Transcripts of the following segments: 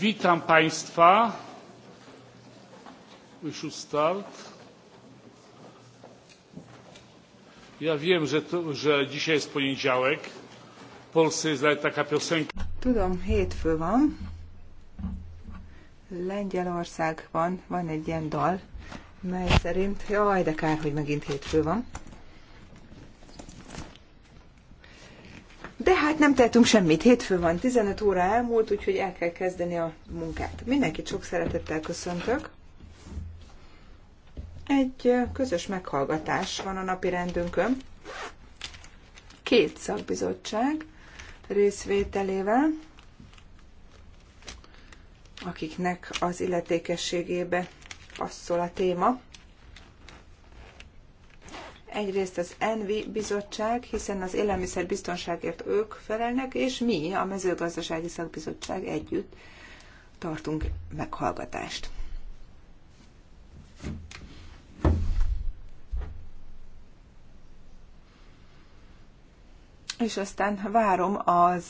witam państwa start ja wiem że, to, że dzisiaj jest poniedziałek w polsce jest nawet taka piosenka tudom hétfő van Lengyelországban van egy ilyen dal, mely szerint, jaj, de kár, hogy megint hétfő van. De hát nem tehetünk semmit. Hétfő van, 15 óra elmúlt, úgyhogy el kell kezdeni a munkát. Mindenkit sok szeretettel köszöntök. Egy közös meghallgatás van a napi rendünkön. Két szakbizottság részvételével, akiknek az illetékességébe passzol a téma. Egyrészt az ENVI bizottság, hiszen az élelmiszerbiztonságért ők felelnek, és mi, a mezőgazdasági szakbizottság együtt tartunk meghallgatást. És aztán várom az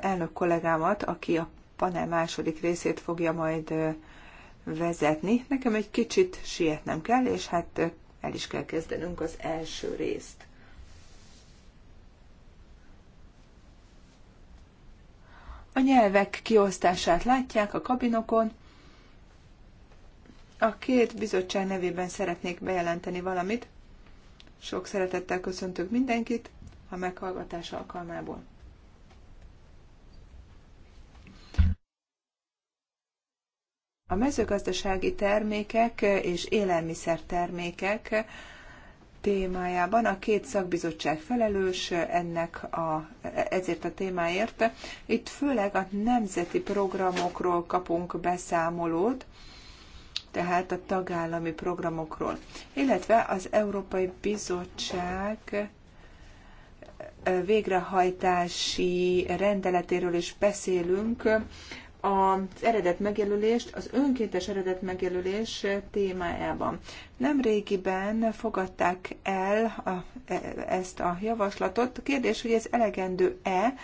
elnök kollégámat, aki a panel második részét fogja majd vezetni. Nekem egy kicsit sietnem kell, és hát el is kell kezdenünk az első részt. A nyelvek kiosztását látják a kabinokon. A két bizottság nevében szeretnék bejelenteni valamit. Sok szeretettel köszöntök mindenkit a meghallgatás alkalmából. A mezőgazdasági termékek és élelmiszertermékek témájában a két szakbizottság felelős ennek a, ezért a témáért. Itt főleg a nemzeti programokról kapunk beszámolót, tehát a tagállami programokról, illetve az Európai Bizottság végrehajtási rendeletéről is beszélünk az eredet megjelölést, az önkéntes eredet megjelölés témájában. Nem régiben fogadták el a, e, ezt a javaslatot. A kérdés, hogy ez elegendő-e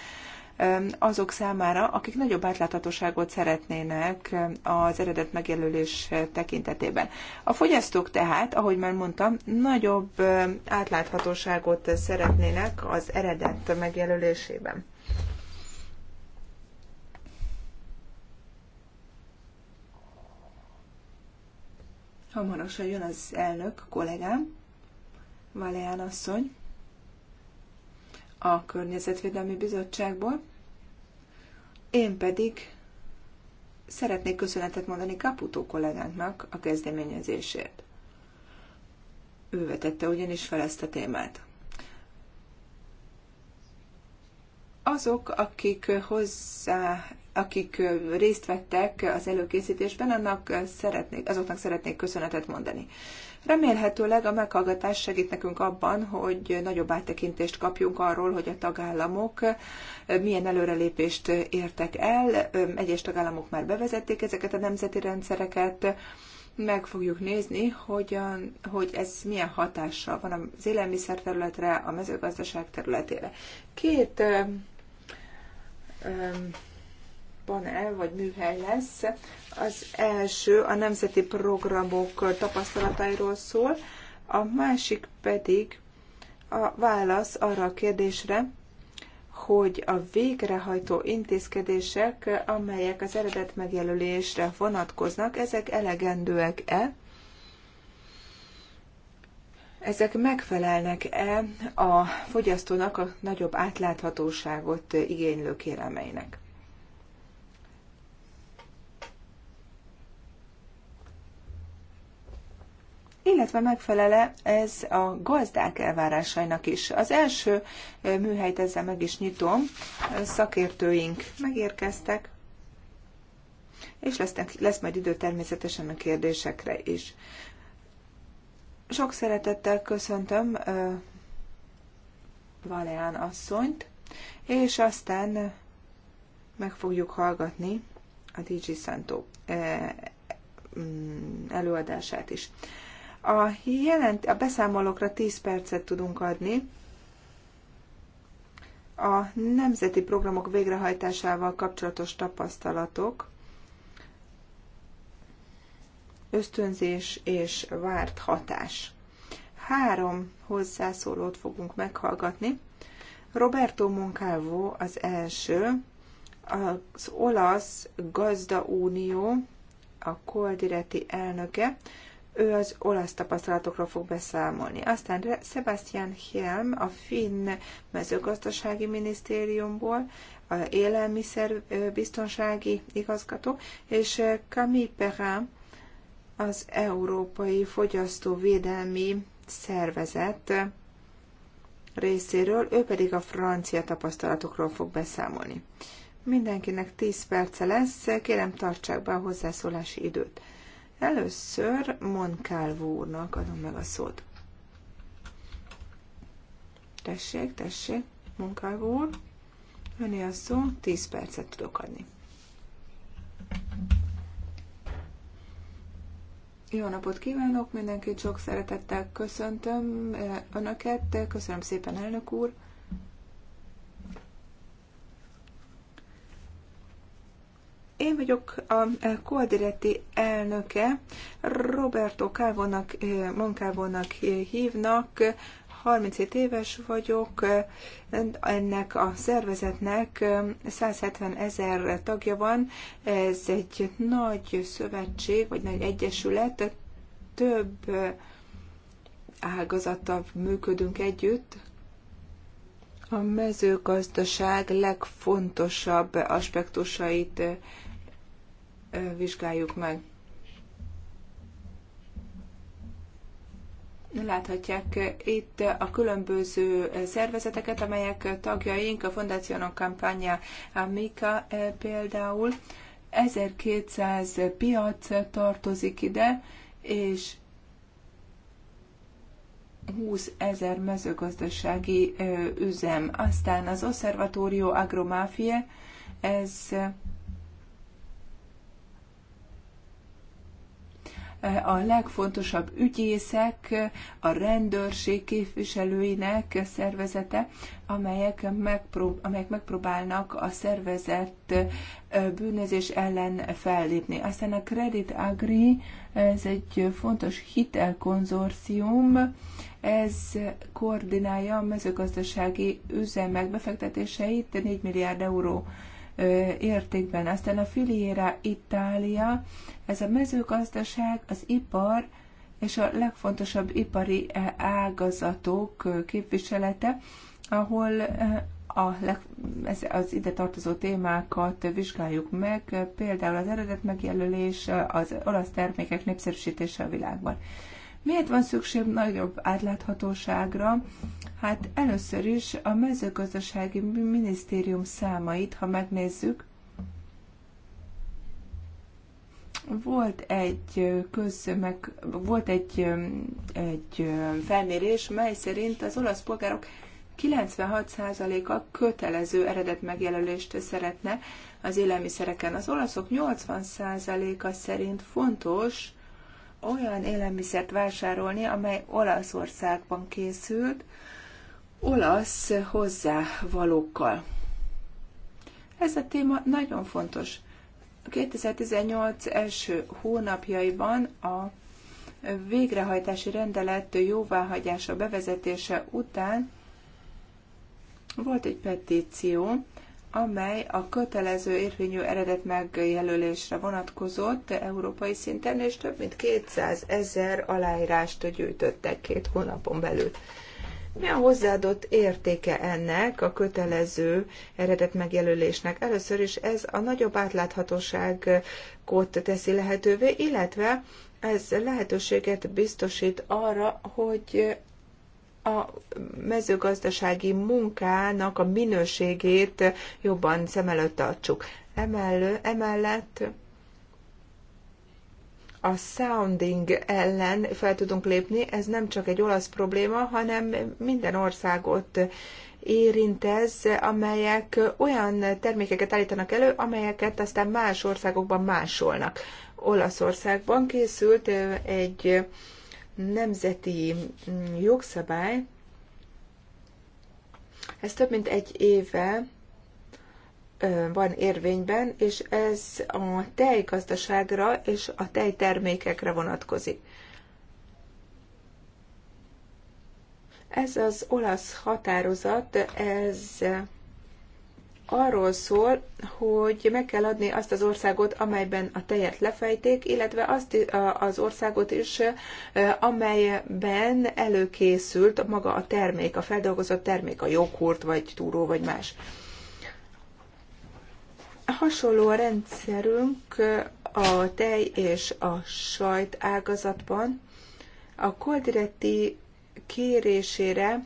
e, azok számára, akik nagyobb átláthatóságot szeretnének e, az eredet megjelölés tekintetében. A fogyasztók tehát, ahogy már mondtam, nagyobb átláthatóságot szeretnének az eredet megjelölésében. hamarosan jön az elnök, kollégám, Valéán asszony, a Környezetvédelmi Bizottságból. Én pedig szeretnék köszönetet mondani Kaputó kollégánknak a kezdeményezésért. Ő vetette ugyanis fel ezt a témát. azok, akik hozzá akik részt vettek az előkészítésben, annak szeretnék, azoknak szeretnék köszönetet mondani. Remélhetőleg a meghallgatás segít nekünk abban, hogy nagyobb áttekintést kapjunk arról, hogy a tagállamok milyen előrelépést értek el. Egyes tagállamok már bevezették ezeket a nemzeti rendszereket, meg fogjuk nézni, hogyan, hogy ez milyen hatással van az élelmiszer területre, a mezőgazdaság területére. Két panel vagy műhely lesz. Az első a nemzeti programok tapasztalatairól szól, a másik pedig a válasz arra a kérdésre, hogy a végrehajtó intézkedések, amelyek az eredet megjelölésre vonatkoznak, ezek elegendőek-e? Ezek megfelelnek-e a fogyasztónak a nagyobb átláthatóságot igénylő kéremeinek? illetve megfelele ez a gazdák elvárásainak is. Az első műhelyt ezzel meg is nyitom, szakértőink megérkeztek, és lesznek, lesz majd idő természetesen a kérdésekre is. Sok szeretettel köszöntöm uh, Valeán asszonyt, és aztán meg fogjuk hallgatni a DJ Santo uh, előadását is. Uh, a, jelent, a beszámolókra 10 percet tudunk adni. A nemzeti programok végrehajtásával kapcsolatos tapasztalatok, ösztönzés és várt hatás. Három hozzászólót fogunk meghallgatni. Roberto Moncalvo az első, az olasz Unió a Koldireti elnöke, ő az olasz tapasztalatokról fog beszámolni. Aztán Sebastian Helm a finn mezőgazdasági minisztériumból, a élelmiszer biztonsági igazgató, és Camille Perrin az Európai Fogyasztóvédelmi Szervezet részéről, ő pedig a francia tapasztalatokról fog beszámolni. Mindenkinek 10 perce lesz, kérem tartsák be a hozzászólási időt. Először Moncalvo úrnak adom meg a szót. Tessék, tessék, Moncalvo úr. Öné a szó, 10 percet tudok adni. Jó napot kívánok, mindenkit sok szeretettel köszöntöm eh, Önöket, köszönöm szépen, elnök úr. Én vagyok a koordináti eh, elnöke, Roberto kávonak, eh, monkávonak hívnak, 37 éves vagyok, ennek a szervezetnek 170 eh, ezer tagja van, ez egy nagy szövetség, vagy nagy egyesület, több ágazattal működünk együtt. A mezőgazdaság legfontosabb aspektusait vizsgáljuk meg. Láthatják eh, itt a különböző eh, szervezeteket, amelyek tagjaink, a Fondacionon kampánya Amica eh, például. 1200 piac tartozik ide, és 20 ezer mezőgazdasági üzem. Aztán az Osservatorio Agromafie, ez a legfontosabb ügyészek, a rendőrség képviselőinek szervezete, amelyek, megprób- amelyek megpróbálnak a szervezett bűnözés ellen fellépni. Aztán a Credit Agri, ez egy fontos hitelkonzorcium, ez koordinálja a mezőgazdasági üzemek befektetéseit, 4 milliárd euró értékben. Aztán a Filiera Itália, ez a mezőgazdaság, az ipar és a legfontosabb ipari e, ágazatok képviselete, ahol a leg, ez, az ide tartozó témákat vizsgáljuk meg, például az eredet megjelölés, az olasz termékek népszerűsítése a világban. Miért van szükség nagyobb átláthatóságra Hát először is a mezőgazdasági minisztérium számait, ha megnézzük, volt egy közmeg, volt egy, egy felmérés, mely szerint az olasz polgárok 96%-a kötelező eredet megjelölést szeretne az élelmiszereken. Az olaszok 80%-a szerint fontos olyan élelmiszert vásárolni, amely Olaszországban készült, olasz hozzávalókkal. Ez a téma nagyon fontos. 2018 első hónapjaiban a végrehajtási rendelet jóváhagyása bevezetése után volt egy petíció, amely a kötelező érvényű eredet megjelölésre vonatkozott európai szinten, és több mint 200 ezer aláírást gyűjtöttek két hónapon belül. Mi a hozzáadott értéke ennek a kötelező eredet megjelölésnek? Először is ez a nagyobb átláthatóságot teszi lehetővé, illetve ez lehetőséget biztosít arra, hogy a mezőgazdasági munkának a minőségét jobban szem előtt tartsuk. Emellő, emellett a sounding ellen fel tudunk lépni. Ez nem csak egy olasz probléma, hanem minden országot érint ez, amelyek olyan termékeket állítanak elő, amelyeket aztán más országokban másolnak. Olaszországban készült egy nemzeti mm, jogszabály, ez több mint egy éve van érvényben, és ez a tejgazdaságra és a tejtermékekre vonatkozik. Ez az olasz határozat, ez arról szól, hogy meg kell adni azt az országot, amelyben a tejet lefejték, illetve azt az országot is, amelyben előkészült maga a termék, a feldolgozott termék, a joghurt, vagy túró, vagy más. Hasonló a rendszerünk a tej és a sajt ágazatban. A koldiretti kérésére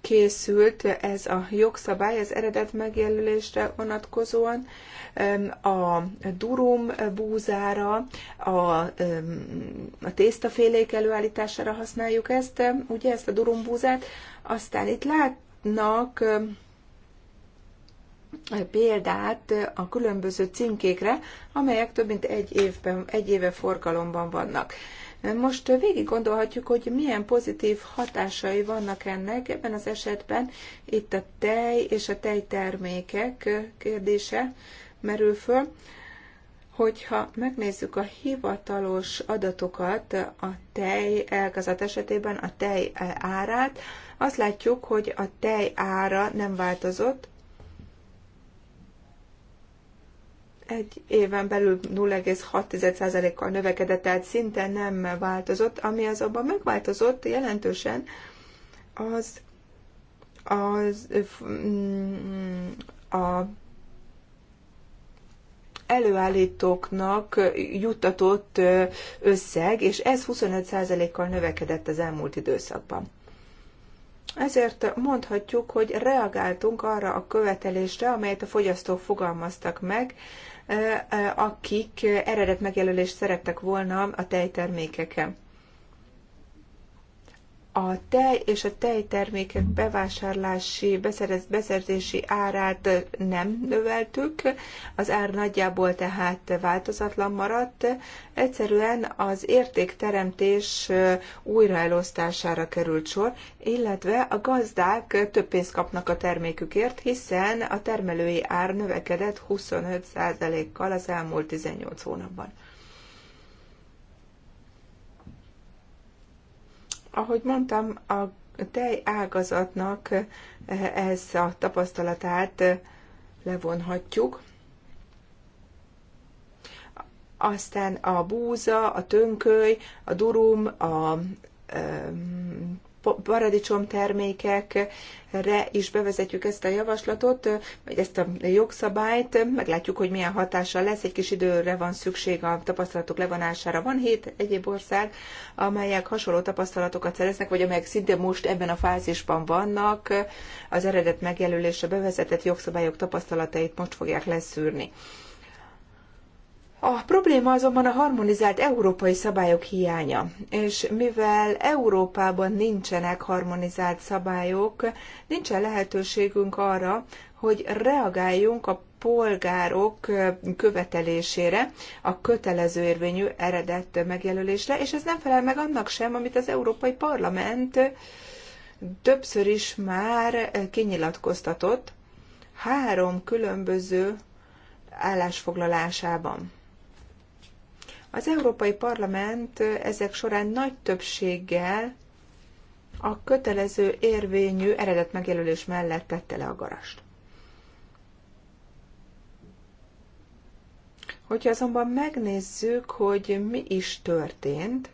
készült ez a jogszabály az eredet megjelölésre vonatkozóan, a durum búzára, a, a tésztafélék előállítására használjuk ezt, ugye ezt a durum búzát, aztán itt látnak példát a különböző címkékre, amelyek több mint egy, évben, egy éve forgalomban vannak. Most végig gondolhatjuk, hogy milyen pozitív hatásai vannak ennek ebben az esetben. Itt a tej és a tejtermékek kérdése merül föl. Hogyha megnézzük a hivatalos adatokat a tej elgazat esetében, a tej árát, azt látjuk, hogy a tej ára nem változott, egy éven belül 0,6%-kal növekedett, tehát szinte nem változott. Ami azonban megváltozott jelentősen, az, az mm, a előállítóknak juttatott összeg, és ez 25%-kal növekedett az elmúlt időszakban. Ezért mondhatjuk, hogy reagáltunk arra a követelésre, amelyet a fogyasztók fogalmaztak meg, akik eredet megjelölést szerettek volna a tejtermékeken a tej és a tejtermékek bevásárlási, beszerez, beszerzési árát nem növeltük, az ár nagyjából tehát változatlan maradt, egyszerűen az értékteremtés újraelosztására került sor, illetve a gazdák több pénzt kapnak a termékükért, hiszen a termelői ár növekedett 25%-kal az elmúlt 18 hónapban. Ahogy mondtam, a tej ágazatnak eh, ez a tapasztalatát eh, levonhatjuk. Aztán a búza, a tönköly, a durum, a eh, paradicsom termékekre is bevezetjük ezt a javaslatot, vagy ezt a jogszabályt. Meglátjuk, hogy milyen hatással lesz. Egy kis időre van szükség a tapasztalatok levonására. Van hét egyéb ország, amelyek hasonló tapasztalatokat szereznek, vagy amelyek szinte most ebben a fázisban vannak. Az eredet megjelölése bevezetett jogszabályok tapasztalatait most fogják leszűrni. A probléma azonban a harmonizált európai szabályok hiánya, és mivel Európában nincsenek harmonizált szabályok, nincsen lehetőségünk arra, hogy reagáljunk a polgárok követelésére, a kötelező érvényű eredet megjelölésre, és ez nem felel meg annak sem, amit az Európai Parlament többször is már kinyilatkoztatott három különböző állásfoglalásában. Az Európai Parlament ezek során nagy többséggel a kötelező érvényű eredet megjelölés mellett tette le a garast. Hogyha azonban megnézzük, hogy mi is történt,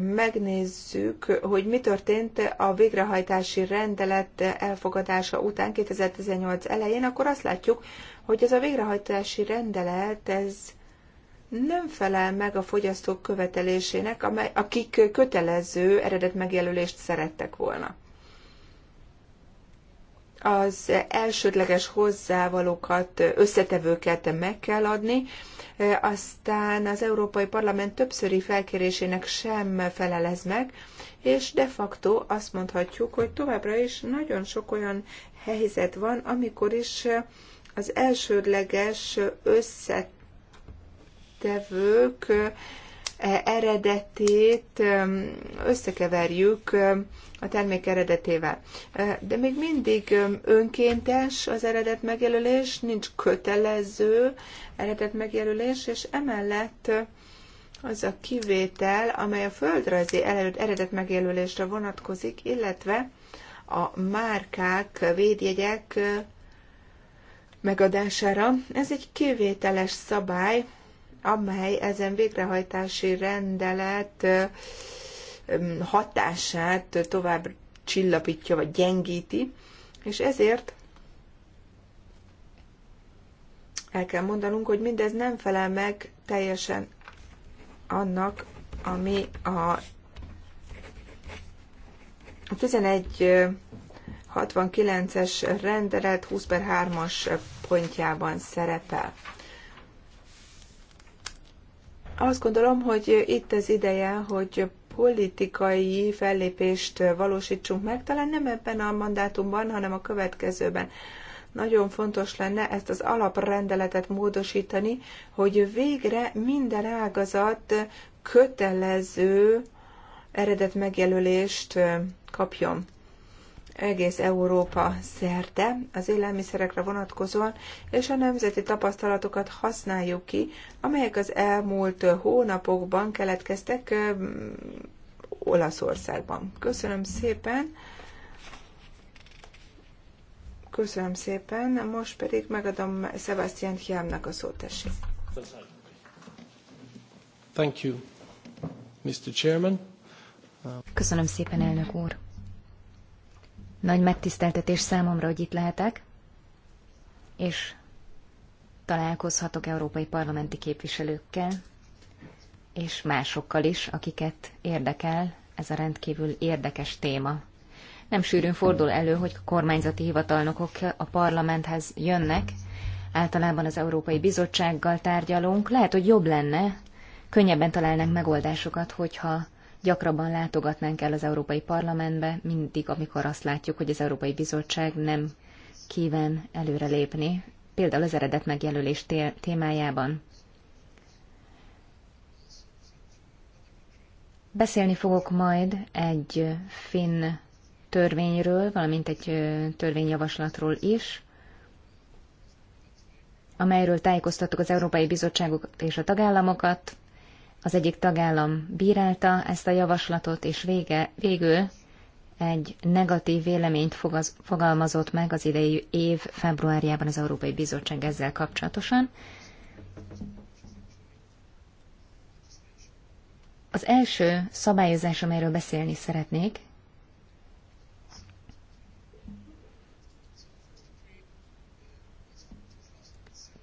megnézzük, hogy mi történt a végrehajtási rendelet elfogadása után 2018 elején, akkor azt látjuk, hogy ez a végrehajtási rendelet, ez nem felel meg a fogyasztók követelésének, amely, akik kötelező eredet megjelölést szerettek volna. Az elsődleges hozzávalókat, összetevőket meg kell adni, aztán az Európai Parlament többszöri felkérésének sem felelez meg, és de facto azt mondhatjuk, hogy továbbra is nagyon sok olyan helyzet van, amikor is az elsődleges összetevők eredetét összekeverjük a termék eredetével. De még mindig önkéntes az eredet megjelölés, nincs kötelező eredet megjelölés, és emellett az a kivétel, amely a földrajzi eredet megjelölésre vonatkozik, illetve a márkák, védjegyek megadására. Ez egy kivételes szabály, amely ezen végrehajtási rendelet hatását tovább csillapítja vagy gyengíti, és ezért el kell mondanunk, hogy mindez nem felel meg teljesen annak, ami a 11 69-es rendelet 20 per 3-as pontjában szerepel. Azt gondolom, hogy itt az ideje, hogy politikai fellépést valósítsunk meg, talán nem ebben a mandátumban, hanem a következőben. Nagyon fontos lenne ezt az alaprendeletet módosítani, hogy végre minden ágazat kötelező eredet megjelölést kapjon egész Európa szerte az élelmiszerekre vonatkozóan, és a nemzeti tapasztalatokat használjuk ki, amelyek az elmúlt hónapokban keletkeztek Olaszországban. Köszönöm szépen! Köszönöm szépen, most pedig megadom Sebastian Hiámnak a szót, tessék. Thank you, Mr. Chairman. Köszönöm szépen, elnök úr. Nagy megtiszteltetés számomra, hogy itt lehetek, és találkozhatok európai parlamenti képviselőkkel, és másokkal is, akiket érdekel ez a rendkívül érdekes téma. Nem sűrűn fordul elő, hogy a kormányzati hivatalnokok a parlamenthez jönnek, általában az Európai Bizottsággal tárgyalunk. Lehet, hogy jobb lenne, könnyebben találnánk megoldásokat, hogyha gyakrabban látogatnánk el az Európai Parlamentbe, mindig, amikor azt látjuk, hogy az Európai Bizottság nem kíván előrelépni, például az eredet megjelölés témájában. Beszélni fogok majd egy finn törvényről, valamint egy törvényjavaslatról is, amelyről tájékoztattuk az Európai Bizottságokat és a tagállamokat. Az egyik tagállam bírálta ezt a javaslatot, és vége, végül egy negatív véleményt fogaz, fogalmazott meg az idei év februárjában az Európai Bizottság ezzel kapcsolatosan. Az első szabályozás, amelyről beszélni szeretnék,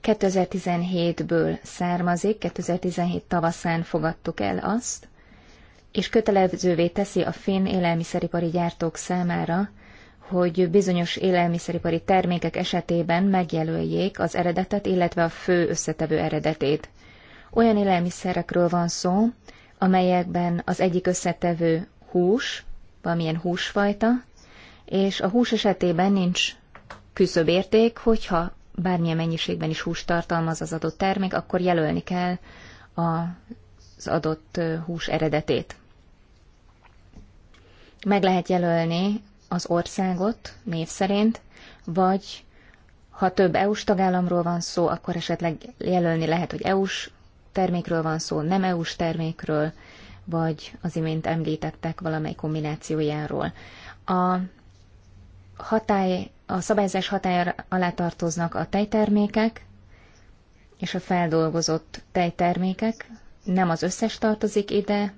2017-ből származik, 2017 tavaszán fogadtuk el azt, és kötelezővé teszi a finn élelmiszeripari gyártók számára, hogy bizonyos élelmiszeripari termékek esetében megjelöljék az eredetet, illetve a fő összetevő eredetét. Olyan élelmiszerekről van szó, amelyekben az egyik összetevő hús, valamilyen húsfajta, és a hús esetében nincs küszöbérték, hogyha bármilyen mennyiségben is húst tartalmaz az adott termék, akkor jelölni kell az adott hús eredetét. Meg lehet jelölni az országot név szerint, vagy ha több EU-s tagállamról van szó, akkor esetleg jelölni lehet, hogy EU-s termékről van szó, nem EU-s termékről, vagy az imént említettek valamely kombinációjáról. A hatály a szabályzás hatája alá tartoznak a tejtermékek és a feldolgozott tejtermékek. Nem az összes tartozik ide,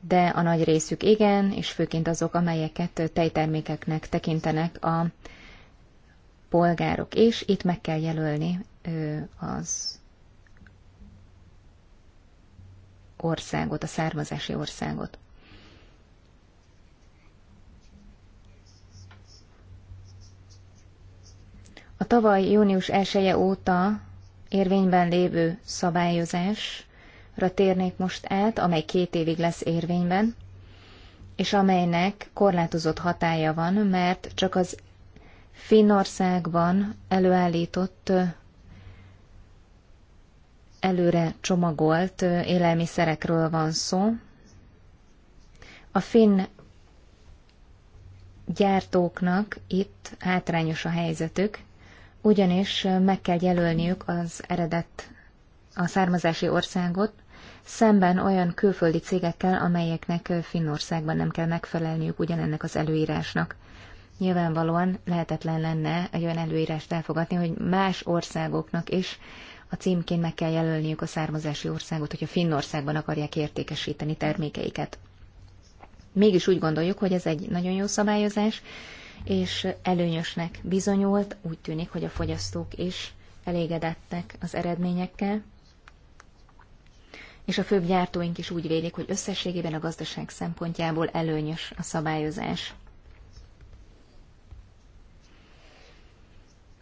de a nagy részük igen, és főként azok, amelyeket tejtermékeknek tekintenek a polgárok. És itt meg kell jelölni az országot, a származási országot. A tavaly június 1 -e óta érvényben lévő szabályozásra térnék most át, amely két évig lesz érvényben, és amelynek korlátozott hatája van, mert csak az Finnországban előállított előre csomagolt élelmiszerekről van szó. A finn gyártóknak itt hátrányos a helyzetük, ugyanis meg kell jelölniük az eredet, a származási országot, szemben olyan külföldi cégekkel, amelyeknek Finnországban nem kell megfelelniük ugyanennek az előírásnak. Nyilvánvalóan lehetetlen lenne egy olyan előírást elfogadni, hogy más országoknak is a címként meg kell jelölniük a származási országot, hogyha Finnországban akarják értékesíteni termékeiket. Mégis úgy gondoljuk, hogy ez egy nagyon jó szabályozás, és előnyösnek bizonyult, úgy tűnik, hogy a fogyasztók is elégedettek az eredményekkel, és a főbb gyártóink is úgy vélik, hogy összességében a gazdaság szempontjából előnyös a szabályozás.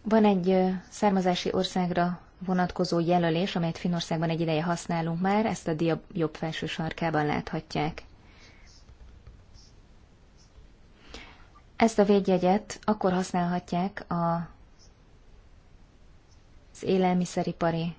Van egy származási országra vonatkozó jelölés, amelyet Finországban egy ideje használunk már, ezt a dia jobb felső sarkában láthatják. Ezt a védjegyet akkor használhatják a, az élelmiszeripari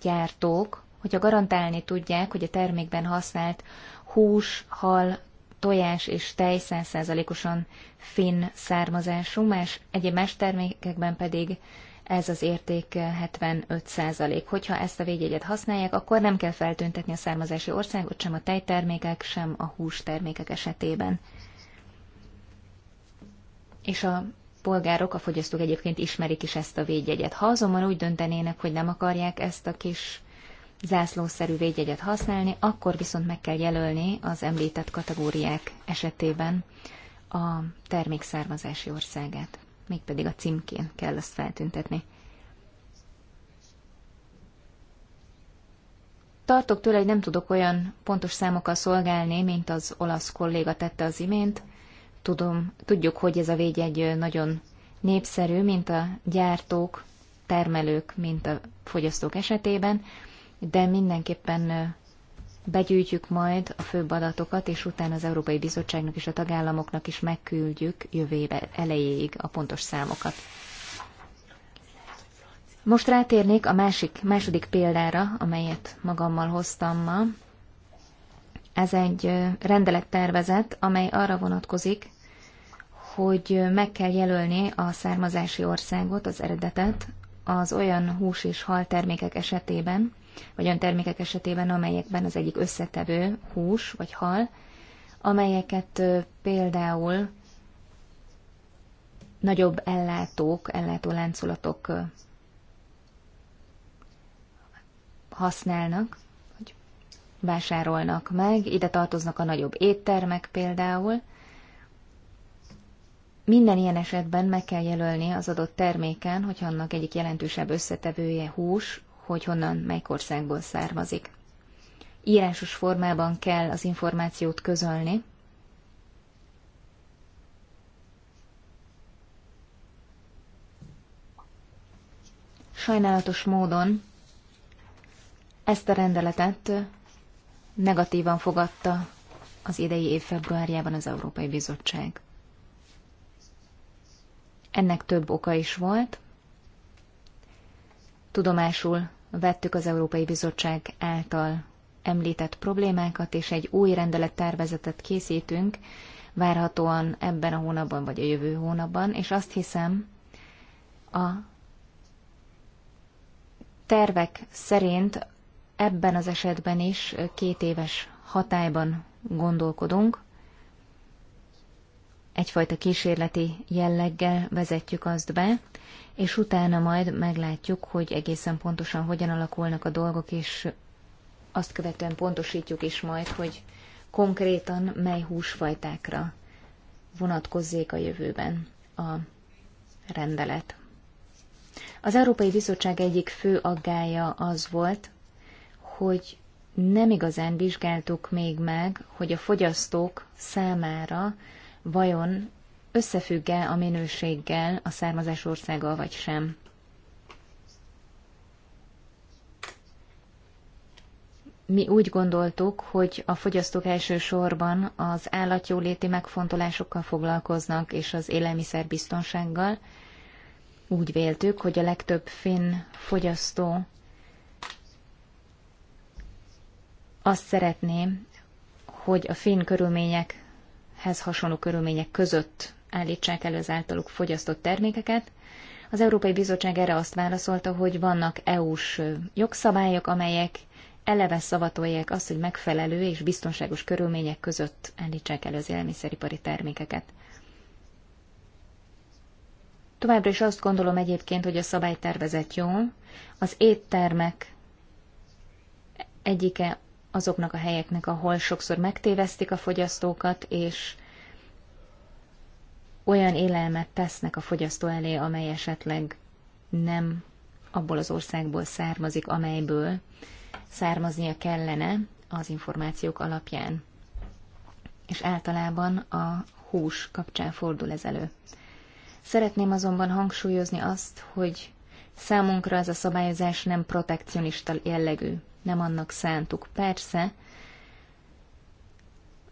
gyártók, hogyha garantálni tudják, hogy a termékben használt hús, hal, tojás és tej 100%-osan finn származású, más, egyéb más termékekben pedig ez az érték 75%. Hogyha ezt a védjegyet használják, akkor nem kell feltüntetni a származási országot sem a tejtermékek, sem a hústermékek esetében és a polgárok, a fogyasztók egyébként ismerik is ezt a védjegyet. Ha azonban úgy döntenének, hogy nem akarják ezt a kis zászlószerű védjegyet használni, akkor viszont meg kell jelölni az említett kategóriák esetében a termék származási országát. Mégpedig a címkén kell ezt feltüntetni. Tartok tőle, hogy nem tudok olyan pontos számokkal szolgálni, mint az olasz kolléga tette az imént, Tudom, tudjuk, hogy ez a végy egy nagyon népszerű, mint a gyártók, termelők, mint a fogyasztók esetében, de mindenképpen begyűjtjük majd a főbb adatokat, és utána az Európai Bizottságnak és a tagállamoknak is megküldjük jövőbe elejéig a pontos számokat. Most rátérnék a másik, második példára, amelyet magammal hoztam ma. Ez egy rendelettervezet, amely arra vonatkozik, hogy meg kell jelölni a származási országot, az eredetet az olyan hús és hal termékek esetében, vagy olyan termékek esetében, amelyekben az egyik összetevő hús vagy hal, amelyeket például nagyobb ellátók, láncolatok használnak vásárolnak meg, ide tartoznak a nagyobb éttermek például. Minden ilyen esetben meg kell jelölni az adott terméken, hogy annak egyik jelentősebb összetevője hús, hogy honnan, mely országból származik. Írásos formában kell az információt közölni, sajnálatos módon ezt a rendeletet negatívan fogadta az idei év februárjában az Európai Bizottság. Ennek több oka is volt. Tudomásul vettük az Európai Bizottság által említett problémákat, és egy új rendelettervezetet készítünk, várhatóan ebben a hónapban vagy a jövő hónapban, és azt hiszem, a tervek szerint ebben az esetben is két éves hatályban gondolkodunk. Egyfajta kísérleti jelleggel vezetjük azt be, és utána majd meglátjuk, hogy egészen pontosan hogyan alakulnak a dolgok, és azt követően pontosítjuk is majd, hogy konkrétan mely húsfajtákra vonatkozzék a jövőben a rendelet. Az Európai Bizottság egyik fő aggája az volt, hogy nem igazán vizsgáltuk még meg, hogy a fogyasztók számára vajon összefügg-e a minőséggel a származás országgal vagy sem. Mi úgy gondoltuk, hogy a fogyasztók elsősorban az állatjóléti megfontolásokkal foglalkoznak és az élelmiszerbiztonsággal. Úgy véltük, hogy a legtöbb finn fogyasztó Azt szeretném, hogy a finn körülményekhez hasonló körülmények között állítsák elő az általuk fogyasztott termékeket. Az Európai Bizottság erre azt válaszolta, hogy vannak EU-s jogszabályok, amelyek eleve szavatolják azt, hogy megfelelő és biztonságos körülmények között állítsák elő az élelmiszeripari termékeket. Továbbra is azt gondolom egyébként, hogy a szabálytervezet jó. Az éttermek egyike azoknak a helyeknek, ahol sokszor megtévesztik a fogyasztókat, és olyan élelmet tesznek a fogyasztó elé, amely esetleg nem abból az országból származik, amelyből származnia kellene az információk alapján. És általában a hús kapcsán fordul ez elő. Szeretném azonban hangsúlyozni azt, hogy számunkra ez a szabályozás nem protekcionista jellegű nem annak szántuk. Persze,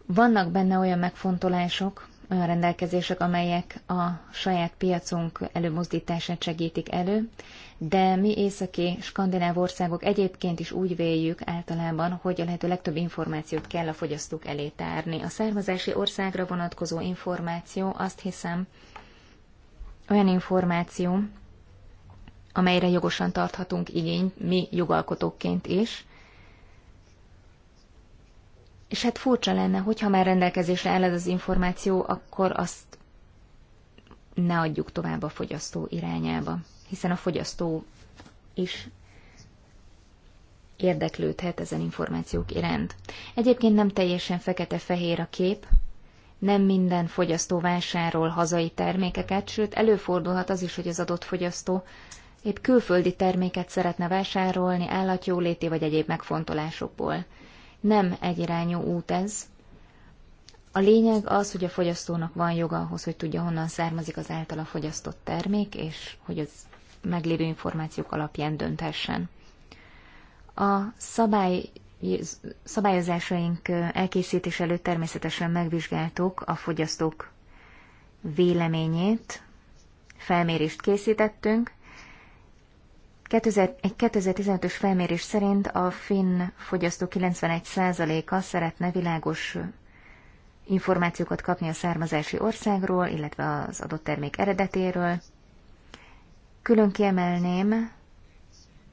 vannak benne olyan megfontolások, olyan rendelkezések, amelyek a saját piacunk előmozdítását segítik elő, de mi északi skandináv országok egyébként is úgy véljük általában, hogy a lehető legtöbb információt kell a fogyasztók elé tárni. A származási országra vonatkozó információ azt hiszem olyan információ, amelyre jogosan tarthatunk igényt mi jogalkotóként is. És hát furcsa lenne, hogyha már rendelkezésre áll az információ, akkor azt ne adjuk tovább a fogyasztó irányába, hiszen a fogyasztó is érdeklődhet ezen információk iránt. Egyébként nem teljesen fekete-fehér a kép, nem minden fogyasztó vásárol hazai termékeket, sőt előfordulhat az is, hogy az adott fogyasztó épp külföldi terméket szeretne vásárolni állatjóléti vagy egyéb megfontolásokból. Nem egyirányú út ez. A lényeg az, hogy a fogyasztónak van joga ahhoz, hogy tudja, honnan származik az általa fogyasztott termék, és hogy az meglévő információk alapján dönthessen. A szabály szabályozásaink elkészítés előtt természetesen megvizsgáltuk a fogyasztók véleményét, felmérést készítettünk, egy 2015-ös felmérés szerint a finn fogyasztó 91%-a szeretne világos információkat kapni a származási országról, illetve az adott termék eredetéről. Külön kiemelném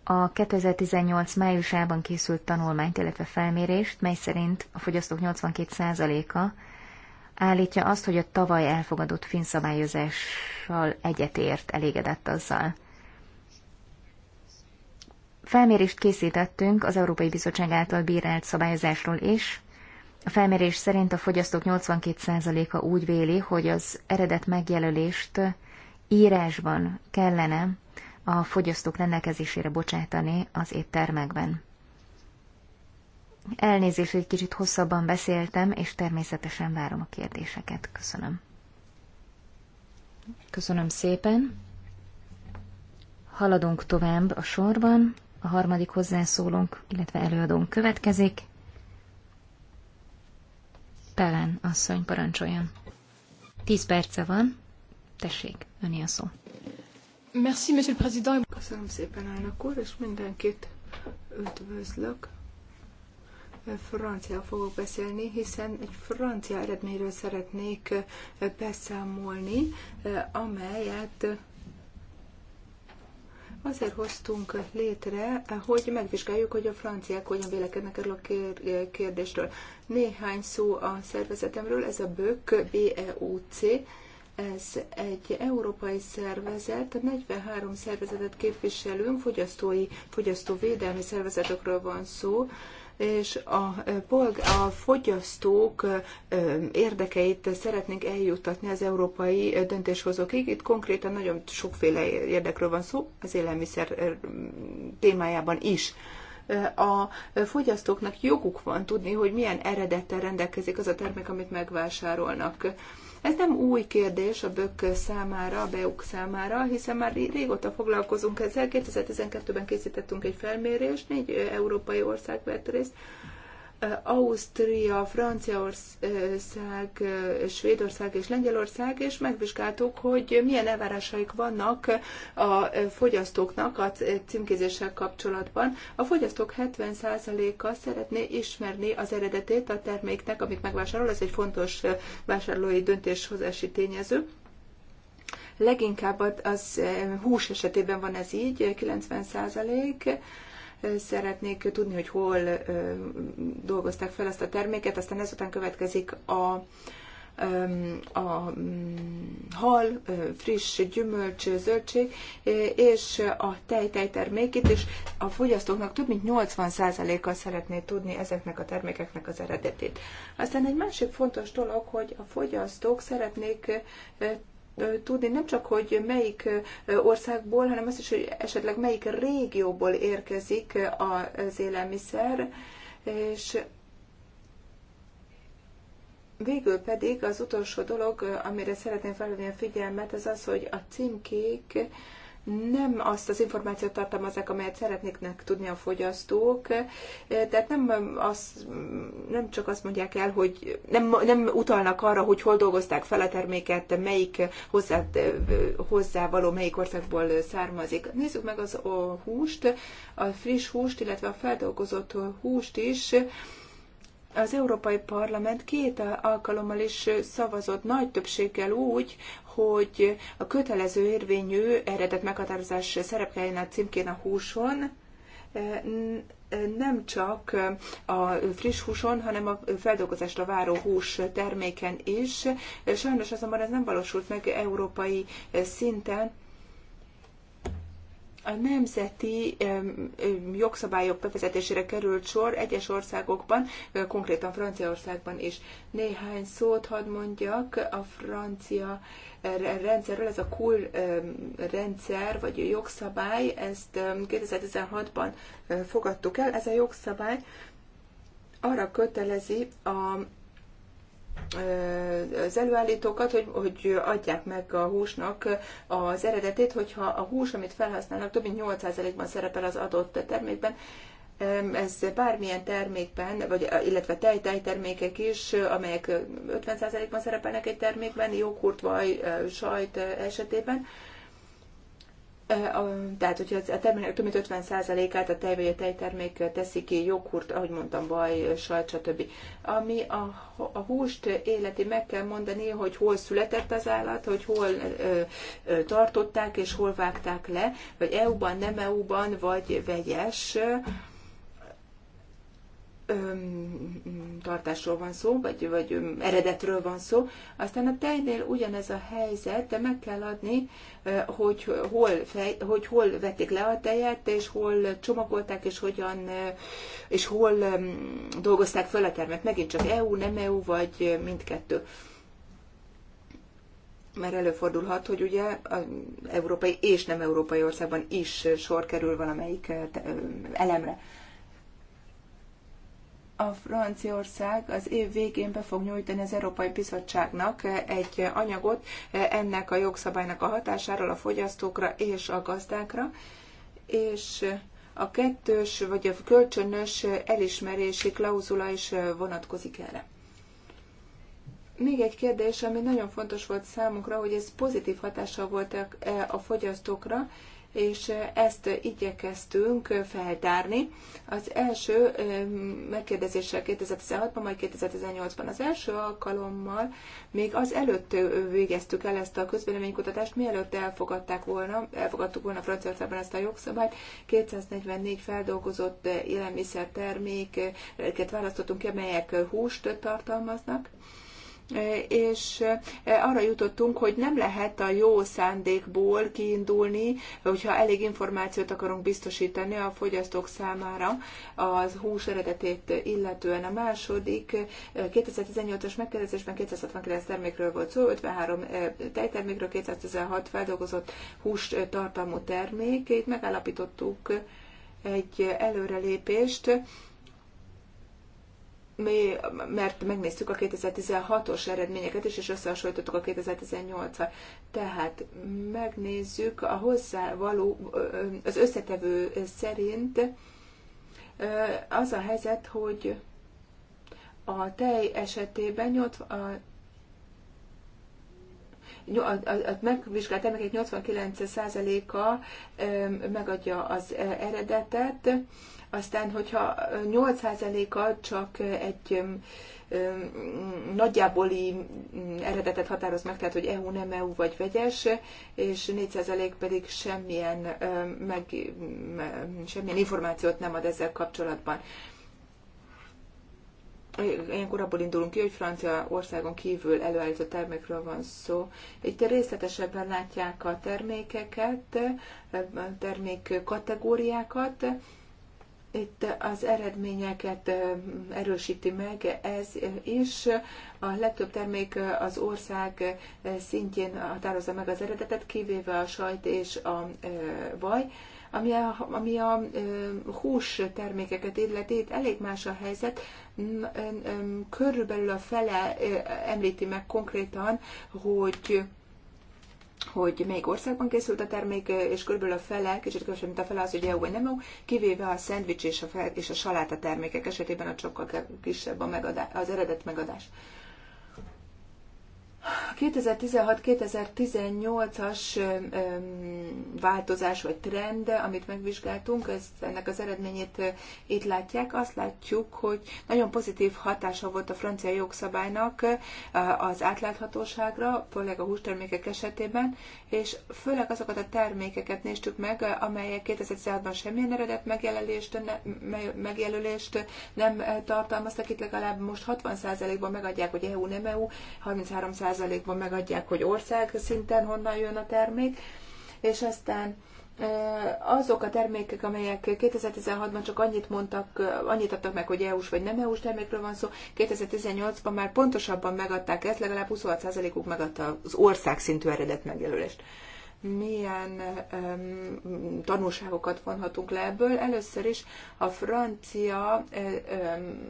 a 2018 májusában készült tanulmányt, illetve felmérést, mely szerint a fogyasztók 82%-a állítja azt, hogy a tavaly elfogadott finn szabályozással egyetért elégedett azzal. Felmérést készítettünk az Európai Bizottság által bírált szabályozásról is. A felmérés szerint a fogyasztók 82%-a úgy véli, hogy az eredet megjelölést írásban kellene a fogyasztók rendelkezésére bocsátani az éttermekben. Elnézést, hogy kicsit hosszabban beszéltem, és természetesen várom a kérdéseket. Köszönöm. Köszönöm szépen. Haladunk tovább a sorban. A harmadik hozzászólónk, illetve előadónk következik. Pelen asszony parancsoljon. Tíz perce van. Tessék, öné a szó. Merci, monsieur le président. Köszönöm szépen, elnök úr, és mindenkit üdvözlök. Francia fogok beszélni, hiszen egy francia eredményről szeretnék beszámolni, amelyet Azért hoztunk létre, hogy megvizsgáljuk, hogy a franciák hogyan vélekednek erről a kérdésről. Néhány szó a szervezetemről, ez a BÖK, B-E-U-C, ez egy európai szervezet, 43 szervezetet képviselünk, fogyasztói, fogyasztóvédelmi szervezetekről van szó, és a, eh, polg- a fogyasztók eh, érdekeit szeretnénk eljuttatni az európai eh, döntéshozókig. Itt konkrétan nagyon sokféle érdekről van szó, az élelmiszer témájában is a fogyasztóknak joguk van tudni, hogy milyen eredettel rendelkezik az a termék, amit megvásárolnak. Ez nem új kérdés a BÖK számára, a BEUK számára, hiszen már régóta foglalkozunk ezzel. 2012-ben készítettünk egy felmérést, négy európai ország vett részt, Ausztria, Franciaország, Svédország és Lengyelország, és megvizsgáltuk, hogy milyen elvárásaik vannak a fogyasztóknak a címkézéssel kapcsolatban. A fogyasztók 70%-a szeretné ismerni az eredetét a terméknek, amit megvásárol, ez egy fontos vásárlói döntéshozási tényező. Leginkább az hús esetében van ez így, 90 százalék Szeretnék tudni, hogy hol dolgozták fel ezt a terméket, aztán ezután következik a, a mm, hal, friss gyümölcs, zöldség és a tej tej termékét, is a fogyasztóknak több mint 80%-a szeretné tudni ezeknek a termékeknek az eredetét. Aztán egy másik fontos dolog, hogy a fogyasztók szeretnék tudni nem csak, hogy melyik országból, hanem azt is, hogy esetleg melyik régióból érkezik az élelmiszer, és végül pedig az utolsó dolog, amire szeretném felhívni a figyelmet, az az, hogy a címkék nem azt az információt tartalmazzák, amelyet szeretnéknek tudni a fogyasztók. E, tehát nem, az, nem csak azt mondják el, hogy nem, nem utalnak arra, hogy hol dolgozták fel a terméket, melyik hozzá, e, hozzávaló, melyik országból származik. Nézzük meg az a húst, a friss húst, illetve a feldolgozott húst is az Európai Parlament két alkalommal is szavazott nagy többséggel úgy, hogy a kötelező érvényű eredet meghatározás szerepeljen a címkén a húson, nem csak a friss húson, hanem a feldolgozásra váró hús terméken is. Sajnos azonban ez nem valósult meg európai szinten, a nemzeti jogszabályok bevezetésére került sor egyes országokban, konkrétan Franciaországban is. Néhány szót hadd mondjak a francia e, rendszerről, ez a KUL rendszer, vagy jogszabály, ezt 2016-ban fogadtuk el. Ez a jogszabály arra kötelezi a az előállítókat, hogy, hogy adják meg a húsnak az eredetét, hogyha a hús, amit felhasználnak, több mint 8%-ban szerepel az adott termékben, ez bármilyen termékben, vagy, illetve tej, tejtermékek is, amelyek 50%-ban szerepelnek egy termékben, joghurt, vagy sajt esetében, tehát, hogyha a termékek több mint 50%-át a tej vagy a tejtermék teszi ki, joghurt, ahogy mondtam, baj, sajt, stb. Ami a, a húst életi, meg kell mondani, hogy hol született az állat, hogy hol ö, ö, tartották és hol vágták le, vagy EU-ban, nem EU-ban, vagy vegyes. Ö, tartásról van szó, vagy, vagy öm, eredetről van szó. Aztán a tejnél ugyanez a helyzet, de meg kell adni, hogy hol, fej, hogy hol vették le a tejet, és hol csomagolták, és hogyan, és hol dolgozták fel a termet. Megint csak EU, nem EU, vagy mindkettő. Mert előfordulhat, hogy ugye az európai és nem európai országban is sor kerül valamelyik elemre a Franciaország az év végén be fog nyújtani az Európai Bizottságnak egy anyagot ennek a jogszabálynak a hatásáról a fogyasztókra és a gazdákra, és a kettős vagy a kölcsönös elismerési klauzula is vonatkozik erre. Még egy kérdés, ami nagyon fontos volt számunkra, hogy ez pozitív hatással volt a fogyasztókra, és ezt igyekeztünk feltárni. Az első megkérdezéssel 2016-ban, majd 2018-ban az első alkalommal még az előtt végeztük el ezt a közvéleménykutatást, mielőtt elfogadták volna, elfogadtuk volna Franciaországban ezt a jogszabályt, 244 feldolgozott élelmiszerterméket választottunk ki, amelyek húst tartalmaznak, és e, arra jutottunk, hogy nem lehet a jó szándékból kiindulni, hogyha elég információt akarunk biztosítani a fogyasztók számára az hús eredetét illetően. A második 2018-as e, megkérdezésben 269 termékről volt szó, 53 e, tejtermékről, 216 feldolgozott hús tartalmú termék. Itt megállapítottuk egy előrelépést mi, mert megnéztük a 2016-os eredményeket is, és összehasonlítottuk a 2018 at Tehát megnézzük a hozzávaló, az összetevő szerint az a helyzet, hogy a tej esetében 80, a a, a megvizsgált termékek 89%-a megadja az eredetet, aztán, hogyha 8%-a csak egy nagyjáboli eredetet határoz meg, tehát hogy EU nem EU vagy vegyes, és 4% pedig semmilyen, meg, semmilyen információt nem ad ezzel kapcsolatban ilyenkor abból indulunk ki, hogy Franciaországon kívül előállított termékről van szó. Itt részletesebben látják a termékeket, termék kategóriákat. Itt az eredményeket erősíti meg ez is. A legtöbb termék az ország szintjén határozza meg az eredetet, kivéve a sajt és a vaj ami a, ami a hús termékeket illeti, itt elég más a helyzet körülbelül a fele említi meg konkrétan, hogy hogy melyik országban készült a termék, és körülbelül a fele, kicsit kevesebb, mint a fele az, hogy EU vagy nem EU, kivéve a szendvics és a, fel, és a saláta termékek esetében a sokkal kisebb a megadás, az eredet megadás. 2016-2018-as változás vagy trend, amit megvizsgáltunk, ezt, ennek az eredményét itt látják. Azt látjuk, hogy nagyon pozitív hatása volt a francia jogszabálynak az átláthatóságra, főleg a hústermékek esetében, és főleg azokat a termékeket néztük meg, amelyek 2016-ban semmilyen eredet megjelölést, ne, megjelölést nem tartalmaztak. Itt legalább most 60%-ban megadják, hogy EU nem EU, százalékban megadják, hogy ország szinten honnan jön a termék, és aztán azok a termékek, amelyek 2016-ban csak annyit mondtak, annyit adtak meg, hogy EU-s vagy nem EU-s termékről van szó, 2018-ban már pontosabban megadták ezt, legalább 26%-uk megadta az ország szintű eredet megjelölést milyen um, tanulságokat vonhatunk le ebből. Először is a francia um,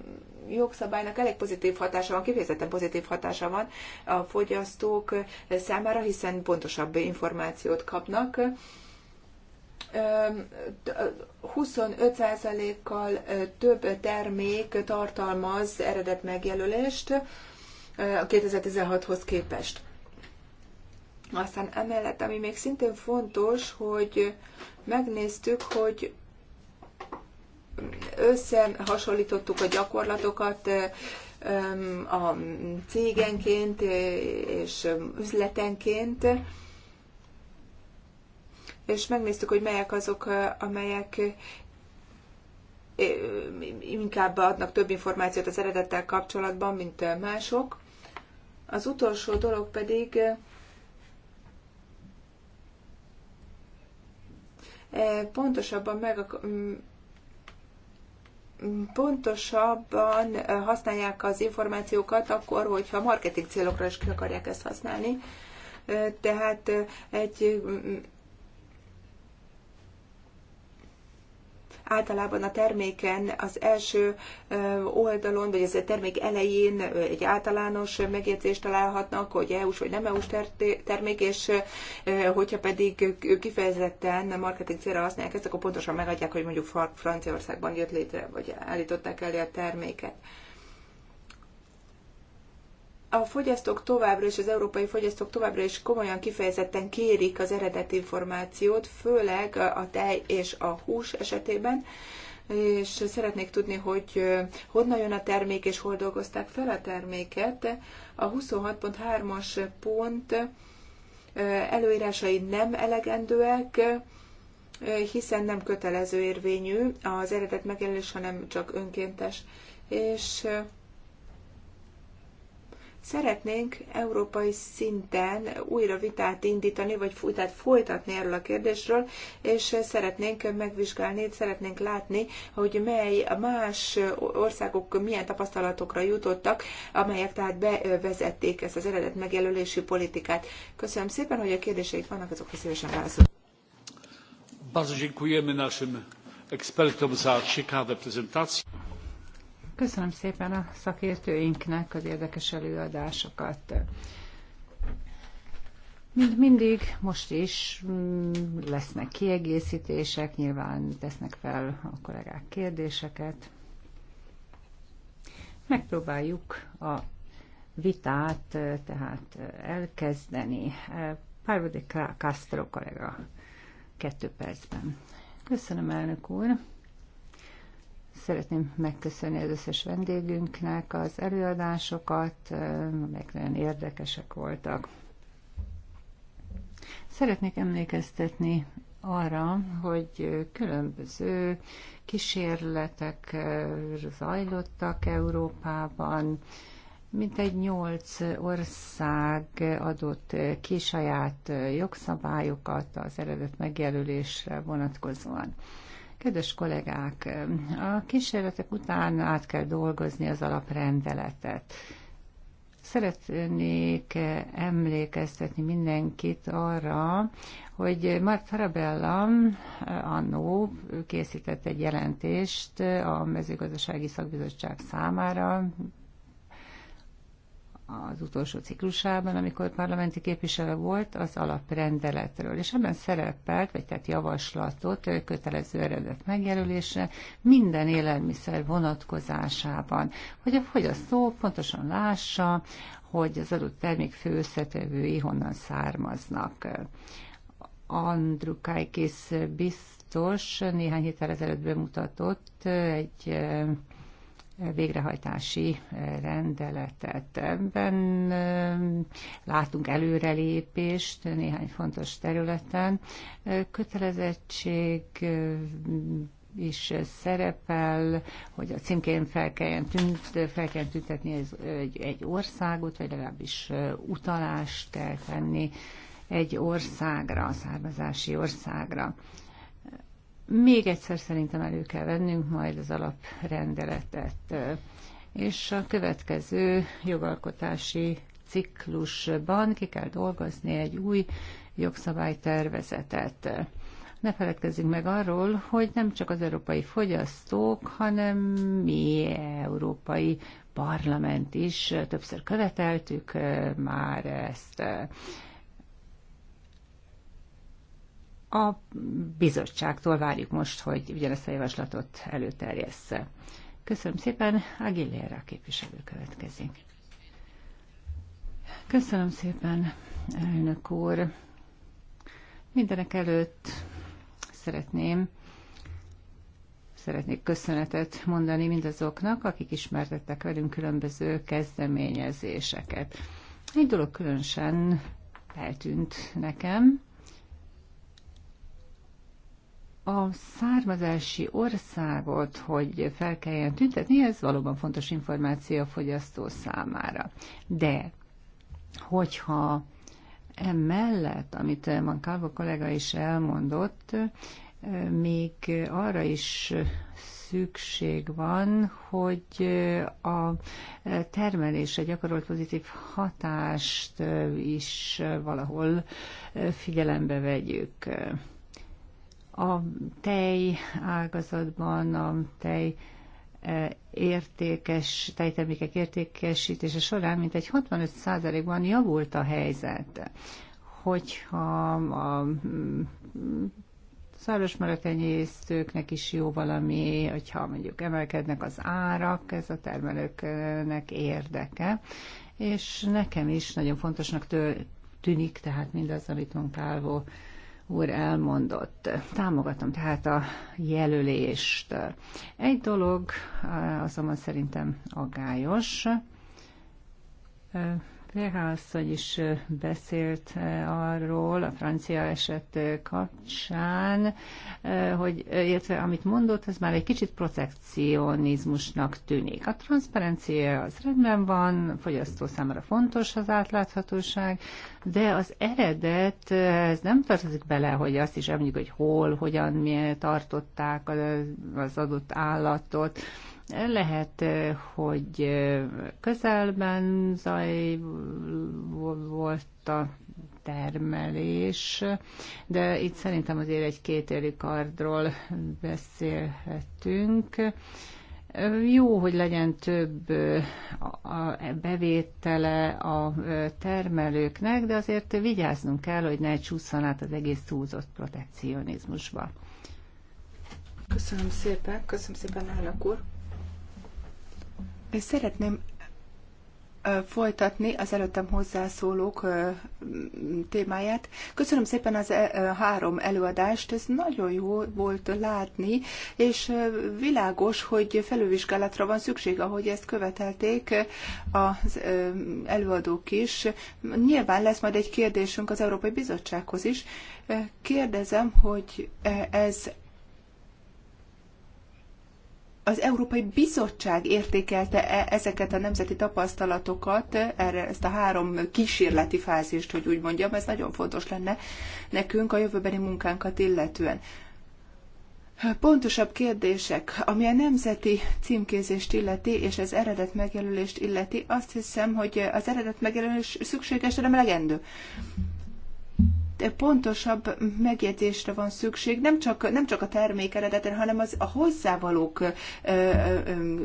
jogszabálynak elég pozitív hatása van, kifejezetten pozitív hatása van a fogyasztók számára, hiszen pontosabb információt kapnak. 25%-kal több termék tartalmaz eredet megjelölést a 2016-hoz képest. Aztán emellett, ami még szintén fontos, hogy megnéztük, hogy összehasonlítottuk a gyakorlatokat a cégenként és üzletenként, és megnéztük, hogy melyek azok, amelyek inkább adnak több információt az eredettel kapcsolatban, mint mások. Az utolsó dolog pedig pontosabban meg pontosabban eh, használják az információkat akkor, hogyha marketing célokra is ki akarják ezt használni. Eh, tehát eh, egy Általában a terméken az első oldalon, vagy az a termék elején egy általános megjegyzést találhatnak, hogy EU-s vagy nem EU-s termék, és hogyha pedig kifejezetten marketing célra használják ezt, akkor pontosan megadják, hogy mondjuk Franciaországban jött létre, vagy állították elé a terméket a fogyasztók továbbra is, az európai fogyasztók továbbra is komolyan kifejezetten kérik az eredeti információt, főleg a tej és a hús esetében, és szeretnék tudni, hogy honnan jön a termék, és hol dolgozták fel a terméket. A 26.3-as pont előírásai nem elegendőek, hiszen nem kötelező érvényű az eredet megjelenés, hanem csak önkéntes. És Szeretnénk európai szinten újra vitát indítani, vagy vitát folytatni erről a kérdésről, és szeretnénk megvizsgálni, szeretnénk látni, hogy mely más országok milyen tapasztalatokra jutottak, amelyek tehát bevezették ezt az eredet megjelölési politikát. Köszönöm szépen, hogy a kérdéseik vannak, azokra szívesen válaszolok. Bardzo dziękujemy naszym ekspertom za ciekawe prezentacje. Köszönöm szépen a szakértőinknek az érdekes előadásokat. Mint mindig, most is mm, lesznek kiegészítések, nyilván tesznek fel a kollégák kérdéseket. Megpróbáljuk a vitát eh, tehát eh, elkezdeni. Eh, Párvodi Castro kollega kettő percben. Köszönöm, elnök úr! Szeretném megköszönni az összes vendégünknek az előadásokat, amelyek nagyon érdekesek voltak. Szeretnék emlékeztetni arra, hogy különböző kísérletek zajlottak Európában, mint egy nyolc ország adott ki saját jogszabályokat az eredet megjelölésre vonatkozóan. Kedves kollégák, a kísérletek után át kell dolgozni az alaprendeletet. Szeretnék emlékeztetni mindenkit arra, hogy már Tarabella annó készített egy jelentést a mezőgazdasági szakbizottság számára, az utolsó ciklusában, amikor parlamenti képviselő volt, az alaprendeletről. És ebben szerepelt, vagy tehát javaslatot kötelező eredet megjelölésre minden élelmiszer vonatkozásában, hogy a fogyasztó pontosan lássa, hogy az adott termék főszetevői honnan származnak. Andrukaikis biztos néhány héttel ezelőtt bemutatott egy végrehajtási eh, rendeletet. Ebben eh, látunk előrelépést néhány fontos területen. Eh, kötelezettség is szerepel, hogy a címkén fel kelljen, tünt, fel kelljen tüntetni egy, egy országot, vagy legalábbis utalást kell tenni egy országra, a származási országra. Még egyszer szerintem elő kell vennünk majd az alaprendeletet. És a következő jogalkotási ciklusban ki kell dolgozni egy új jogszabálytervezetet. Ne feledkezzünk meg arról, hogy nem csak az európai fogyasztók, hanem mi európai parlament is többször követeltük eh, már ezt. Eh, A bizottságtól várjuk most, hogy ugyanezt a javaslatot előterjessze. Köszönöm szépen, Aguilera képviselő következik. Köszönöm szépen, elnök úr. Mindenek előtt szeretném szeretnék köszönetet mondani mindazoknak, akik ismertettek velünk különböző kezdeményezéseket. Egy dolog különösen eltűnt nekem, a származási országot, hogy fel kelljen tüntetni, ez valóban fontos információ a fogyasztó számára. De hogyha emellett, amit Mankálva kollega is elmondott, még arra is szükség van, hogy a termelésre gyakorolt pozitív hatást is valahol figyelembe vegyük. A tej ágazatban, a tej e, értékes, tejtermékek értékesítése során egy 65%-ban javult a helyzet. Hogyha a szaros maratenyésztőknek is jó valami, hogyha mondjuk emelkednek az árak, ez a termelőknek érdeke, és nekem is nagyon fontosnak tűnik, tehát mindaz, amit munkálvó úr elmondott. Támogatom tehát a jelölést. Egy dolog eh, azonban szerintem agályos eh, Léha asszony is beszélt arról a francia eset kapcsán, hogy, illetve amit mondott, ez már egy kicsit protekcionizmusnak tűnik. A transzparencia az rendben van, a fogyasztó számára fontos az átláthatóság, de az eredet, ez nem tartozik bele, hogy azt is említjük, hogy hol, hogyan, miért tartották az adott állatot, lehet, hogy közelben zaj volt a termelés, de itt szerintem azért egy kétélű kardról beszélhetünk. Jó, hogy legyen több a bevétele a termelőknek, de azért vigyáznunk kell, hogy ne csúszson át az egész túlzott protekcionizmusba. Köszönöm szépen, köszönöm szépen, elnök úr. Szeretném folytatni az előttem hozzászólók témáját. Köszönöm szépen az három előadást, ez nagyon jó volt látni, és világos, hogy felülvizsgálatra van szükség, ahogy ezt követelték az előadók is. Nyilván lesz majd egy kérdésünk az Európai Bizottsághoz is. Kérdezem, hogy ez az Európai Bizottság értékelte -e ezeket a nemzeti tapasztalatokat, erre ezt a három kísérleti fázist, hogy úgy mondjam, ez nagyon fontos lenne nekünk a jövőbeni munkánkat illetően. Pontosabb kérdések, ami a nemzeti címkézést illeti, és az eredet megjelölést illeti, azt hiszem, hogy az eredet megjelölés szükséges, de nem elegendő pontosabb megjegyzésre van szükség, nem csak, nem csak a termék eredete, hanem az, a hozzávalók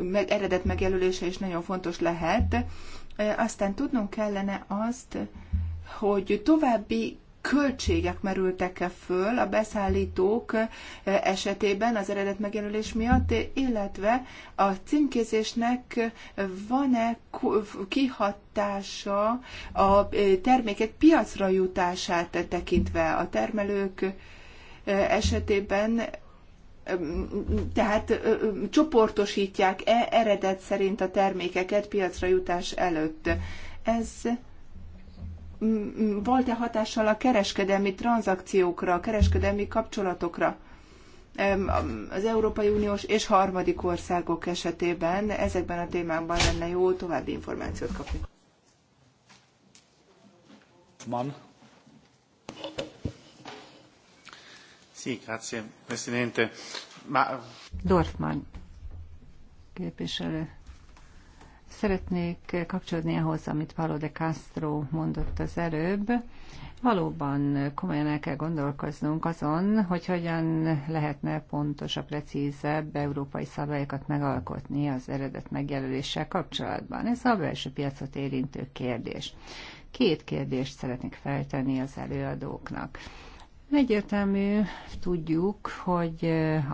meg, eredet megjelölése is nagyon fontos lehet. Aztán tudnunk kellene azt, hogy további költségek merültek-e föl a beszállítók eh, esetében az eredet megjelölés miatt, illetve a címkézésnek van-e kihatása a eh, termékek piacra jutását tekintve a termelők eh, esetében tehát csoportosítják-e eredet szerint a termékeket piacra jutás előtt. Ez volt-e hatással a kereskedelmi tranzakciókra, a kereskedelmi kapcsolatokra? az Európai Uniós és harmadik országok esetében ezekben a témákban lenne jó további információt kapni. Man. Sí, grazie, Presidente. Ma... Dorfman képviselő. Szeretnék kapcsolódni ahhoz, amit Paulo de Castro mondott az előbb. Valóban komolyan el kell gondolkoznunk azon, hogy hogyan lehetne pontosabb, precízebb európai szabályokat megalkotni az eredet megjelöléssel kapcsolatban. Ez a belső piacot érintő kérdés. Két kérdést szeretnék feltenni az előadóknak. Egyértelmű, tudjuk, hogy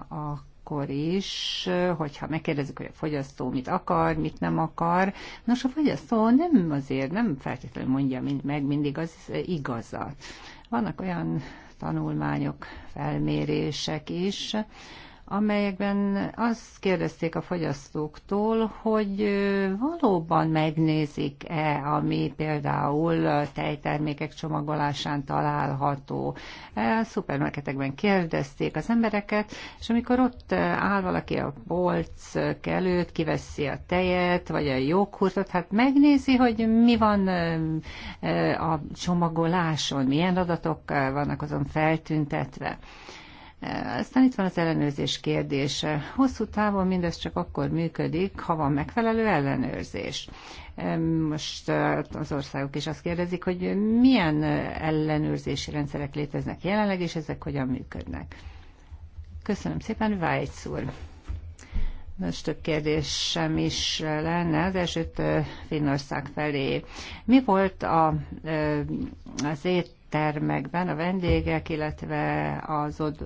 a akkor is, hogyha megkérdezzük, hogy a fogyasztó mit akar, mit nem akar. Nos, a fogyasztó nem azért, nem feltétlenül mondja mind meg mindig az igazat. Vannak olyan tanulmányok, felmérések is, amelyekben azt kérdezték a fogyasztóktól, hogy valóban megnézik-e, ami például tejtermékek csomagolásán található. E, a szupermarketekben kérdezték az embereket, és amikor ott áll valaki a polc előtt, kiveszi a tejet, vagy a joghurtot, hát megnézi, hogy mi van a csomagoláson, milyen adatok vannak azon feltüntetve. Aztán itt van az ellenőrzés kérdése. Hosszú távon mindez csak akkor működik, ha van megfelelő ellenőrzés. Most eh, az országok is azt kérdezik, hogy milyen eh, ellenőrzési rendszerek léteznek jelenleg, és ezek hogyan működnek. Köszönöm szépen, Vájc úr! Most több kérdésem is lenne. Az elsőt eh, Finnország felé. Mi volt a, az ét termekben a vendégek, illetve az ott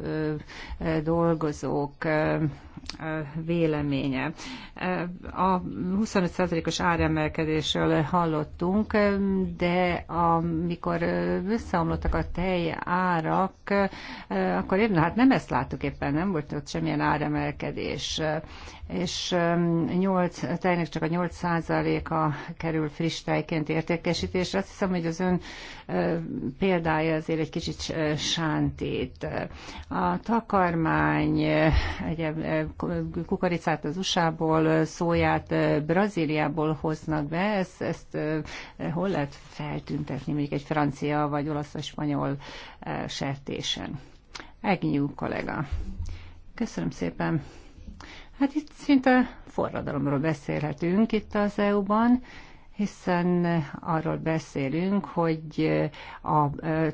dolgozók véleménye. A 25%-os áremelkedésről hallottunk, de amikor összeomlottak a tej árak, akkor én, hát nem ezt láttuk éppen, nem volt ott semmilyen áremelkedés és 8, a tejnek csak a 8%-a kerül friss tejként értékesítésre. Azt hiszem, hogy az ön példája azért egy kicsit sántít. A takarmány egy kukoricát az USA-ból, szóját Brazíliából hoznak be, ezt, ezt hol lehet feltüntetni mondjuk egy francia vagy olasz vagy spanyol sertésen? Egnyú kollega. Köszönöm szépen. Hát itt szinte forradalomról beszélhetünk itt az EU-ban hiszen arról beszélünk, hogy a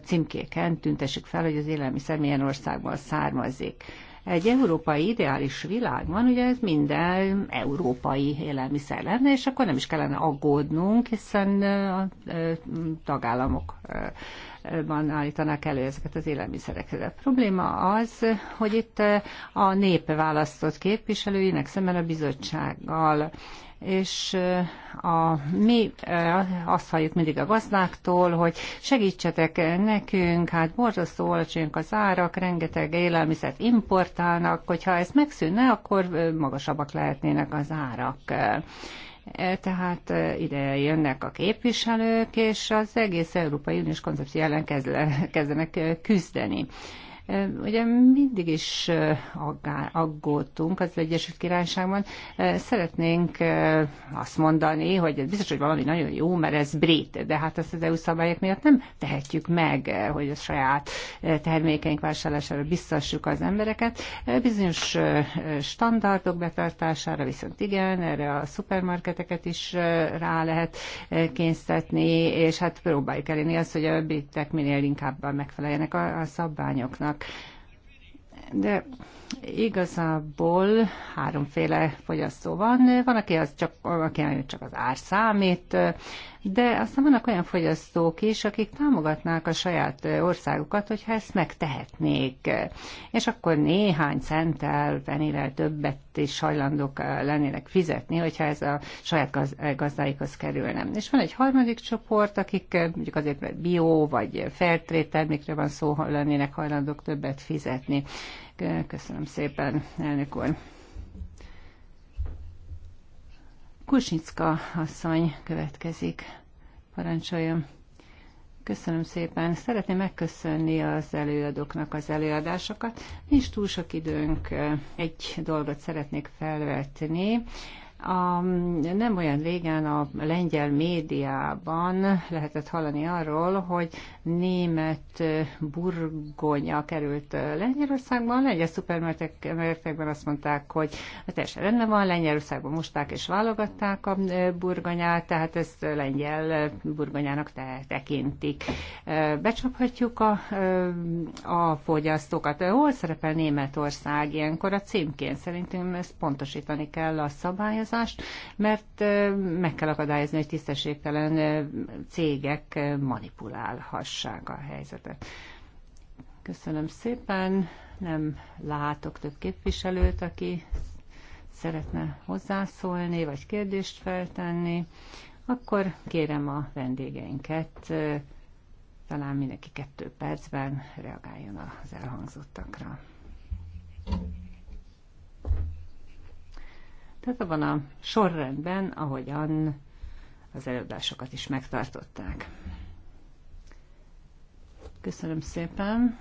címkéken tüntessük fel, hogy az élelmiszer milyen országból származik egy európai ideális van, ugye ez minden európai élelmiszer lenne, és akkor nem is kellene aggódnunk, hiszen a tagállamok van, állítanak elő ezeket az élelmiszereket. A probléma az, hogy itt a népe választott képviselőinek szemben a bizottsággal és a, mi azt halljuk mindig a gazdáktól, hogy segítsetek nekünk, hát borzasztó alacsonyak az árak, rengeteg élelmiszert importálnak, hogyha ez megszűnne, akkor magasabbak lehetnének az árak. E, tehát ide jönnek a képviselők, és az egész Európai Uniós koncepció ellen kezdenek küzdeni. Ugye mindig is aggódtunk az Egyesült Királyságban. Szeretnénk azt mondani, hogy biztos, hogy valami nagyon jó, mert ez brit, de hát ezt az EU szabályok miatt nem tehetjük meg, hogy a saját termékeink vásárlására biztassuk az embereket. Bizonyos standardok betartására viszont igen, erre a szupermarketeket is rá lehet kényszetni, és hát próbáljuk elérni azt, hogy a britek minél inkább megfeleljenek a szabványoknak vannak. De Igazából háromféle fogyasztó van. Van, aki, az csak, aki csak az ár számít, de aztán vannak olyan fogyasztók is, akik támogatnák a saját országukat, hogyha ezt megtehetnék. És akkor néhány centtel, fenével többet is hajlandók lennének fizetni, hogyha ez a saját gazdáikhoz kerülne. És van egy harmadik csoport, akik mondjuk azért, mert bio vagy fairtrade termékre van szó, lennének hajlandók többet fizetni. Köszönöm szépen, elnök úr. Kusnicka asszony következik. Parancsoljon. Köszönöm szépen. Szeretném megköszönni az előadóknak az előadásokat. Nincs túl sok időnk. Egy dolgot szeretnék felvetni a, nem olyan régen a lengyel médiában lehetett hallani arról, hogy német burgonya került Lengyelországban. Lengyel szupermertekben azt mondták, hogy teljesen rendben van, Lengyelországban mosták és válogatták a burgonyát, tehát ezt lengyel burgonyának te, tekintik. Becsaphatjuk a, a fogyasztókat. Hol szerepel Németország ilyenkor a címként? Szerintem ezt pontosítani kell a szabályozásokat szabályozást, mert meg kell akadályozni, hogy tisztességtelen cégek manipulálhassák a helyzetet. Köszönöm szépen. Nem látok több képviselőt, aki szeretne hozzászólni, vagy kérdést feltenni. Akkor kérem a vendégeinket, talán mindenki kettő percben reagáljon az elhangzottakra. Tehát abban a sorrendben, ahogyan az előadásokat is megtartották. Köszönöm szépen.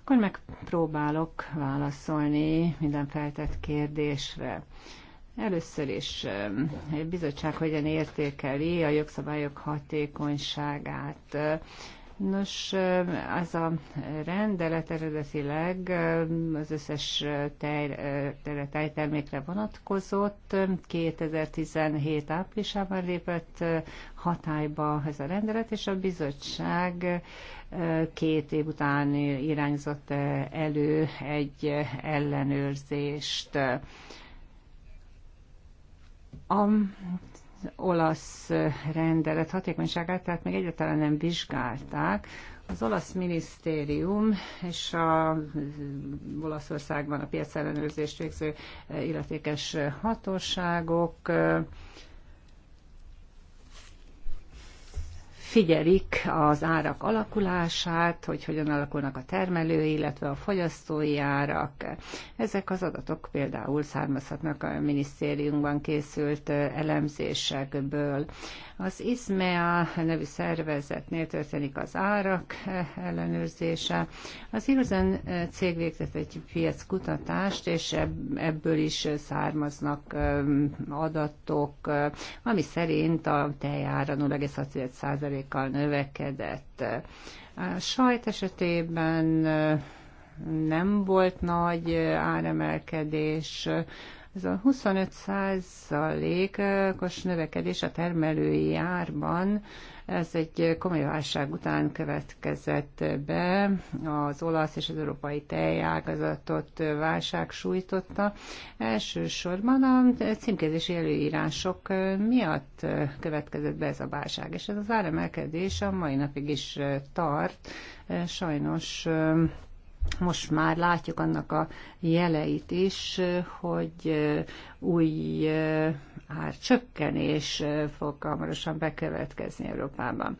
Akkor megpróbálok válaszolni minden feltett kérdésre. Először is a bizottság hogyan értékeli a jogszabályok hatékonyságát. Nos, az a rendelet eredetileg az összes tej, tejtermékre vonatkozott. 2017 áprilisában lépett hatályba ez a rendelet, és a bizottság két év után irányzott elő egy ellenőrzést. A olasz rendelet hatékonyságát, tehát még egyáltalán nem vizsgálták. Az olasz minisztérium és a Olaszországban a piacellenőrzést végző illetékes hatóságok figyelik az árak alakulását, hogy hogyan alakulnak a termelői, illetve a fogyasztói árak. Ezek az adatok például származhatnak a minisztériumban készült elemzésekből. Az ISMEA nevű szervezetnél történik az árak ellenőrzése. Az Irozen cég végzett egy piackutatást, és ebből is származnak adatok, ami szerint a tejára 0,6% kal növekedett. A sajt esetében nem volt nagy áremelkedés, ez a 25 százalékos növekedés a termelői árban ez egy komoly válság után következett be, az olasz és az európai teljágazatot válság sújtotta. Elsősorban a címkézési előírások miatt következett be ez a válság, és ez az áremelkedés a mai napig is tart. Sajnos most már látjuk annak a jeleit is, hogy új csökkenés fog hamarosan bekövetkezni Európában.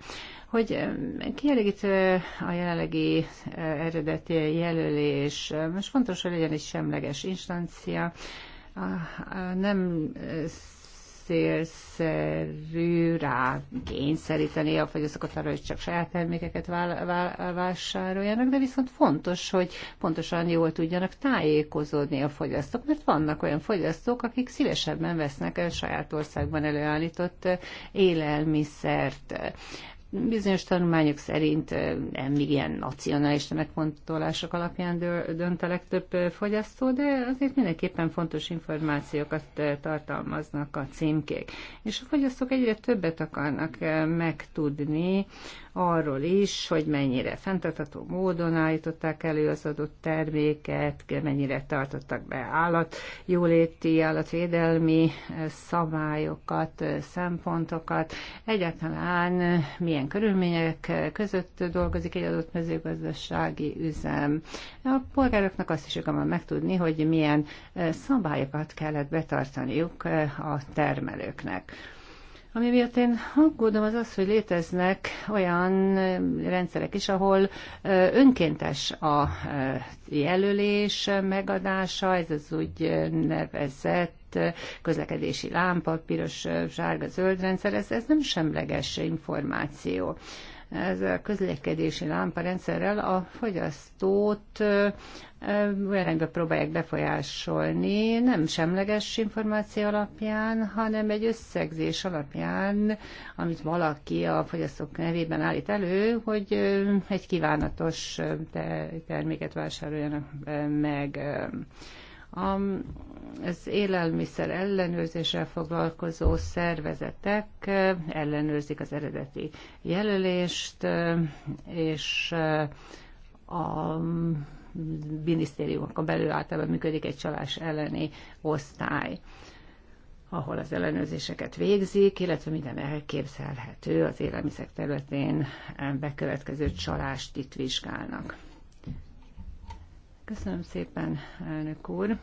Hogy kielégítő a jelenlegi eredeti jelölés, most fontos, hogy legyen egy semleges instancia, nem célszerű rá kényszeríteni a fogyasztókat arra, hogy csak saját termékeket vásároljanak, de viszont fontos, hogy pontosan jól tudjanak tájékozódni a fogyasztók, mert vannak olyan fogyasztók, akik szívesebben vesznek el saját országban előállított eh, élelmiszert bizonyos tanulmányok szerint nem ilyen nacionalista megfontolások alapján dönt a legtöbb fogyasztó, de azért mindenképpen fontos információkat tartalmaznak a címkék. És a fogyasztók egyre többet akarnak megtudni arról is, hogy mennyire fenntartható módon állították elő az adott terméket, mennyire tartottak be állat, jóléti, állatvédelmi eh, szabályokat, eh, szempontokat, egyáltalán eh, milyen körülmények között dolgozik egy adott mezőgazdasági üzem. A polgároknak azt is van megtudni, hogy milyen szabályokat kellett betartaniuk a termelőknek. Ami miatt én aggódom, az az, hogy léteznek olyan eh, rendszerek is, ahol eh, önkéntes a eh, jelölés megadása, ez az úgy nevezett közlekedési lámpa, piros, sárga, zöld rendszer, ez, ez nem semleges információ ez a közlekedési lámpa rendszerrel a fogyasztót irányba próbálják befolyásolni, nem semleges információ alapján, hanem egy összegzés alapján, amit valaki a fogyasztók nevében állít elő, hogy egy kívánatos terméket vásároljanak meg. az élelmiszer ellenőrzéssel foglalkozó szervezetek ellenőrzik az eredeti jelölést, és a minisztériumokon belül általában működik egy csalás elleni osztály ahol az ellenőrzéseket végzik, illetve minden elképzelhető az élelmiszer területén eh, bekövetkező csalást itt vizsgálnak. Köszönöm szépen, elnök úr!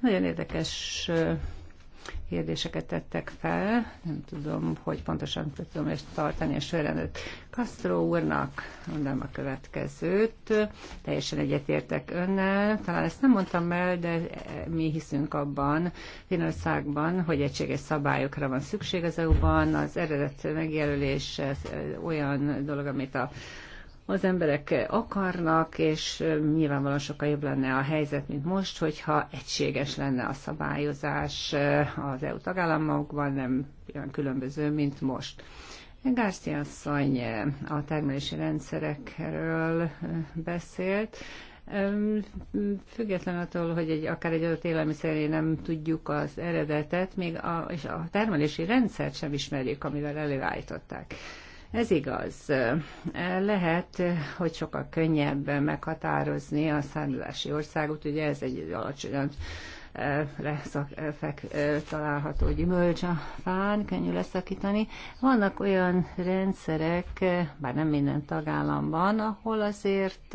Nagyon érdekes eh, kérdéseket tettek fel. Nem tudom, hogy pontosan tudom ezt tartani a sorrendet. Castro úrnak mondom a következőt. Teljesen egyetértek önnel. Talán ezt nem mondtam el, de mi hiszünk abban Finországban, hogy egységes szabályokra van szükség az EU-ban. Az eredet megjelölés olyan dolog, amit a az emberek akarnak, és nyilvánvalóan sokkal jobb lenne a helyzet, mint most, hogyha egységes lenne a szabályozás az EU tagállamokban, nem olyan különböző, mint most. Garcia asszony a termelési rendszerekről beszélt. Független attól, hogy egy, akár egy adott élelmiszeré nem tudjuk az eredetet, még a, és a termelési rendszert sem ismerjük, amivel előállították. Ez igaz. Lehet, hogy sokkal könnyebb meghatározni a származási országot, ugye ez egy alacsonyan eh, leszak, eh, eh, található gyümölcs a fán, könnyű leszakítani. Vannak olyan rendszerek, bár nem minden tagállamban, ahol azért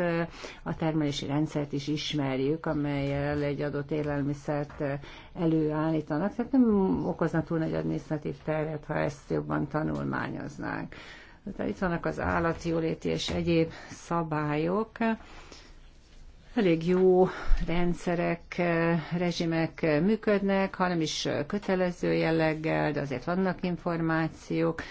a termelési rendszert is ismerjük, amelyel egy adott élelmiszert előállítanak, tehát nem okozna túl nagy adminisztratív terhet, ha ezt jobban tanulmányoznánk. Itt vannak az állatjóléti és egyéb szabályok, elég jó rendszerek, rezsimek működnek, hanem is kötelező jelleggel, de azért vannak információk.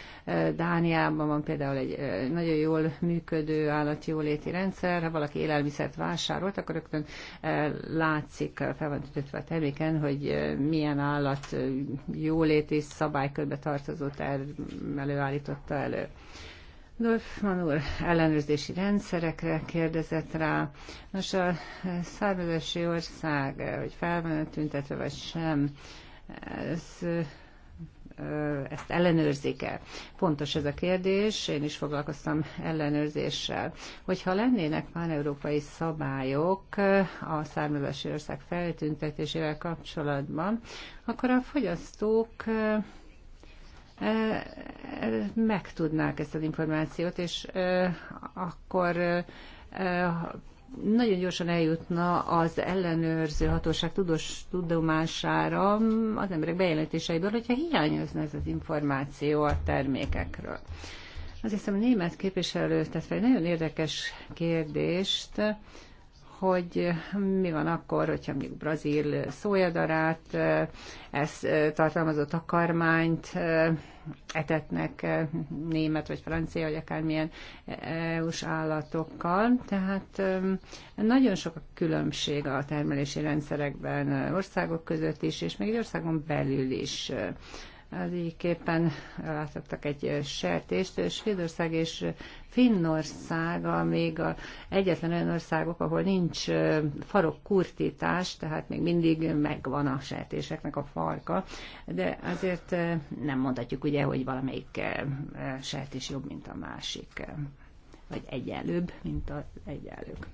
Dániában van például egy nagyon jól működő állatjóléti rendszer, ha valaki élelmiszert vásárolt, akkor rögtön látszik, fel van a terméken, hogy milyen állat jóléti szabálykörbe tartozó termelő állította elő. Dorfman úr ellenőrzési rendszerekre kérdezett rá. Nos, a származási ország, eh, hogy fel van tüntetve vagy sem, ez eh, ezt ellenőrzik-e? Pontos ez a kérdés, én is foglalkoztam ellenőrzéssel. Hogyha lennének már európai szabályok eh, a származási ország feltüntetésével kapcsolatban, akkor a fogyasztók megtudnák ezt az információt, és akkor nagyon gyorsan eljutna az ellenőrző hatóság tudós tudomására az emberek bejelentéseiből, hogyha hiányozna ez az információ a termékekről. Azt hiszem, a német képviselő tett fel egy nagyon érdekes kérdést, hogy mi van akkor, hogyha mondjuk brazil szójadarát, ez tartalmazott a karmányt, etetnek német vagy francia, vagy akármilyen EU-s állatokkal. Tehát nagyon sok a különbség a termelési rendszerekben országok között is, és még országon belül is. Egyébképpen láthattak egy sertést. Svédország és Finnország a még a egyetlen olyan országok, ahol nincs farok kurtítás, tehát még mindig megvan a sertéseknek a farka, de azért nem mondhatjuk ugye, hogy valamelyik sertés jobb, mint a másik, vagy egyenlőbb, mint az egyenlők.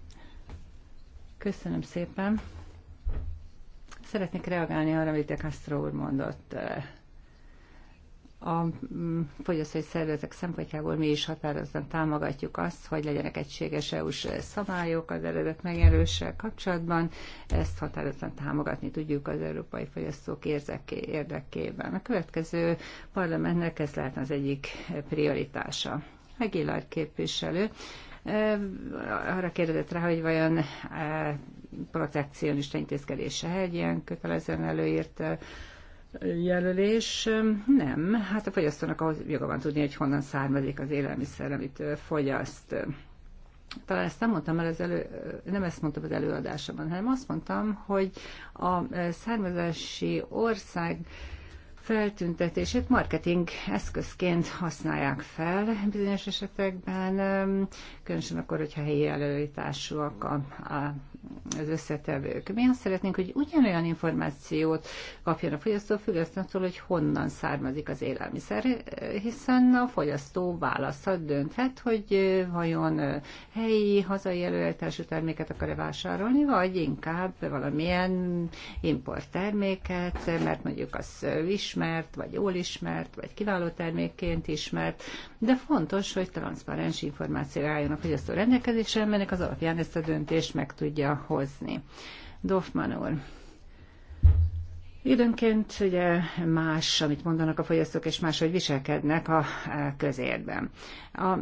Köszönöm szépen. Szeretnék reagálni arra, amit a Castro úr mondott a mm, fogyasztói szervezetek szempontjából mi is határozottan támogatjuk azt, hogy legyenek egységes EU-s szabályok az eredet megjelöléssel kapcsolatban. Ezt határozottan támogatni tudjuk az európai fogyasztók érzeké, érdekében. A következő parlamentnek ez lehet az egyik prioritása. Megillard képviselő e, arra kérdezett rá, hogy vajon e, protekcionista intézkedése egy ilyen kötelezően előírt jelölés? Nem. Hát a fogyasztónak ahhoz joga van tudni, hogy honnan származik az élelmiszer, amit fogyaszt. Talán ezt nem mondtam el az elő, nem ezt mondtam az előadásomban, hanem azt mondtam, hogy a származási ország feltüntetését marketing eszközként használják fel bizonyos esetekben, különösen akkor, hogyha helyi előállításúak a, a az összetevők. Mi azt szeretnénk, hogy ugyanolyan információt kapjon a fogyasztó, függetlenül hogy honnan származik az élelmiszer, hiszen a fogyasztó választhat, dönthet, hogy vajon helyi, hazai előállítású terméket akar-e vásárolni, vagy inkább valamilyen import terméket, mert mondjuk az ismert, vagy jól ismert, vagy kiváló termékként ismert, de fontos, hogy transzparens információ álljon hogy fogyasztó rendelkezésre, mert az alapján ezt a döntést meg tudja hozni. Dorfman úr. Időnként ugye más, amit mondanak a fogyasztók, és máshogy viselkednek a közérben. A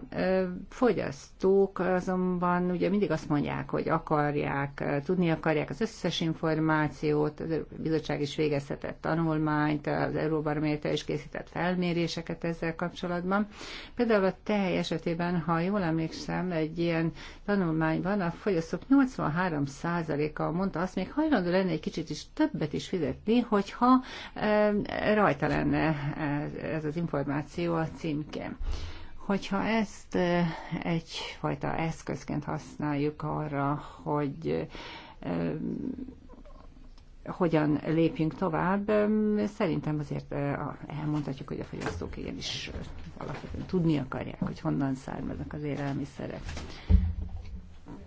fogyasztók azonban ugye mindig azt mondják, hogy akarják, tudni akarják az összes információt, az Európai Bizottság is végezhetett tanulmányt, az Euróbarométer is készített felméréseket ezzel kapcsolatban. Például a tej esetében, ha jól emlékszem, egy ilyen tanulmányban a fogyasztók 83%-a mondta azt, még hajlandó lenne egy kicsit is többet is fizetni, hogyha rajta lenne ez az információ a címkén. Hogyha ezt egyfajta eszközként használjuk arra, hogy hogyan lépjünk tovább, szerintem azért elmondhatjuk, hogy a fogyasztók igenis alapvetően tudni akarják, hogy honnan származnak az élelmiszerek.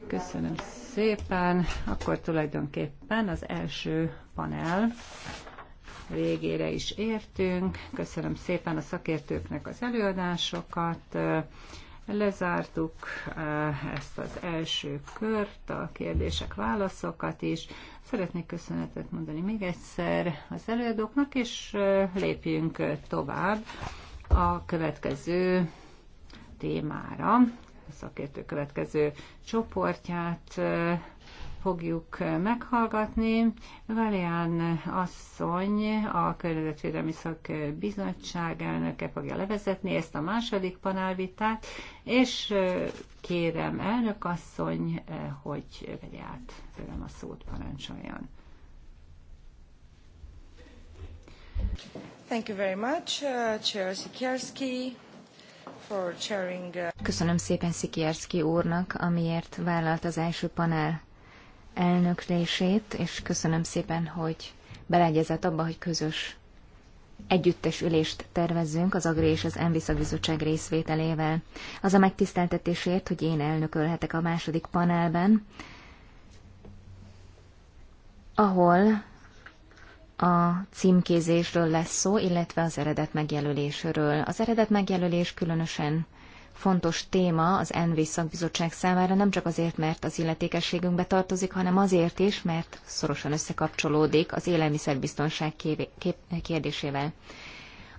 Köszönöm szépen. Akkor tulajdonképpen az első panel végére is értünk. Köszönöm szépen a szakértőknek az előadásokat. Lezártuk eh, ezt az első kört, a kérdések-válaszokat is. Szeretnék köszönetet mondani még egyszer az előadóknak, és eh, lépjünk eh, tovább a következő témára, a szakértő következő csoportját fogjuk meghallgatni. Valéán asszony, a Környezetvédelmi Szak Bizottság elnöke fogja levezetni ezt a második panelvitát, és kérem elnök asszony, hogy vegye át tőlem a szót, parancsoljon. Thank you very much, uh, Chair Sikerski. Uh Köszönöm szépen Szikierszki úrnak, amiért vállalt az első panel elnöklését, és köszönöm szépen, hogy beleegyezett abba, hogy közös együttes ülést tervezzünk az Agri és az Enviszak Bizottság részvételével. Az a megtiszteltetésért, hogy én elnökölhetek a második panelben, ahol a címkézésről lesz szó, illetve az eredet megjelölésről. Az eredet megjelölés különösen fontos téma az NV szakbizottság számára, nem csak azért, mert az illetékességünkbe tartozik, hanem azért is, mert szorosan összekapcsolódik az élelmiszerbiztonság kérdésével.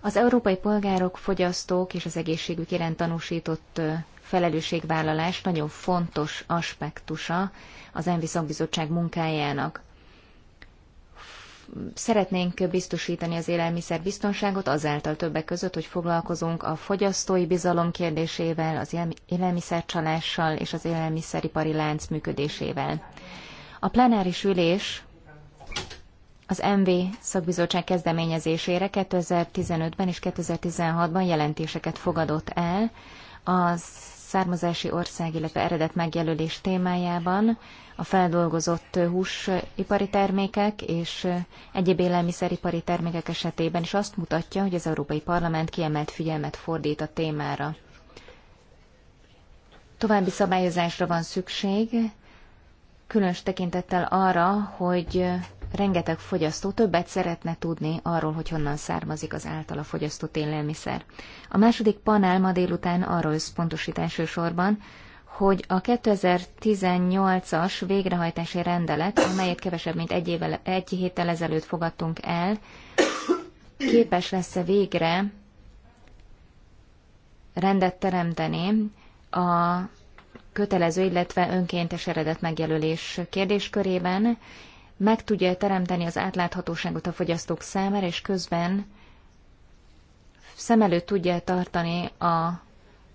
Az európai polgárok, fogyasztók és az egészségük iránt tanúsított felelősségvállalás nagyon fontos aspektusa az ENVI szakbizottság munkájának. Szeretnénk biztosítani az élelmiszer biztonságot, azáltal többek között, hogy foglalkozunk a fogyasztói bizalom kérdésével, az élelmiszercsalással és az élelmiszeripari lánc működésével. A plenáris ülés az MV szakbizottság kezdeményezésére 2015-ben és 2016-ban jelentéseket fogadott el az származási ország, illetve eredet megjelölés témájában, a feldolgozott húsipari termékek és egyéb élelmiszeripari termékek esetében is azt mutatja, hogy az Európai Parlament kiemelt figyelmet fordít a témára. További szabályozásra van szükség, különös tekintettel arra, hogy rengeteg fogyasztó többet szeretne tudni arról, hogy honnan származik az általa fogyasztott élelmiszer. A második panel ma délután arról összpontosít elsősorban, hogy a 2018-as végrehajtási rendelet, amelyet kevesebb mint egy, évvel, egy héttel ezelőtt fogadtunk el, képes lesz-e végre rendet teremteni a kötelező, illetve önkéntes eredet megjelölés kérdéskörében, meg tudja teremteni az átláthatóságot a fogyasztók számára, és közben szem előtt tudja tartani a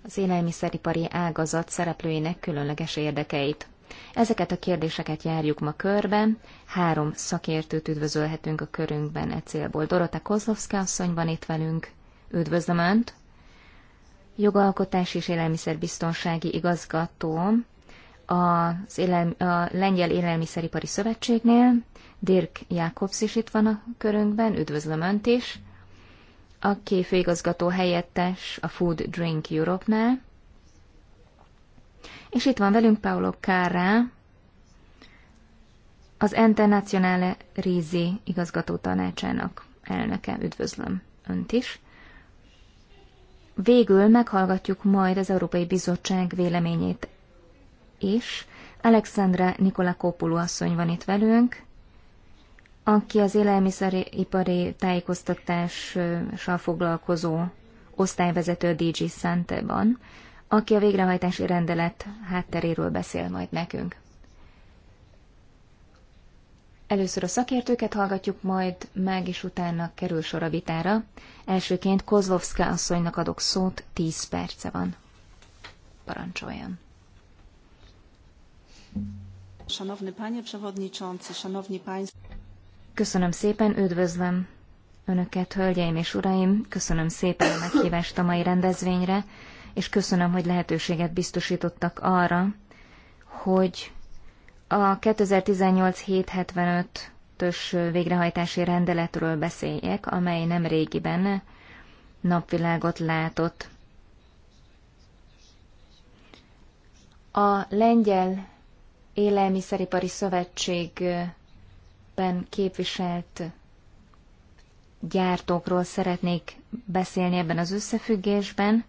az élelmiszeripari ágazat szereplőinek különleges érdekeit. Ezeket a kérdéseket járjuk ma körben. Három szakértőt üdvözölhetünk a körünkben e célból. Dorota Kozlovszka asszony van itt velünk. Üdvözlöm Önt! Jogalkotás és élelmiszerbiztonsági igazgató az élelmi, a Lengyel Élelmiszeripari Szövetségnél. Dirk Jákobsz is itt van a körünkben. Üdvözlöm Önt is! aki főigazgató helyettes a Food Drink Europe-nál. És itt van velünk Paolo Kárá, az Internationale Rizi igazgató tanácsának elnöke. Üdvözlöm Önt is. Végül meghallgatjuk majd az Európai Bizottság véleményét is. Alexandra Nikola Kopulu asszony van itt velünk, aki az élelmiszeripari tájékoztatással foglalkozó osztályvezető DG Santeban, aki a végrehajtási rendelet hátteréről beszél majd nekünk. Először a szakértőket hallgatjuk majd meg, és utána kerül sor a vitára. Elsőként Kozlovszka asszonynak adok szót, 10 perce van. Parancsoljon. Szanowny panie przewodniczący, szanowni państwo. Köszönöm szépen, üdvözlöm Önöket, hölgyeim és uraim, köszönöm szépen a meghívást a mai rendezvényre, és köszönöm, hogy lehetőséget biztosítottak arra, hogy a 2018-775-ös végrehajtási rendeletről beszéljek, amely nem régiben napvilágot látott. A Lengyel Élelmiszeripari Szövetség éppen képviselt gyártókról szeretnék beszélni ebben az összefüggésben.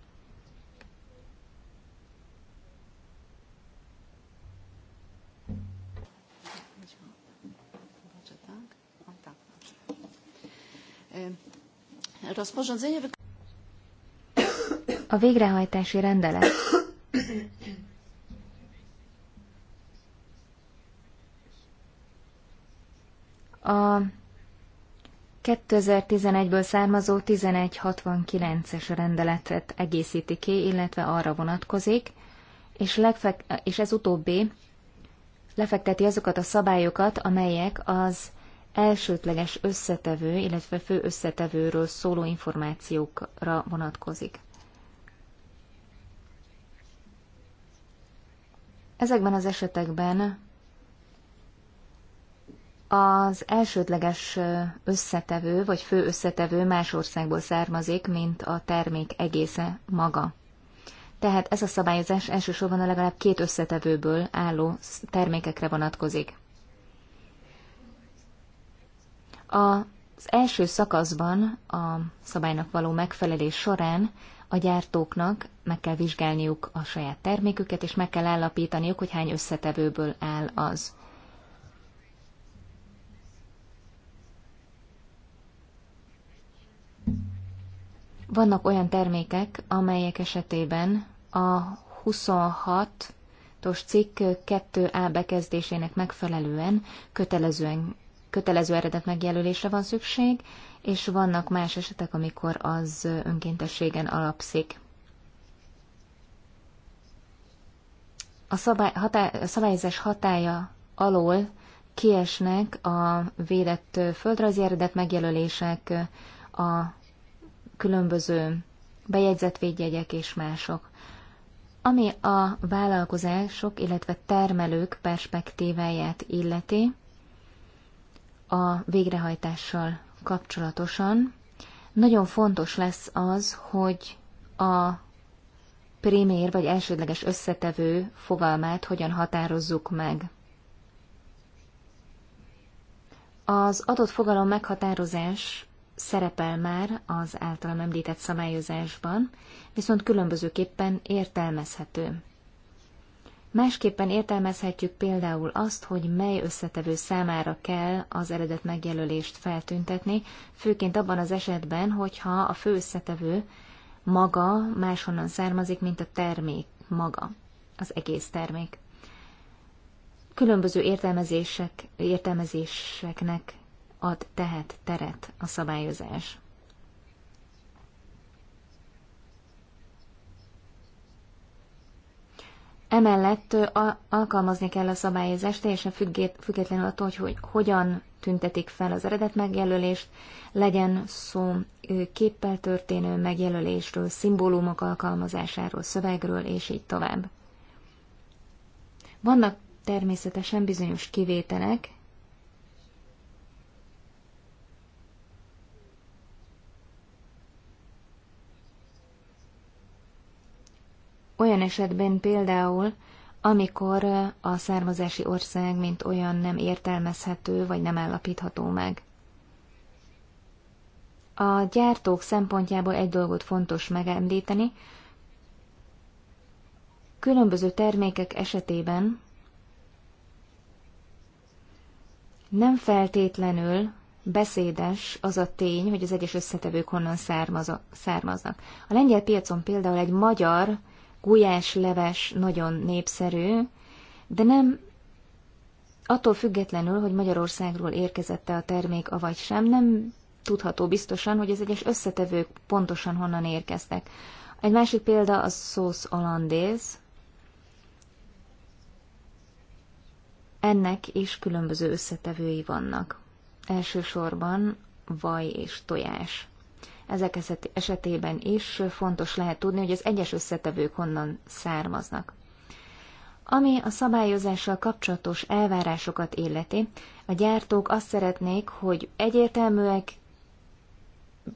A végrehajtási rendelet a 2011-ből származó 1169-es rendeletet egészíti ki, illetve arra vonatkozik, és, legfek- és ez utóbbi lefekteti azokat a szabályokat, amelyek az elsőtleges összetevő, illetve fő összetevőről szóló információkra vonatkozik. Ezekben az esetekben az elsődleges összetevő, vagy fő összetevő más országból származik, mint a termék egésze maga. Tehát ez a szabályozás elsősorban a legalább két összetevőből álló termékekre vonatkozik. Az első szakaszban a szabálynak való megfelelés során a gyártóknak meg kell vizsgálniuk a saját terméküket, és meg kell állapítaniuk, hogy hány összetevőből áll az. Vannak olyan termékek, amelyek esetében a 26-os cikk 2A bekezdésének megfelelően kötelezően, kötelező eredet megjelölésre van szükség, és vannak más esetek, amikor az önkéntességen alapszik. A, szabály, hatá, a szabályozás hatája alól kiesnek a védett földrajzi eredet megjelölések, a különböző bejegyzett védjegyek és mások. Ami a vállalkozások, illetve termelők perspektíváját illeti, a végrehajtással kapcsolatosan, nagyon fontos lesz az, hogy a primér vagy elsődleges összetevő fogalmát hogyan határozzuk meg. Az adott fogalom meghatározás szerepel már az általam említett szabályozásban, viszont különbözőképpen értelmezhető. Másképpen értelmezhetjük például azt, hogy mely összetevő számára kell az eredet megjelölést feltüntetni, főként abban az esetben, hogyha a fő összetevő maga máshonnan származik, mint a termék maga, az egész termék. Különböző értelmezések, értelmezéseknek ad tehet teret a szabályozás. Emellett alkalmazni kell a szabályozást teljesen függetlenül attól, hogy hogyan tüntetik fel az eredet megjelölést, legyen szó képpel történő megjelölésről, szimbólumok alkalmazásáról, szövegről, és így tovább. Vannak természetesen bizonyos kivételek, Olyan esetben például, amikor a származási ország mint olyan nem értelmezhető vagy nem állapítható meg. A gyártók szempontjából egy dolgot fontos megemlíteni. Különböző termékek esetében nem feltétlenül beszédes az a tény, hogy az egyes összetevők honnan származnak. A lengyel piacon például egy magyar Gulyás leves nagyon népszerű, de nem attól függetlenül, hogy Magyarországról érkezett-e a termék, avagy sem, nem tudható biztosan, hogy az egyes összetevők pontosan honnan érkeztek. Egy másik példa a szósz olandéz. Ennek is különböző összetevői vannak. Elsősorban vaj és tojás ezek esetében is fontos lehet tudni, hogy az egyes összetevők honnan származnak. Ami a szabályozással kapcsolatos elvárásokat illeti, a gyártók azt szeretnék, hogy egyértelműek,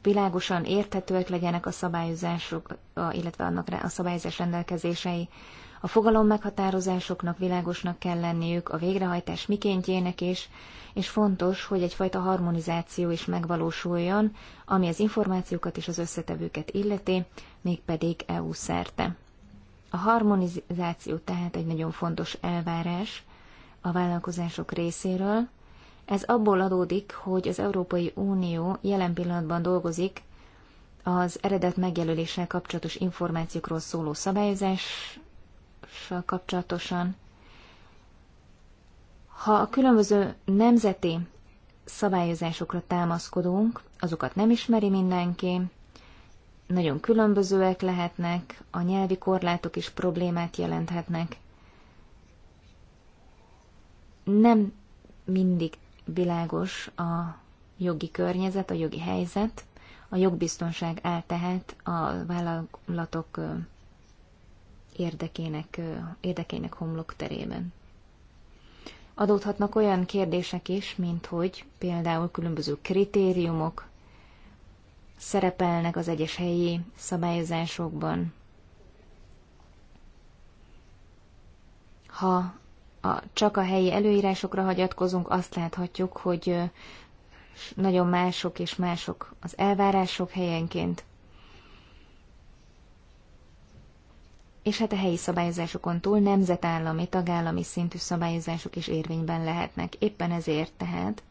világosan érthetőek legyenek a szabályozások, illetve annak a szabályozás rendelkezései, a fogalom meghatározásoknak világosnak kell lenniük, a végrehajtás mikéntjének is, és fontos, hogy egyfajta harmonizáció is megvalósuljon, ami az információkat és az összetevőket illeti, mégpedig EU szerte. A harmonizáció tehát egy nagyon fontos elvárás a vállalkozások részéről. Ez abból adódik, hogy az Európai Unió jelen pillanatban dolgozik az eredet megjelöléssel kapcsolatos információkról szóló szabályozás kapcsolatosan. Ha a különböző nemzeti szabályozásokra támaszkodunk, azokat nem ismeri mindenki, nagyon különbözőek lehetnek, a nyelvi korlátok is problémát jelenthetnek. Nem mindig világos a jogi környezet, a jogi helyzet, a jogbiztonság áll tehát a vállalatok érdekének, érdekének homlok terében. Adódhatnak olyan kérdések is, mint hogy például különböző kritériumok szerepelnek az egyes helyi szabályozásokban. Ha a, csak a helyi előírásokra hagyatkozunk, azt láthatjuk, hogy nagyon mások és mások az elvárások helyenként. és hát a helyi szabályozásokon túl nemzetállami, tagállami szintű szabályozások is érvényben lehetnek. Éppen ezért tehát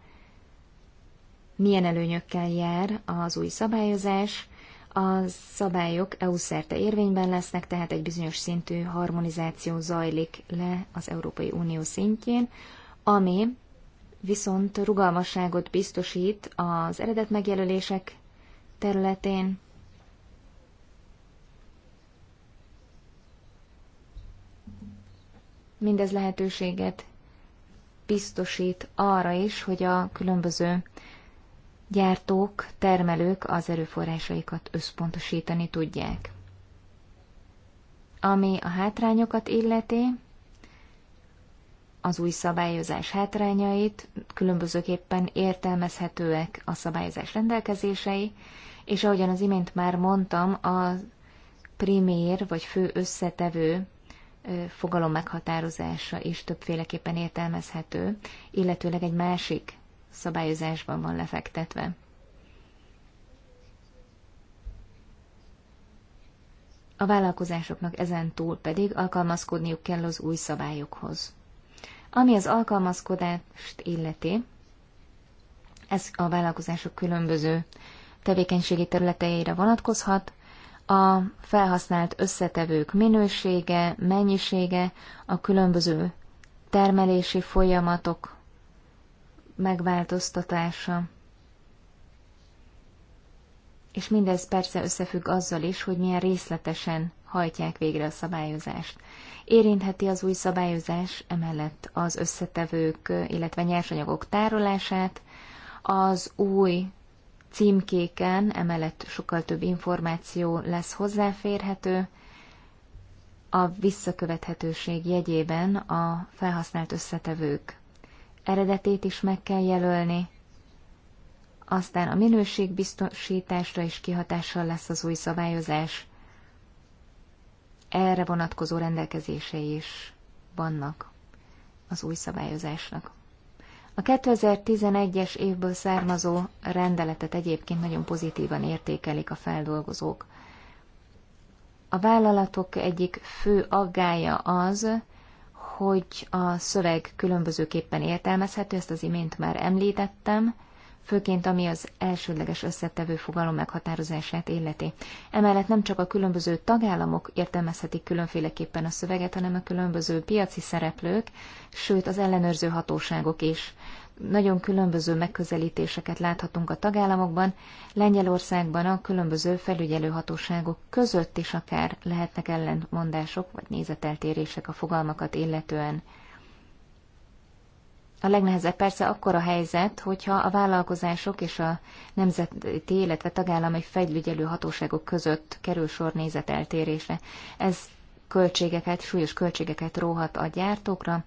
milyen előnyökkel jár az új szabályozás, a szabályok EU szerte érvényben lesznek, tehát egy bizonyos szintű harmonizáció zajlik le az Európai Unió szintjén, ami viszont rugalmasságot biztosít az eredet megjelölések területén, Mindez lehetőséget biztosít arra is, hogy a különböző gyártók, termelők az erőforrásaikat összpontosítani tudják. Ami a hátrányokat illeti, az új szabályozás hátrányait, különbözőképpen értelmezhetőek a szabályozás rendelkezései, és ahogyan az imént már mondtam, a primér vagy fő összetevő fogalom meghatározása is többféleképpen értelmezhető, illetőleg egy másik szabályozásban van lefektetve. A vállalkozásoknak ezen túl pedig alkalmazkodniuk kell az új szabályokhoz. Ami az alkalmazkodást illeti, ez a vállalkozások különböző tevékenységi területeire vonatkozhat, a felhasznált összetevők minősége, mennyisége, a különböző termelési folyamatok megváltoztatása. És mindez persze összefügg azzal is, hogy milyen részletesen hajtják végre a szabályozást. Érintheti az új szabályozás emellett az összetevők, illetve nyersanyagok tárolását, az új címkéken, emellett sokkal több információ lesz hozzáférhető, a visszakövethetőség jegyében a felhasznált összetevők eredetét is meg kell jelölni, aztán a minőségbiztosításra is kihatással lesz az új szabályozás, erre vonatkozó rendelkezései is vannak az új szabályozásnak. A 2011-es évből származó rendeletet egyébként nagyon pozitívan értékelik a feldolgozók. A vállalatok egyik fő aggája az, hogy a szöveg különbözőképpen értelmezhető, ezt az imént már említettem, főként ami az elsődleges összetevő fogalom meghatározását illeti. Emellett nem csak a különböző tagállamok értelmezhetik különféleképpen a szöveget, hanem a különböző piaci szereplők, sőt az ellenőrző hatóságok is. Nagyon különböző megközelítéseket láthatunk a tagállamokban, Lengyelországban a különböző felügyelő hatóságok között is akár lehetnek ellentmondások vagy nézeteltérések a fogalmakat illetően. A legnehezebb persze akkor a helyzet, hogyha a vállalkozások és a nemzeti, illetve tagállami fegyvigyelő hatóságok között kerül sor nézeteltérésre. Ez költségeket, súlyos költségeket róhat a gyártókra,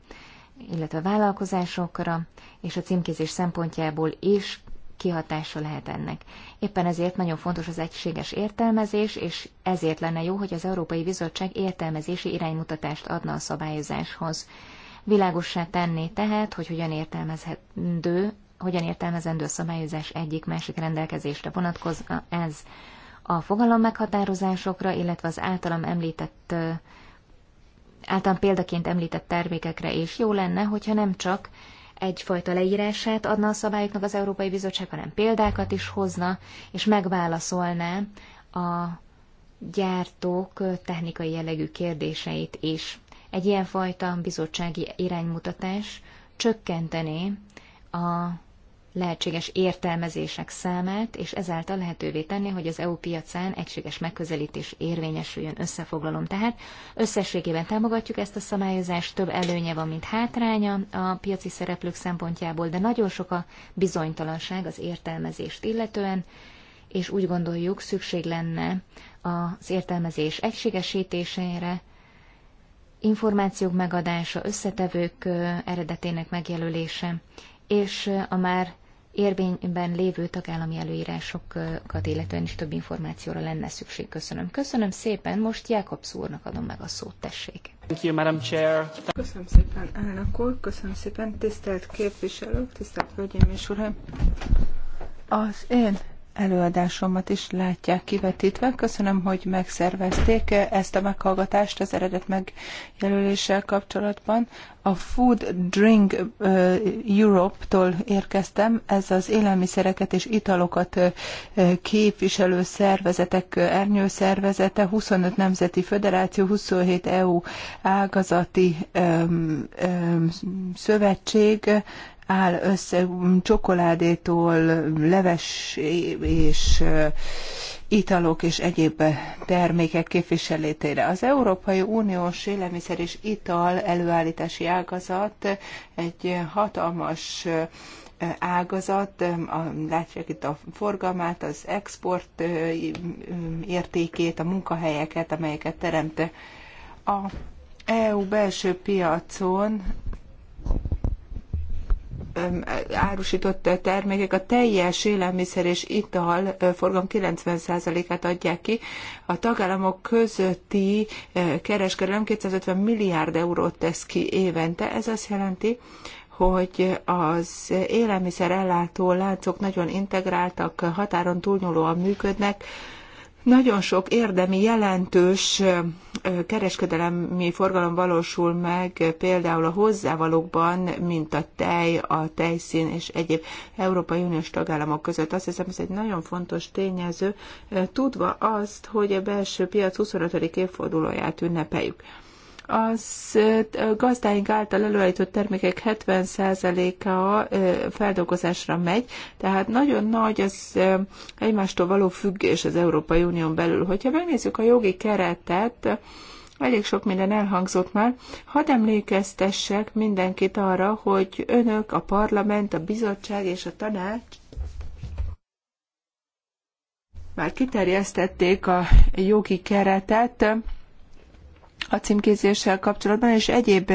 illetve a vállalkozásokra, és a címkézés szempontjából is kihatása lehet ennek. Éppen ezért nagyon fontos az egységes értelmezés, és ezért lenne jó, hogy az Európai Bizottság értelmezési iránymutatást adna a szabályozáshoz. Világossá tenné tehát, hogy hogyan értelmezhető, hogyan értelmezendő a szabályozás egyik-másik rendelkezésre vonatkozna ez a fogalom meghatározásokra, illetve az általam említett általán példaként említett termékekre, és jó lenne, hogyha nem csak egyfajta leírását adna a szabályoknak az Európai Bizottság, hanem példákat is hozna, és megválaszolná a gyártók technikai jellegű kérdéseit is egy ilyenfajta bizottsági iránymutatás csökkentené a lehetséges értelmezések számát, és ezáltal lehetővé tenni, hogy az EU piacán egységes megközelítés érvényesüljön összefoglalom. Tehát összességében támogatjuk ezt a szabályozást, több előnye van, mint hátránya a piaci szereplők szempontjából, de nagyon sok a bizonytalanság az értelmezést illetően, és úgy gondoljuk, szükség lenne az értelmezés egységesítésére, információk megadása, összetevők eredetének megjelölése, és a már érvényben lévő tagállami előírásokat illetően is több információra lenne szükség. Köszönöm. Köszönöm szépen, most Jakobs úrnak adom meg a szót, tessék. Thank you, Madam Chair. Köszönöm szépen, elnök úr, köszönöm szépen, tisztelt képviselők, tisztelt hölgyeim és uraim. Az én előadásomat is látják kivetítve. Köszönöm, hogy megszervezték ezt a meghallgatást az eredet megjelöléssel kapcsolatban. A Food Drink Europe-tól érkeztem. Ez az élelmiszereket és italokat képviselő szervezetek, ernyőszervezete, 25 nemzeti föderáció, 27 EU ágazati szövetség, áll össze csokoládétól, leves és italok és egyéb termékek képviselétére. Az Európai Uniós élelmiszer és ital előállítási ágazat egy hatalmas ágazat, látják itt a forgalmát, az export értékét, a munkahelyeket, amelyeket teremt. A EU belső piacon árusított termékek a teljes élelmiszer és ital forgalom 90%-át adják ki. A tagállamok közötti kereskedelem 250 milliárd eurót tesz ki évente. Ez azt jelenti, hogy az élelmiszer ellátó láncok nagyon integráltak, határon túlnyúlóan működnek, nagyon sok érdemi, jelentős kereskedelemi forgalom valósul meg, például a hozzávalókban, mint a tej, a tejszín és egyéb Európai Uniós tagállamok között. Azt hiszem, ez egy nagyon fontos tényező, tudva azt, hogy a belső piac 25. évfordulóját ünnepeljük. Az gazdáink által előállított termékek 70%-a feldolgozásra megy, tehát nagyon nagy az egymástól való függés az Európai Unión belül. Hogyha megnézzük a jogi keretet, Elég sok minden elhangzott már. Hadd emlékeztessek mindenkit arra, hogy önök, a parlament, a bizottság és a tanács már kiterjesztették a jogi keretet a címkézéssel kapcsolatban, és egyéb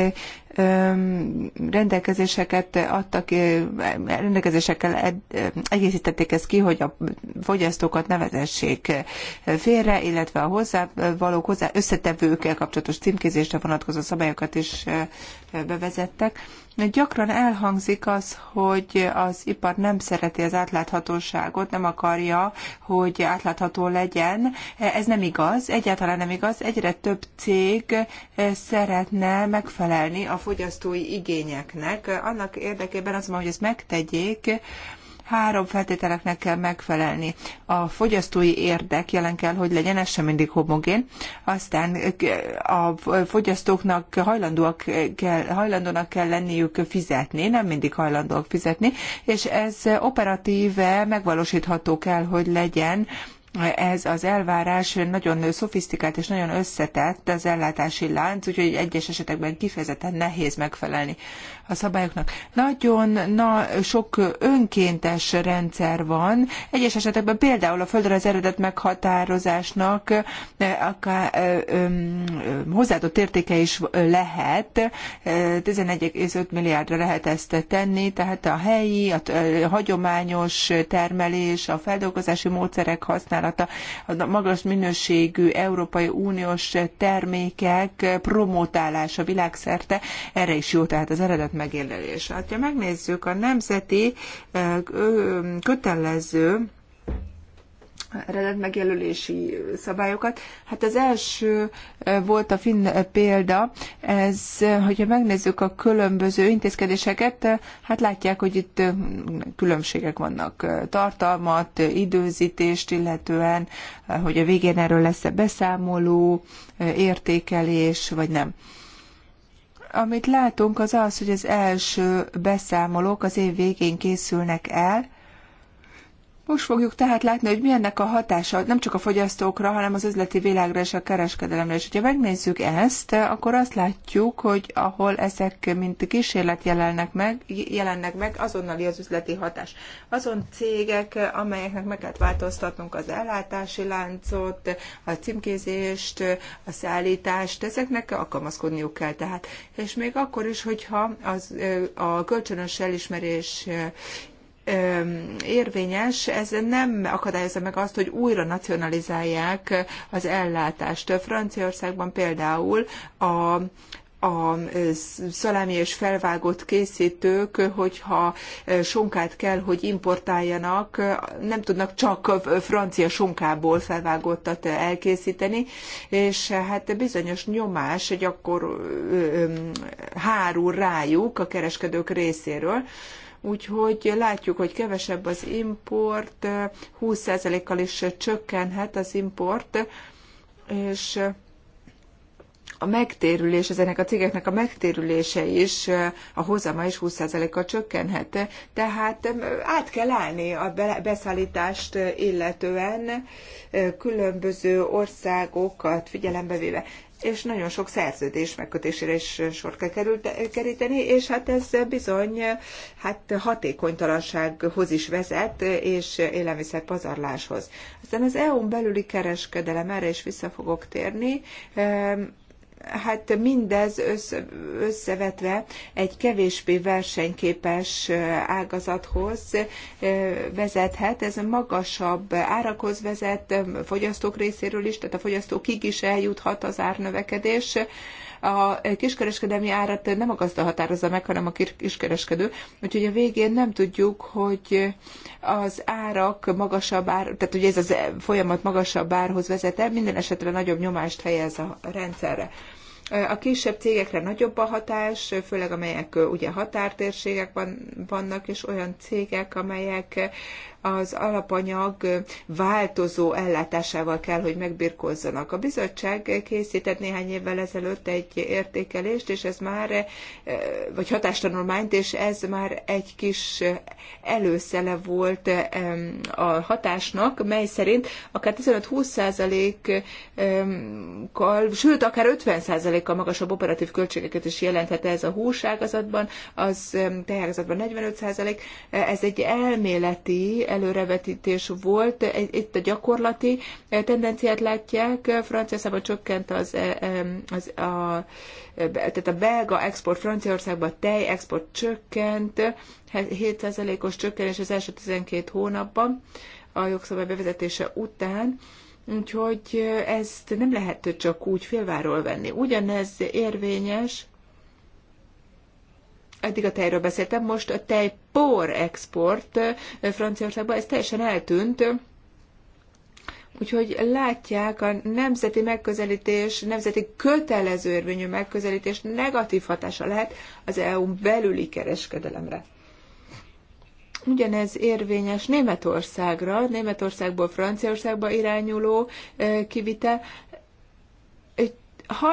rendelkezéseket adtak, rendelkezésekkel egészítették ezt ki, hogy a fogyasztókat nevezessék félre, illetve a hozzávalók, hozzá összetevőkkel kapcsolatos címkézésre vonatkozó szabályokat is bevezettek. Gyakran elhangzik az, hogy az ipar nem szereti az átláthatóságot, nem akarja, hogy átlátható legyen. Ez nem igaz, egyáltalán nem igaz. Egyre több cég eh, szeretne megfelelni a fogyasztói igényeknek. Annak érdekében mondom, hogy ezt megtegyék, három feltételeknek kell megfelelni. A fogyasztói érdek jelen kell, hogy legyen, ez sem mindig homogén. Aztán eh, a fogyasztóknak hajlandóak kell, hajlandónak kell lenniük fizetni, nem mindig hajlandóak fizetni, és ez operatíve megvalósítható kell, hogy legyen ez az elvárás nagyon szofisztikált és nagyon összetett az ellátási lánc, úgyhogy egyes esetekben kifejezetten nehéz megfelelni a szabályoknak. Nagyon na, sok önkéntes rendszer van, egyes esetekben például a földre az eredet meghatározásnak akár, hozzáadott értéke is lehet, 11,5 milliárdra lehet ezt tenni, tehát a helyi, a, a hagyományos termelés, a feldolgozási módszerek használata, használata. A magas minőségű Európai Uniós termékek promotálása világszerte, erre is jó tehát az eredet megélelés. Hát, ha megnézzük a nemzeti kötelező eredet megjelölési szabályokat. Hát az első eh, volt a finn eh, példa, ez, eh, hogyha megnézzük a különböző intézkedéseket, hát látják, hogy itt különbségek vannak tartalmat, időzítést, illetően, hogy a végén erről lesz-e beszámoló, értékelés, vagy nem amit látunk, az az, hogy az első beszámolók az év végén készülnek el, most fogjuk tehát látni, hogy milyennek a hatása nem csak a fogyasztókra, hanem az üzleti világra és a kereskedelemre. És ha megnézzük ezt, akkor azt látjuk, hogy ahol ezek mint kísérlet jelennek meg, jelennek meg azonnali az üzleti hatás. Azon cégek, amelyeknek meg kellett változtatnunk az ellátási láncot, a címkézést, a szállítást, ezeknek alkalmazkodniuk kell tehát. És még akkor is, hogyha az, a kölcsönös elismerés érvényes, ez nem akadályozza meg azt, hogy újra nacionalizálják az ellátást. Franciaországban például a a szalámi és felvágott készítők, hogyha sonkát kell, hogy importáljanak, nem tudnak csak francia sonkából felvágottat elkészíteni, és hát bizonyos nyomás gyakor hárul rájuk a kereskedők részéről úgyhogy látjuk, hogy kevesebb az import, 20%-kal is csökkenhet az import, és a megtérülés, ezenek a cégeknek a megtérülése is, a hozama is 20%-kal csökkenhet. Tehát át kell állni a beszállítást illetően különböző országokat figyelembe véve és nagyon sok szerződés megkötésére is sor kell került, keríteni, és hát ez bizony hát hatékonytalansághoz is vezet, és élelmiszer pazarláshoz. Aztán az EU-n belüli kereskedelem, erre is vissza fogok térni, hát mindez össze, összevetve egy kevésbé versenyképes ágazathoz vezethet, ez magasabb árakhoz vezet fogyasztók részéről is, tehát a fogyasztókig is eljuthat az árnövekedés. A kiskereskedelmi árat nem a gazda határozza meg, hanem a kiskereskedő, úgyhogy a végén nem tudjuk, hogy az árak magasabb ár, tehát ugye ez a e, folyamat magasabb árhoz vezet el, minden esetre nagyobb nyomást helyez a rendszerre. A kisebb cégekre nagyobb a hatás, főleg amelyek ugye határtérségek vannak, és olyan cégek, amelyek az alapanyag változó ellátásával kell, hogy megbirkózzanak. A bizottság készített néhány évvel ezelőtt egy értékelést, és ez már, eh, vagy hatástanulmányt, és ez már egy kis előszele volt a hatásnak, mely szerint akár 15-20%-kal, sőt, akár 50%-kal magasabb operatív költségeket is jelenthet ez a húságazatban, az tejágazatban 45%, ez egy elméleti előrevetítés volt. Itt a gyakorlati eh, tendenciát látják. Franciaországban csökkent az, eh, az a, tehát a belga export franciaországban a tej export csökkent, 7%-os csökkenés az első 12 hónapban a jogszabály bevezetése után. Úgyhogy eh, ezt nem lehet csak úgy félváról venni. Ugyanez érvényes eddig a tejről beszéltem, most a tejpor export Franciaországba, ez teljesen eltűnt, Úgyhogy látják, a nemzeti megközelítés, nemzeti kötelező érvényű megközelítés negatív hatása lehet az eu belüli kereskedelemre. Ugyanez érvényes Németországra, Németországból Franciaországba irányuló kivite,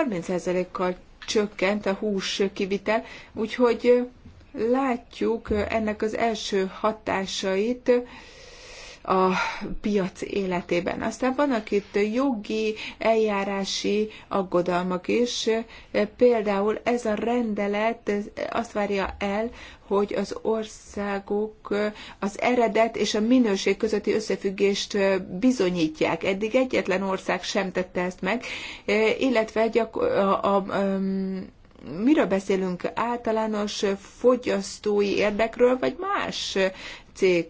30%-kal csökkent a hús kivitel, úgyhogy látjuk ennek az első hatásait, a piac életében. Aztán vannak itt jogi, eljárási aggodalmak is. Például ez a rendelet azt várja el, hogy az országok az eredet és a minőség közötti összefüggést bizonyítják. Eddig egyetlen ország sem tette ezt meg, illetve gyakor- a, a, a miről beszélünk, általános fogyasztói érdekről, vagy más cég,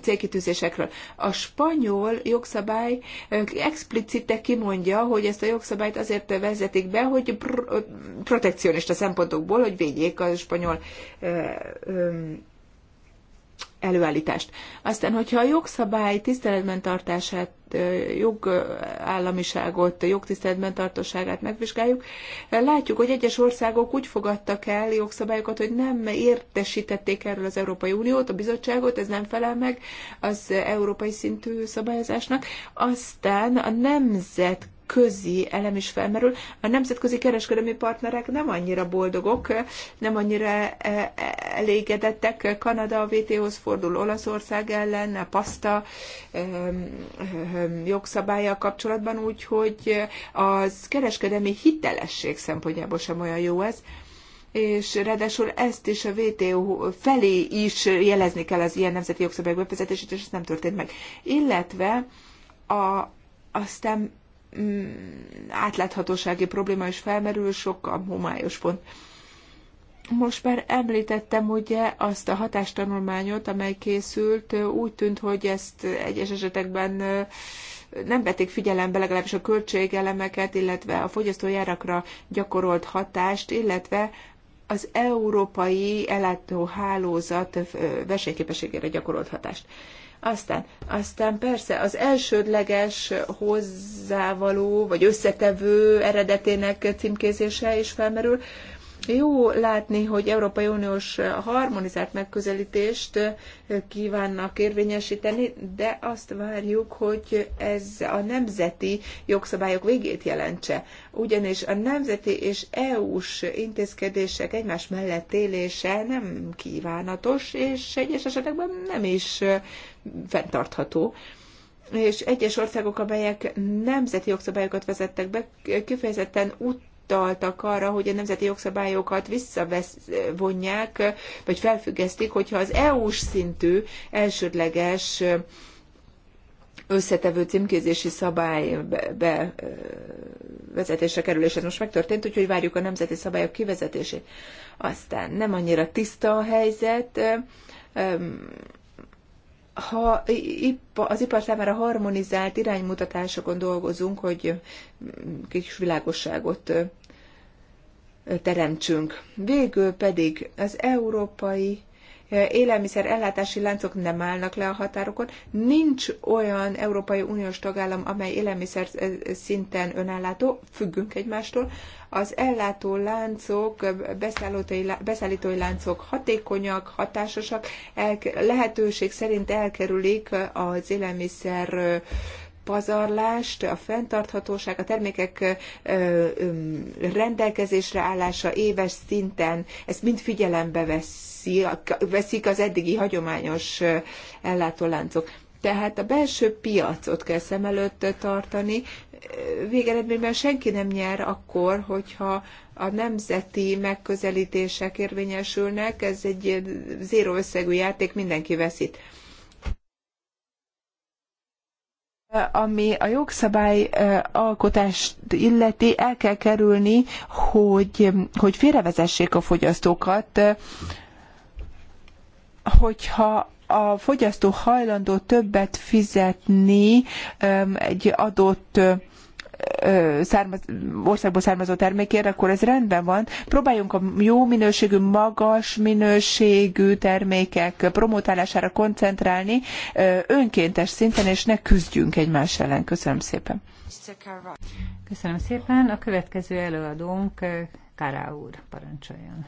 célkitűzésekről. A spanyol jogszabály explicite kimondja, hogy ezt a jogszabályt azért vezetik be, hogy pro- protekcionista szempontokból, hogy védjék a spanyol előállítást. Aztán, hogyha a jogszabály tiszteletben tartását, jogállamiságot, jogtiszteletben tartóságát megvizsgáljuk, látjuk, hogy egyes országok úgy fogadtak el jogszabályokat, hogy nem értesítették erről az Európai Uniót, a bizottságot, ez nem felel meg az európai szintű szabályozásnak. Aztán a nemzet közi elem is felmerül. A nemzetközi kereskedelmi partnerek nem annyira boldogok, nem annyira e, e, elégedettek. Kanada a WTO-hoz fordul Olaszország ellen, a paszta jogszabálya kapcsolatban, úgyhogy az kereskedelmi hitelesség szempontjából sem olyan jó ez és ráadásul ezt is a WTO felé is jelezni kell az ilyen nemzeti jogszabályok bevezetését, és ez nem történt meg. Illetve a, aztán Mm, átláthatósági probléma is felmerül, sokkal homályos pont. Most már említettem ugye azt a hatástanulmányot, amely készült, úgy tűnt, hogy ezt egyes esetekben nem vették figyelembe legalábbis a költségelemeket, illetve a fogyasztójárakra gyakorolt hatást, illetve az európai ellátóhálózat versenyképességére gyakorolt hatást. Aztán, aztán persze az elsődleges hozzávaló vagy összetevő eredetének címkézése is felmerül. Jó látni, hogy Európai Uniós harmonizált megközelítést eh, kívánnak érvényesíteni, de azt várjuk, hogy ez a nemzeti jogszabályok végét jelentse. Ugyanis a nemzeti és EU-s intézkedések egymás mellett élése nem kívánatos, és egyes esetekben nem is eh, fenntartható és egyes országok, amelyek nemzeti jogszabályokat vezettek be, kifejezetten út utaltak arra, hogy a nemzeti jogszabályokat visszavonják, vagy felfüggesztik, hogyha az EU-s szintű elsődleges összetevő címkézési szabály bevezetésre kerül, és ez most megtörtént, úgyhogy várjuk a nemzeti szabályok kivezetését. Aztán nem annyira tiszta a helyzet. Ha az ipar számára harmonizált iránymutatásokon dolgozunk, hogy kis világosságot teremtsünk. Végül pedig az európai eh, élelmiszer ellátási láncok nem állnak le a határokon. Nincs olyan Európai Uniós tagállam, amely élelmiszer eh, szinten önállátó, függünk egymástól. Az ellátó láncok, eh, beszállítói láncok hatékonyak, hatásosak, lehetőség szerint elkerülik az élelmiszer pazarlást, a fenntarthatóság, a termékek rendelkezésre állása éves szinten, ezt mind figyelembe veszi, veszik az eddigi hagyományos ellátóláncok. Tehát a belső piacot kell szem előtt tartani. Végeredményben senki nem nyer akkor, hogyha a nemzeti megközelítések érvényesülnek, ez egy zéró összegű játék, mindenki veszít. ami a jogszabály alkotást illeti, el kell kerülni, hogy, hogy félrevezessék a fogyasztókat, hogyha a fogyasztó hajlandó többet fizetni egy adott származ, országból származó termékért, akkor ez rendben van. Próbáljunk a jó minőségű, magas minőségű termékek promotálására koncentrálni önkéntes szinten, és ne küzdjünk egymás ellen. Köszönöm szépen. Köszönöm szépen. A következő előadónk Kárá úr, parancsoljon.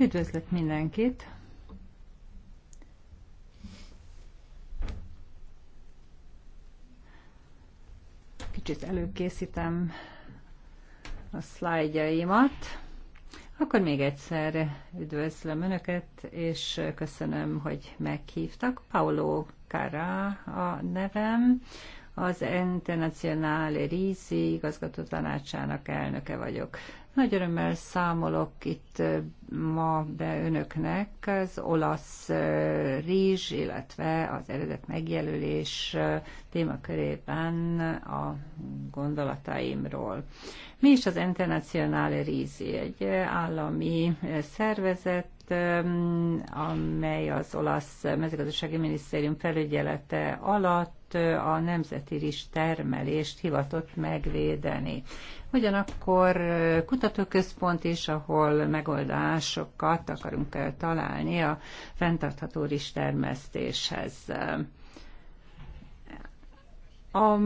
Üdvözlök mindenkit! kicsit előkészítem a szlájdjaimat. Akkor még egyszer üdvözlöm Önöket, és köszönöm, hogy meghívtak. Paulo Cara a nevem, az Internacionale Rizi igazgató tanácsának elnöke vagyok. Nagy örömmel számolok itt ma be önöknek az olasz rizs, illetve az eredet megjelölés témakörében a gondolataimról. Mi is az Internationale Rizi? Egy állami szervezet, részt, amely az olasz mezőgazdasági minisztérium felügyelete alatt a nemzeti rizs termelést hivatott megvédeni. Ugyanakkor kutatóközpont is, ahol megoldásokat akarunk találni a fenntartható rizs termesztéshez. A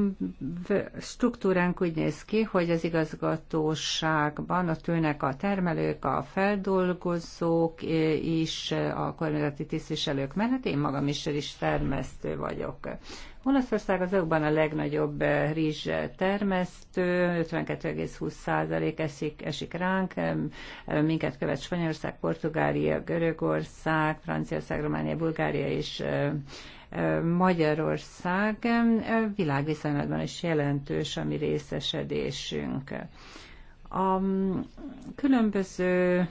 struktúránk úgy néz ki, hogy az igazgatóságban a tőnek a termelők, a feldolgozók és a kormányzati tisztviselők mellett. Én magam is, is termesztő vagyok. Olaszország az EU-ban a legnagyobb eh, rizs eh, termesztő, 52,20% esik, esik ránk, eh, minket követ Spanyolország, Portugália, Görögország, Franciaország, Románia, Bulgária és Magyarország világviszonylatban is jelentős a mi részesedésünk. A különböző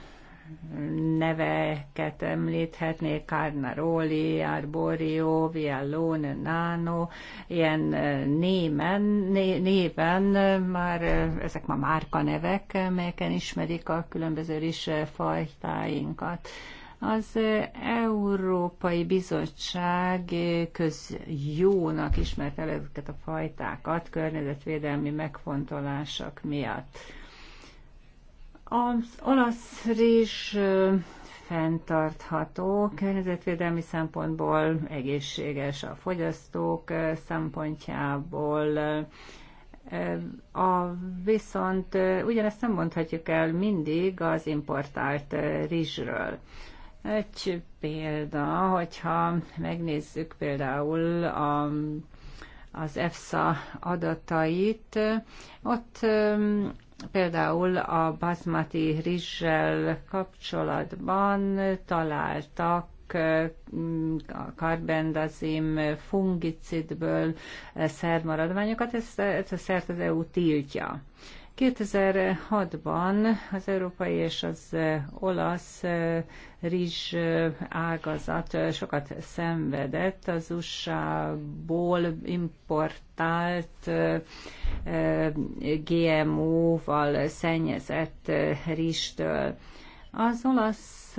neveket említhetnék, Carnaroli, Arborio, Vialone, Nano, ilyen eh, némen, né, néven eh, már, eh, ezek már nevek, melyeken ismerik a különböző is fajtáinkat. Az Európai Bizottság közjónak ismert el ezeket a fajtákat környezetvédelmi megfontolások miatt. Az olasz rizs fenntartható, környezetvédelmi szempontból egészséges a fogyasztók szempontjából, a, viszont ugyanezt nem mondhatjuk el mindig az importált rizsről. Egy példa, hogyha megnézzük például a, az EFSA adatait, ott Például a baszmati rizssel kapcsolatban találtak mm, a karbendazim fungicidből szermaradványokat, ezt, ezt a szert az EU tiltja. 2006-ban az európai és az olasz rizs ágazat sokat szenvedett az USA-ból importált GMO-val szennyezett rizstől. Az olasz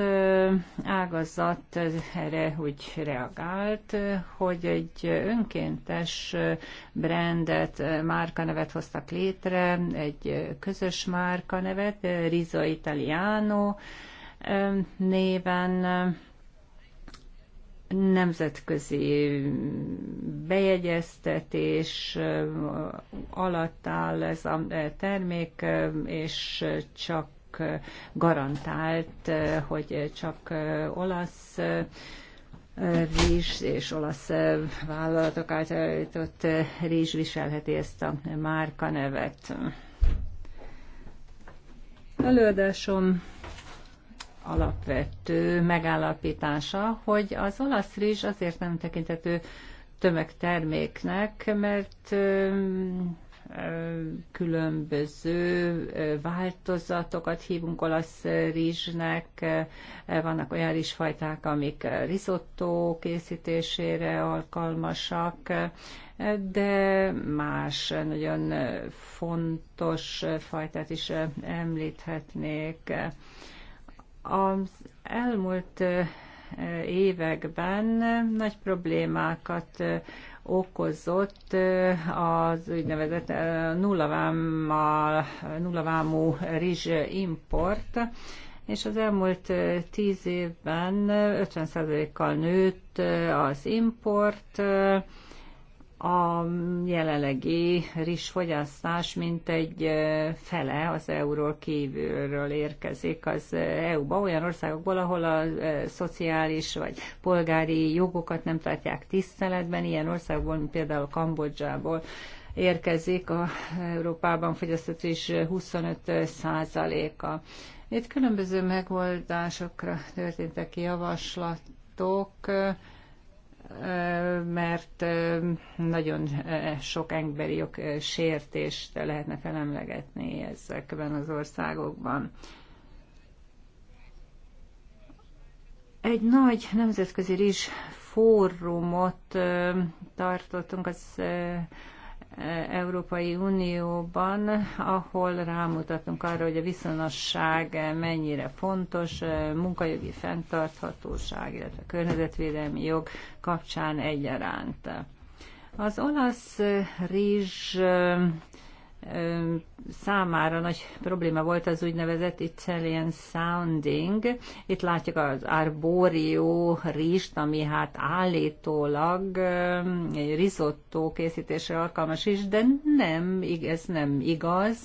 ágazat erre úgy reagált, hogy egy önkéntes brandet, márkanevet hoztak létre, egy közös márkanevet, Rizzo Italiano néven nemzetközi bejegyeztetés alatt áll ez a termék, és csak garantált, hogy csak olasz rizs és olasz vállalatok által állított rizs viselheti ezt a nevet. Előadásom alapvető megállapítása, hogy az olasz rizs azért nem tekintető tömegterméknek, mert különböző változatokat hívunk olasz rizsnek, vannak olyan rizsfajták, amik risotto készítésére alkalmasak, de más nagyon fontos fajtát is említhetnék. Az elmúlt években nagy problémákat okozott az úgynevezett nullavámú rizs import, és az elmúlt tíz évben 50%-kal nőtt az import, a jelenlegi fogyasztás, mint egy fele az euról kívülről érkezik az EU-ba, olyan országokból, ahol a szociális vagy polgári jogokat nem tartják tiszteletben, ilyen országokból, mint például Kambodzsából érkezik a Európában fogyasztott is 25 százaléka. Itt különböző megoldásokra történtek javaslatok, mert nagyon sok emberi jog sértést lehetne felemlegetni ezekben az országokban. Egy nagy nemzetközi rizs fórumot tartottunk az Európai Unióban, ahol rámutatunk arra, hogy a viszonosság mennyire fontos, munkajogi fenntarthatóság, illetve környezetvédelmi jog kapcsán egyaránt. Az olasz rizs számára nagy probléma volt az úgynevezett Italian sounding. Itt látjuk az arborio rist, ami hát állítólag egy risotto készítésre alkalmas is, de nem, ez nem igaz.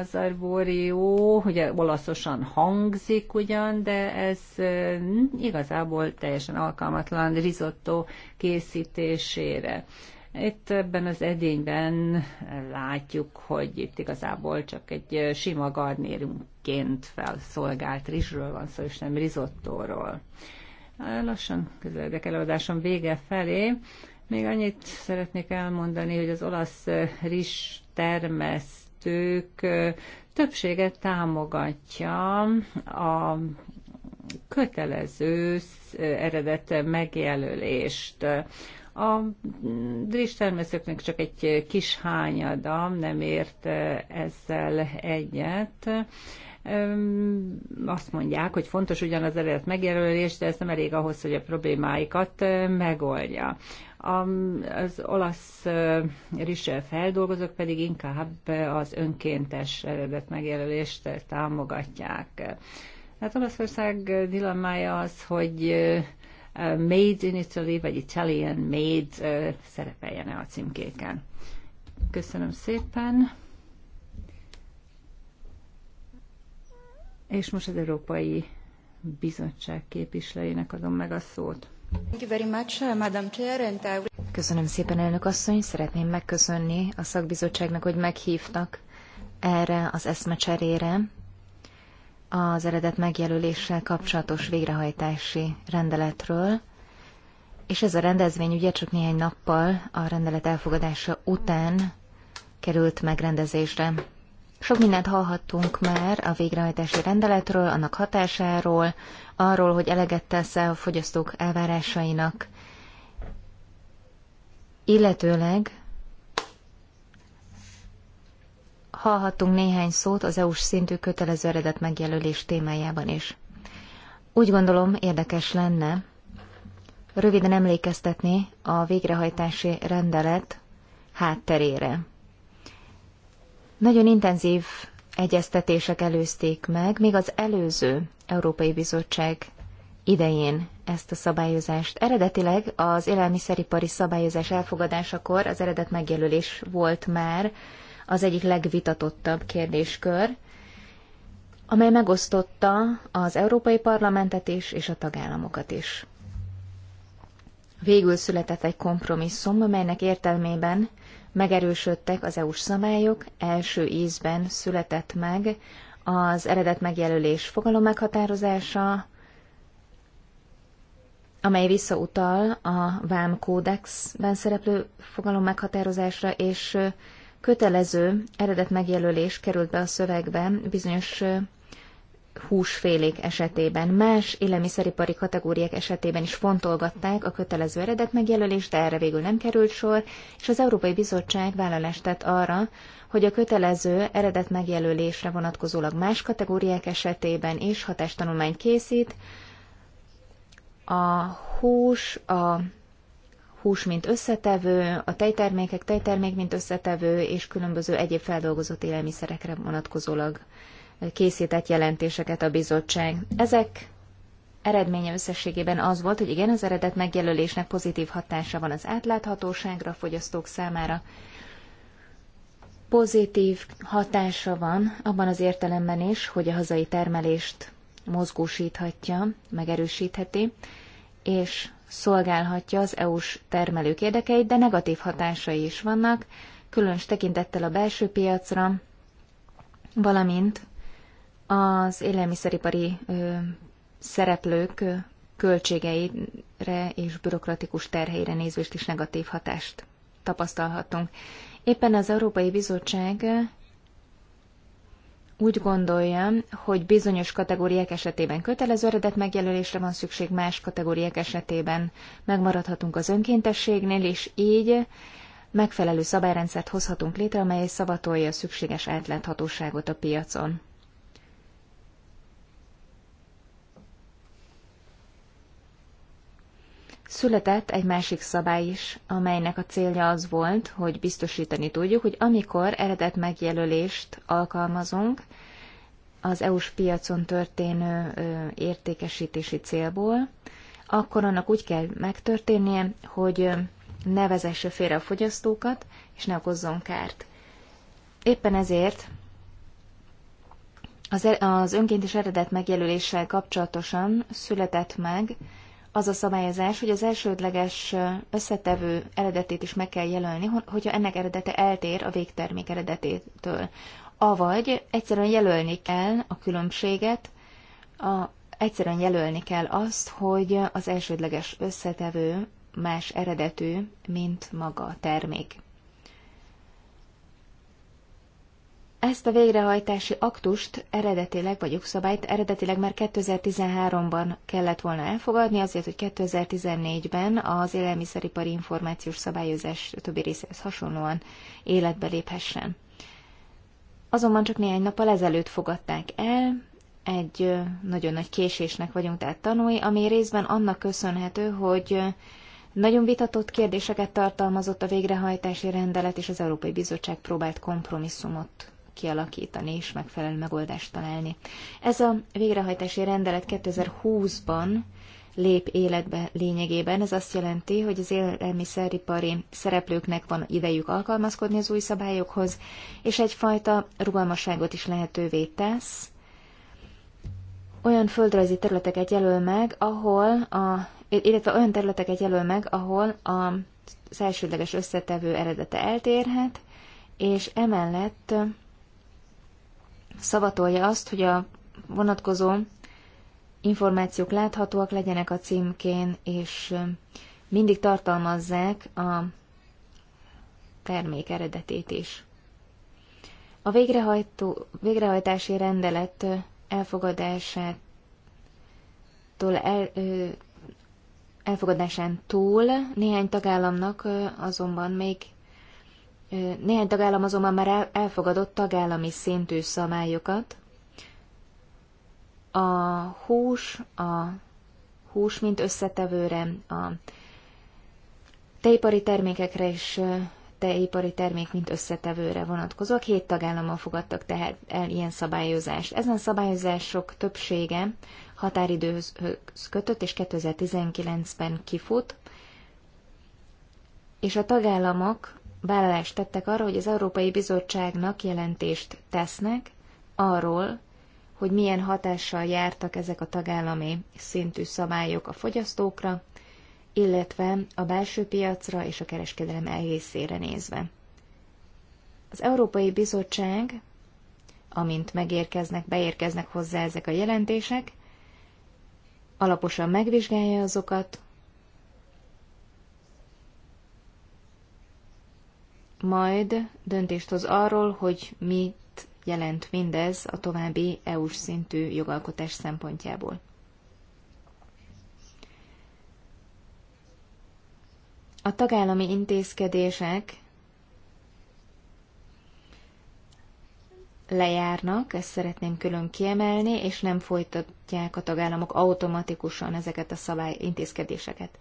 Az arborio, ugye olaszosan hangzik ugyan, de ez igazából teljesen alkalmatlan risotto készítésére. Itt ebben az edényben látjuk, hogy itt igazából csak egy sima garnérumként felszolgált rizsről van szó, és nem rizottóról. Lassan közeledek előadásom vége felé. Még annyit szeretnék elmondani, hogy az olasz rizs termesztők többséget támogatja a kötelező eredet megjelölést. A termeszőknek csak egy kis hányada nem ért e, ezzel egyet. Azt mondják, hogy fontos ugyanaz eredet megjelölés, de ez nem elég ahhoz, hogy a problémáikat e, megoldja. Az olasz e, rizs feldolgozók pedig inkább az önkéntes eredet megjelölést támogatják. Hát Olaszország dilemmája az, hogy Made in Italy, vagy Italian Made szerepeljen-e a címkéken. Köszönöm szépen. És most az Európai Bizottság képviselőjének adom meg a szót. Köszönöm szépen, elnök asszony. Szeretném megköszönni a szakbizottságnak, hogy meghívtak erre az eszmecserére az eredet megjelöléssel kapcsolatos végrehajtási rendeletről, és ez a rendezvény ugye csak néhány nappal a rendelet elfogadása után került megrendezésre. Sok mindent hallhattunk már a végrehajtási rendeletről, annak hatásáról, arról, hogy eleget tesz -e a fogyasztók elvárásainak, illetőleg hallhattunk néhány szót az EU-s szintű kötelező eredet megjelölés témájában is. Úgy gondolom, érdekes lenne röviden emlékeztetni a végrehajtási rendelet hátterére. Nagyon intenzív egyeztetések előzték meg, még az előző Európai Bizottság idején ezt a szabályozást. Eredetileg az élelmiszeripari szabályozás elfogadásakor az eredet megjelölés volt már az egyik legvitatottabb kérdéskör, amely megosztotta az Európai Parlamentet is és a tagállamokat is. Végül született egy kompromisszum, amelynek értelmében megerősödtek az EU-s szabályok, első ízben született meg az eredet megjelölés fogalom meghatározása, amely visszautal a VAM kódexben szereplő fogalom meghatározásra, és kötelező eredet megjelölés került be a szövegbe bizonyos húsfélék esetében. Más élelmiszeripari kategóriák esetében is fontolgatták a kötelező eredet megjelölést, de erre végül nem került sor, és az Európai Bizottság vállalást tett arra, hogy a kötelező eredet megjelölésre vonatkozólag más kategóriák esetében is hatástanulmányt készít, a hús, a hús mint összetevő, a tejtermékek, tejtermék mint összetevő és különböző egyéb feldolgozott élelmiszerekre vonatkozólag készített jelentéseket a bizottság. Ezek eredménye összességében az volt, hogy igen, az eredet megjelölésnek pozitív hatása van az átláthatóságra, a fogyasztók számára, pozitív hatása van abban az értelemben is, hogy a hazai termelést mozgósíthatja, megerősítheti, és szolgálhatja az EU-s termelők érdekeit, de negatív hatásai is vannak, különös tekintettel a belső piacra, valamint az élelmiszeripari ö, szereplők ö, költségeire és bürokratikus terheire nézve is negatív hatást tapasztalhatunk. Éppen az Európai Bizottság úgy gondolja, hogy bizonyos kategóriák esetében kötelező eredet megjelölésre van szükség, más kategóriák esetében megmaradhatunk az önkéntességnél, és így megfelelő szabályrendszert hozhatunk létre, amely szavatolja a szükséges átláthatóságot a piacon. Született egy másik szabály is, amelynek a célja az volt, hogy biztosítani tudjuk, hogy amikor eredet megjelölést alkalmazunk az EU-s piacon történő értékesítési célból, akkor annak úgy kell megtörténnie, hogy ne vezesse félre a fogyasztókat, és ne okozzon kárt. Éppen ezért az, önként e- önkéntes eredet megjelöléssel kapcsolatosan született meg az a szabályozás, hogy az elsődleges összetevő eredetét is meg kell jelölni, hogyha ennek eredete eltér a végtermék eredetétől. Avagy egyszerűen jelölni kell a különbséget, a, egyszerűen jelölni kell azt, hogy az elsődleges összetevő más eredetű, mint maga a termék. Ezt a végrehajtási aktust eredetileg, vagy jogszabályt eredetileg már 2013-ban kellett volna elfogadni, azért, hogy 2014-ben az élelmiszeripari információs szabályozás többi részehez hasonlóan életbe léphessen. Azonban csak néhány nappal ezelőtt fogadták el, egy nagyon nagy késésnek vagyunk tehát tanulni, ami részben annak köszönhető, hogy nagyon vitatott kérdéseket tartalmazott a végrehajtási rendelet, és az Európai Bizottság próbált kompromisszumot kialakítani és megfelelő megoldást találni. Ez a végrehajtási rendelet 2020-ban lép életbe lényegében. Ez azt jelenti, hogy az élelmiszeripari szereplőknek van idejük alkalmazkodni az új szabályokhoz, és egyfajta rugalmasságot is lehetővé tesz. Olyan földrajzi területeket jelöl meg, ahol a, illetve olyan területeket jelöl meg, ahol a az elsődleges összetevő eredete eltérhet, és emellett szavatolja azt, hogy a vonatkozó információk láthatóak legyenek a címkén, és mindig tartalmazzák a termék eredetét is. A végrehajtó, végrehajtási rendelet elfogadásától el, elfogadásán túl néhány tagállamnak azonban még néhány tagállam azonban már elfogadott tagállami szintű szabályokat. A hús, a hús mint összetevőre, a tejipari termékekre és tejipari termék mint összetevőre vonatkozó. Két tagállammal fogadtak tehát el ilyen szabályozást. Ezen szabályozások többsége határidőhöz kötött, és 2019-ben kifut, és a tagállamok vállalást tettek arra, hogy az Európai Bizottságnak jelentést tesznek arról, hogy milyen hatással jártak ezek a tagállami szintű szabályok a fogyasztókra, illetve a belső piacra és a kereskedelem egészére nézve. Az Európai Bizottság, amint megérkeznek, beérkeznek hozzá ezek a jelentések, alaposan megvizsgálja azokat, majd döntést hoz arról, hogy mit jelent mindez a további EU-s szintű jogalkotás szempontjából. A tagállami intézkedések lejárnak, ezt szeretném külön kiemelni, és nem folytatják a tagállamok automatikusan ezeket a szabály intézkedéseket.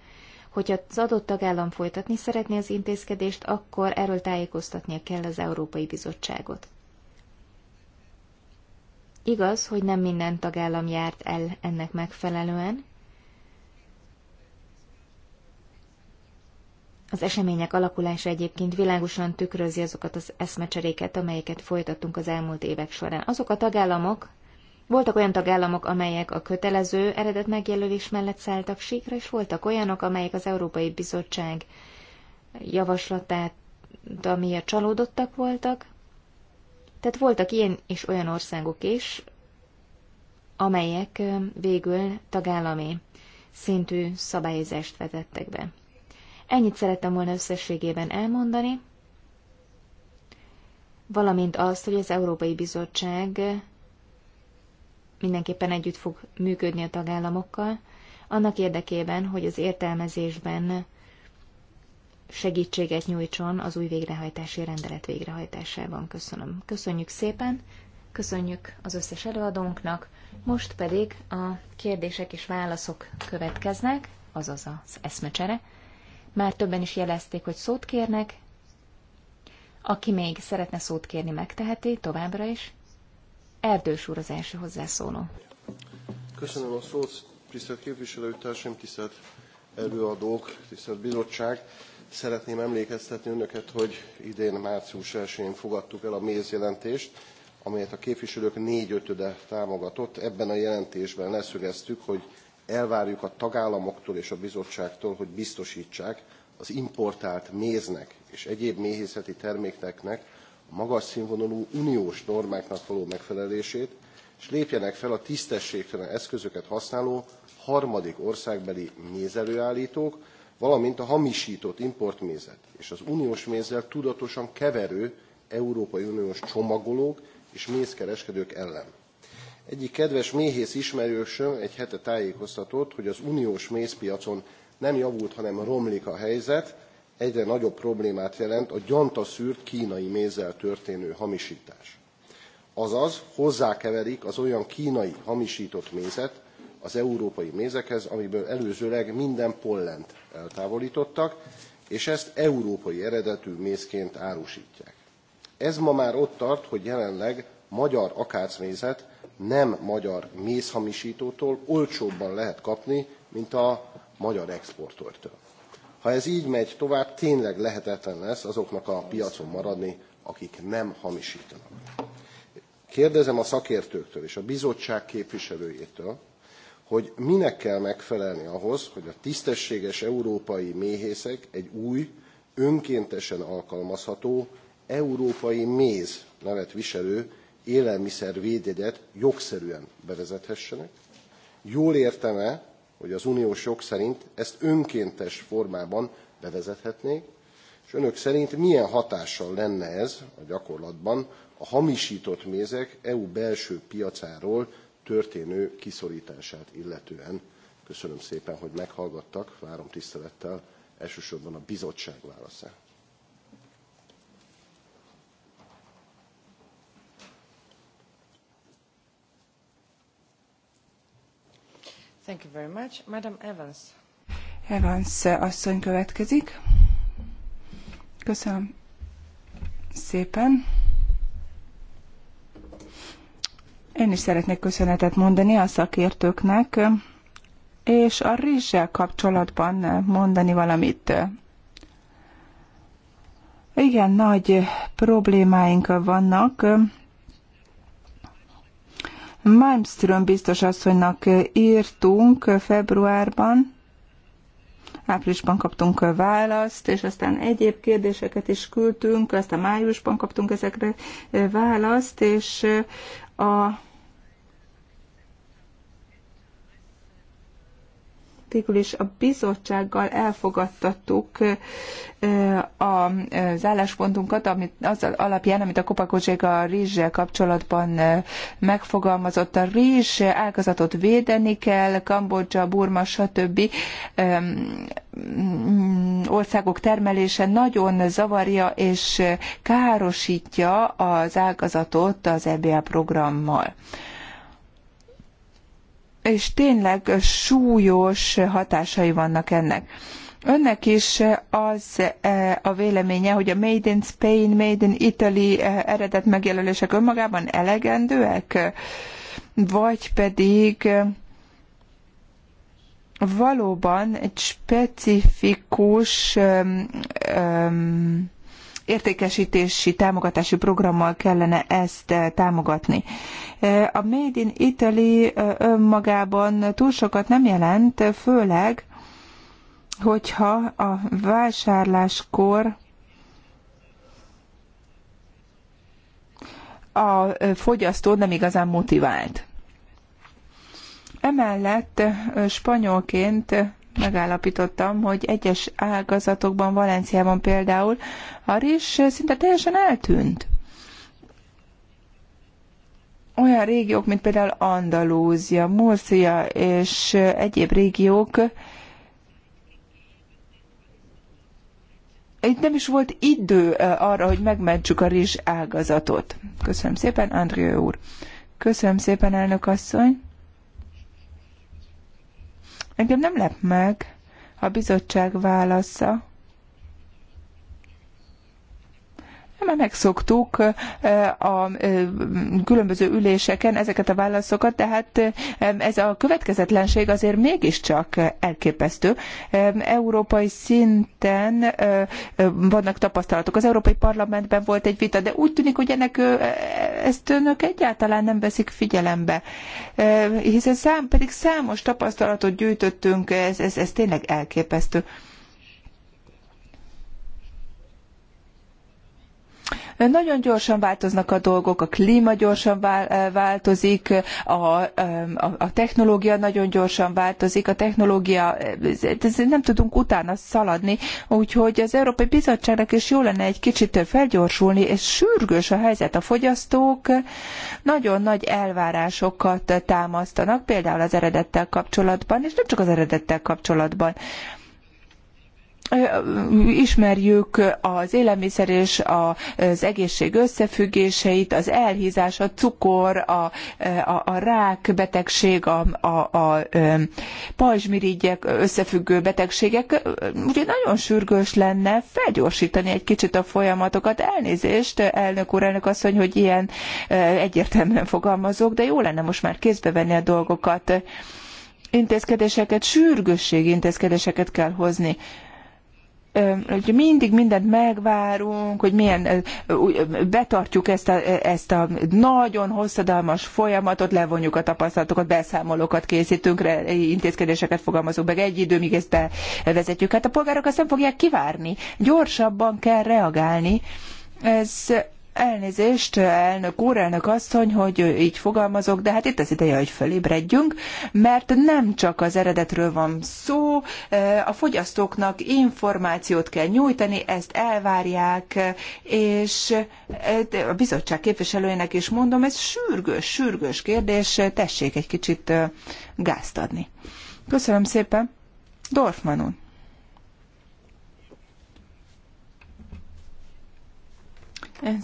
Hogyha az adott tagállam folytatni szeretné az intézkedést, akkor erről tájékoztatnia kell az Európai Bizottságot. Igaz, hogy nem minden tagállam járt el ennek megfelelően. Az események alakulása egyébként világosan tükrözi azokat az eszmecseréket, amelyeket folytattunk az elmúlt évek során. Azok a tagállamok, voltak olyan tagállamok, amelyek a kötelező eredet megjelölés mellett szálltak síkra, és voltak olyanok, amelyek az Európai Bizottság javaslatát, amiért csalódottak voltak. Tehát voltak ilyen és olyan országok is, amelyek végül tagállami szintű szabályozást vetettek be. Ennyit szerettem volna összességében elmondani, valamint azt, hogy az Európai Bizottság mindenképpen együtt fog működni a tagállamokkal, annak érdekében, hogy az értelmezésben segítséget nyújtson az új végrehajtási rendelet végrehajtásában. Köszönöm. Köszönjük szépen, köszönjük az összes előadónknak, most pedig a kérdések és válaszok következnek, azaz az eszmecsere. Már többen is jelezték, hogy szót kérnek. Aki még szeretne szót kérni, megteheti továbbra is. Erdős úr az első hozzászóló. Köszönöm a szót, tisztelt képviselőtársaim, tisztelt előadók, tisztelt bizottság. Szeretném emlékeztetni önöket, hogy idén március 1-én fogadtuk el a méz jelentést, amelyet a képviselők négyötöde támogatott. Ebben a jelentésben leszögeztük, hogy elvárjuk a tagállamoktól és a bizottságtól, hogy biztosítsák az importált méznek és egyéb méhészeti termékeknek a magas színvonalú uniós normáknak való megfelelését, és lépjenek fel a tisztességtelen eszközöket használó harmadik országbeli mézelőállítók, valamint a hamisított importmézet és az uniós mézzel tudatosan keverő Európai Uniós csomagolók és mézkereskedők ellen. Egyik kedves méhész ismerősöm egy hete tájékoztatott, hogy az uniós mézpiacon nem javult, hanem romlik a helyzet, egyre nagyobb problémát jelent a gyantaszűrt kínai mézzel történő hamisítás. Azaz hozzákeverik az olyan kínai hamisított mézet az európai mézekhez, amiből előzőleg minden pollent eltávolítottak, és ezt európai eredetű mézként árusítják. Ez ma már ott tart, hogy jelenleg magyar akácmézet nem magyar mézhamisítótól olcsóbban lehet kapni, mint a magyar exportőrtől. Ha ez így megy tovább, tényleg lehetetlen lesz azoknak a piacon maradni, akik nem hamisítanak. Kérdezem a szakértőktől és a bizottság képviselőjétől, hogy minek kell megfelelni ahhoz, hogy a tisztességes európai méhészek egy új, önkéntesen alkalmazható, európai méz nevet viselő védjegyet jogszerűen bevezethessenek. Jól értem-e, hogy az uniós jog szerint ezt önkéntes formában bevezethetnék, és önök szerint milyen hatással lenne ez a gyakorlatban a hamisított mézek EU belső piacáról történő kiszorítását illetően? Köszönöm szépen, hogy meghallgattak, várom tisztelettel elsősorban a bizottság válaszát. Thank you very much. Madam Evans. Evans asszony következik. Köszönöm szépen. Én is szeretnék köszönetet mondani a szakértőknek, és a rizssel kapcsolatban mondani valamit. Igen, nagy problémáink vannak Malmström biztos asszonynak írtunk februárban, áprilisban kaptunk választ, és aztán egyéb kérdéseket is küldtünk, aztán májusban kaptunk ezekre választ, és a végül is a bizottsággal elfogadtattuk az álláspontunkat, amit az alapján, amit a Kopakocsék a rizssel kapcsolatban megfogalmazott. A rizs ágazatot védeni kell, Kambodzsa, Burma, stb. Mm, országok termelése nagyon zavarja és károsítja az ágazatot az EBA programmal és tényleg súlyos hatásai vannak ennek. Önnek is az e, a véleménye, hogy a Made in Spain, Made in Italy e, eredet megjelölések önmagában elegendőek, vagy pedig e, valóban egy specifikus értékesítési támogatási programmal kellene ezt eh, támogatni. Eh, a Made in Italy eh, önmagában túl sokat nem jelent, főleg, hogyha a vásárláskor a fogyasztó nem igazán motivált. Emellett spanyolként megállapítottam, hogy egyes ágazatokban, Valenciában például a rizs szinte teljesen eltűnt. Olyan régiók, mint például Andalúzia, Murcia és egyéb régiók, itt nem is volt idő arra, hogy megmentsük a rizs ágazatot. Köszönöm szépen, André úr. Köszönöm szépen, elnök asszony. Engem nem lep meg a bizottság válasza, mert megszoktuk a különböző üléseken ezeket a válaszokat, tehát ez a következetlenség azért mégiscsak elképesztő. Európai szinten vannak tapasztalatok. Az Európai Parlamentben volt egy vita, de úgy tűnik, hogy ennek ezt önök egyáltalán nem veszik figyelembe. Hiszen szám, pedig számos tapasztalatot gyűjtöttünk, ez, ez, ez tényleg elképesztő. Nagyon gyorsan változnak a dolgok, a klíma gyorsan eh, változik, a, a, a technológia nagyon gyorsan változik, a technológia, eh, nem tudunk utána szaladni, úgyhogy az Európai Bizottságnak is jó lenne egy kicsit felgyorsulni, és sürgős a helyzet. A fogyasztók nagyon nagy elvárásokat támasztanak, például az eredettel kapcsolatban, és nem csak az eredettel kapcsolatban ismerjük az élelmiszer és az egészség összefüggéseit, az elhízás, a cukor, a, a, a rák betegség, a, a, a pajzsmirigyek összefüggő betegségek. Úgyhogy nagyon sürgős lenne felgyorsítani egy kicsit a folyamatokat. Elnézést, elnök úr, elnök asszony, hogy ilyen egyértelműen fogalmazok, de jó lenne most már kézbe venni a dolgokat. Intézkedéseket, sürgősség intézkedéseket kell hozni hogy mindig mindent megvárunk, hogy milyen, betartjuk ezt a, ezt a nagyon hosszadalmas folyamatot, levonjuk a tapasztalatokat, beszámolókat készítünk, intézkedéseket fogalmazunk meg egy idő, míg ezt bevezetjük. Hát a polgárok azt nem fogják kivárni. Gyorsabban kell reagálni. Ez Elnézést, elnök úr, elnök asszony, hogy így fogalmazok, de hát itt az ideje, hogy fölébredjünk, mert nem csak az eredetről van szó, e, a fogyasztóknak információt kell nyújtani, ezt elvárják, és e, a bizottság képviselőjének is mondom, ez sürgős, sürgős kérdés, tessék egy kicsit e, gázt adni. Köszönöm szépen. Dorfman úr.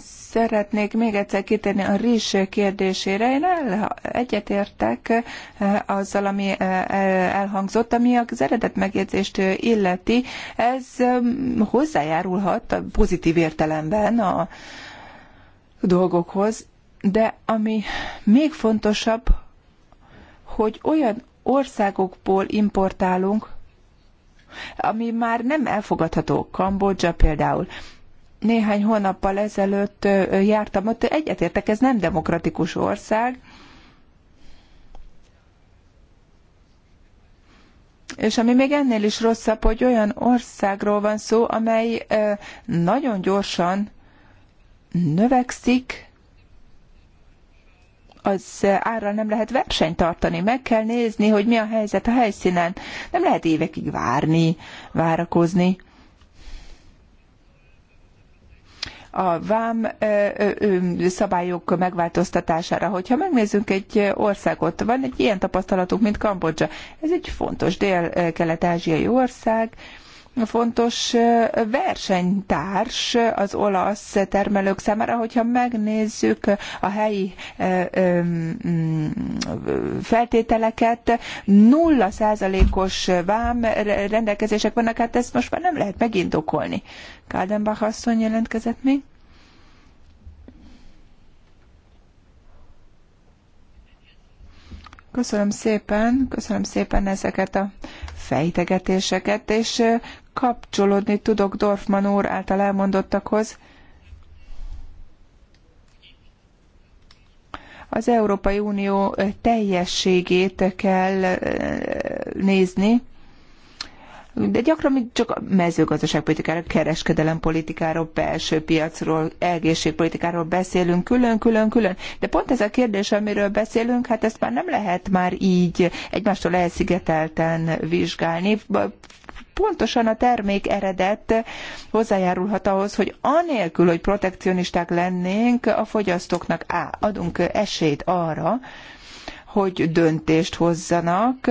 Szeretnék még egyszer kitérni a RIS kérdésére. Én el, egyetértek eh, azzal, ami eh, elhangzott, ami az eredet megjegyzést eh, illeti. Ez mm, hozzájárulhat a pozitív értelemben a dolgokhoz, de ami még fontosabb, hogy olyan országokból importálunk, ami már nem elfogadható, Kambodzsa például néhány hónappal ezelőtt jártam ott, egyetértek, ez nem demokratikus ország, És ami még ennél is rosszabb, hogy olyan országról van szó, amely nagyon gyorsan növekszik, az árral nem lehet versenyt tartani. Meg kell nézni, hogy mi a helyzet a helyszínen. Nem lehet évekig várni, várakozni. a vám szabályok megváltoztatására. Hogyha megnézzünk egy országot, van egy ilyen tapasztalatunk, mint Kambodzsa. Ez egy fontos dél-kelet-ázsiai ország, fontos versenytárs az olasz termelők számára, hogyha megnézzük a helyi mm, feltételeket, nulla százalékos vám rendelkezések vannak, hát ezt most már nem lehet megindokolni. Kádenbach asszony jelentkezett még? Köszönöm szépen, köszönöm szépen ezeket a fejtegetéseket, és kapcsolódni tudok Dorfman úr által elmondottakhoz. Az Európai Unió teljességét kell nézni, de gyakran csak a mezőgazdaságpolitikáról, kereskedelempolitikáról, belső piacról, egészségpolitikáról beszélünk külön-külön-külön. De pont ez a kérdés, amiről beszélünk, hát ezt már nem lehet már így egymástól elszigetelten vizsgálni pontosan a termék eredet hozzájárulhat ahhoz, hogy anélkül, hogy protekcionisták lennénk, a fogyasztóknak á, adunk esélyt arra, hogy döntést hozzanak,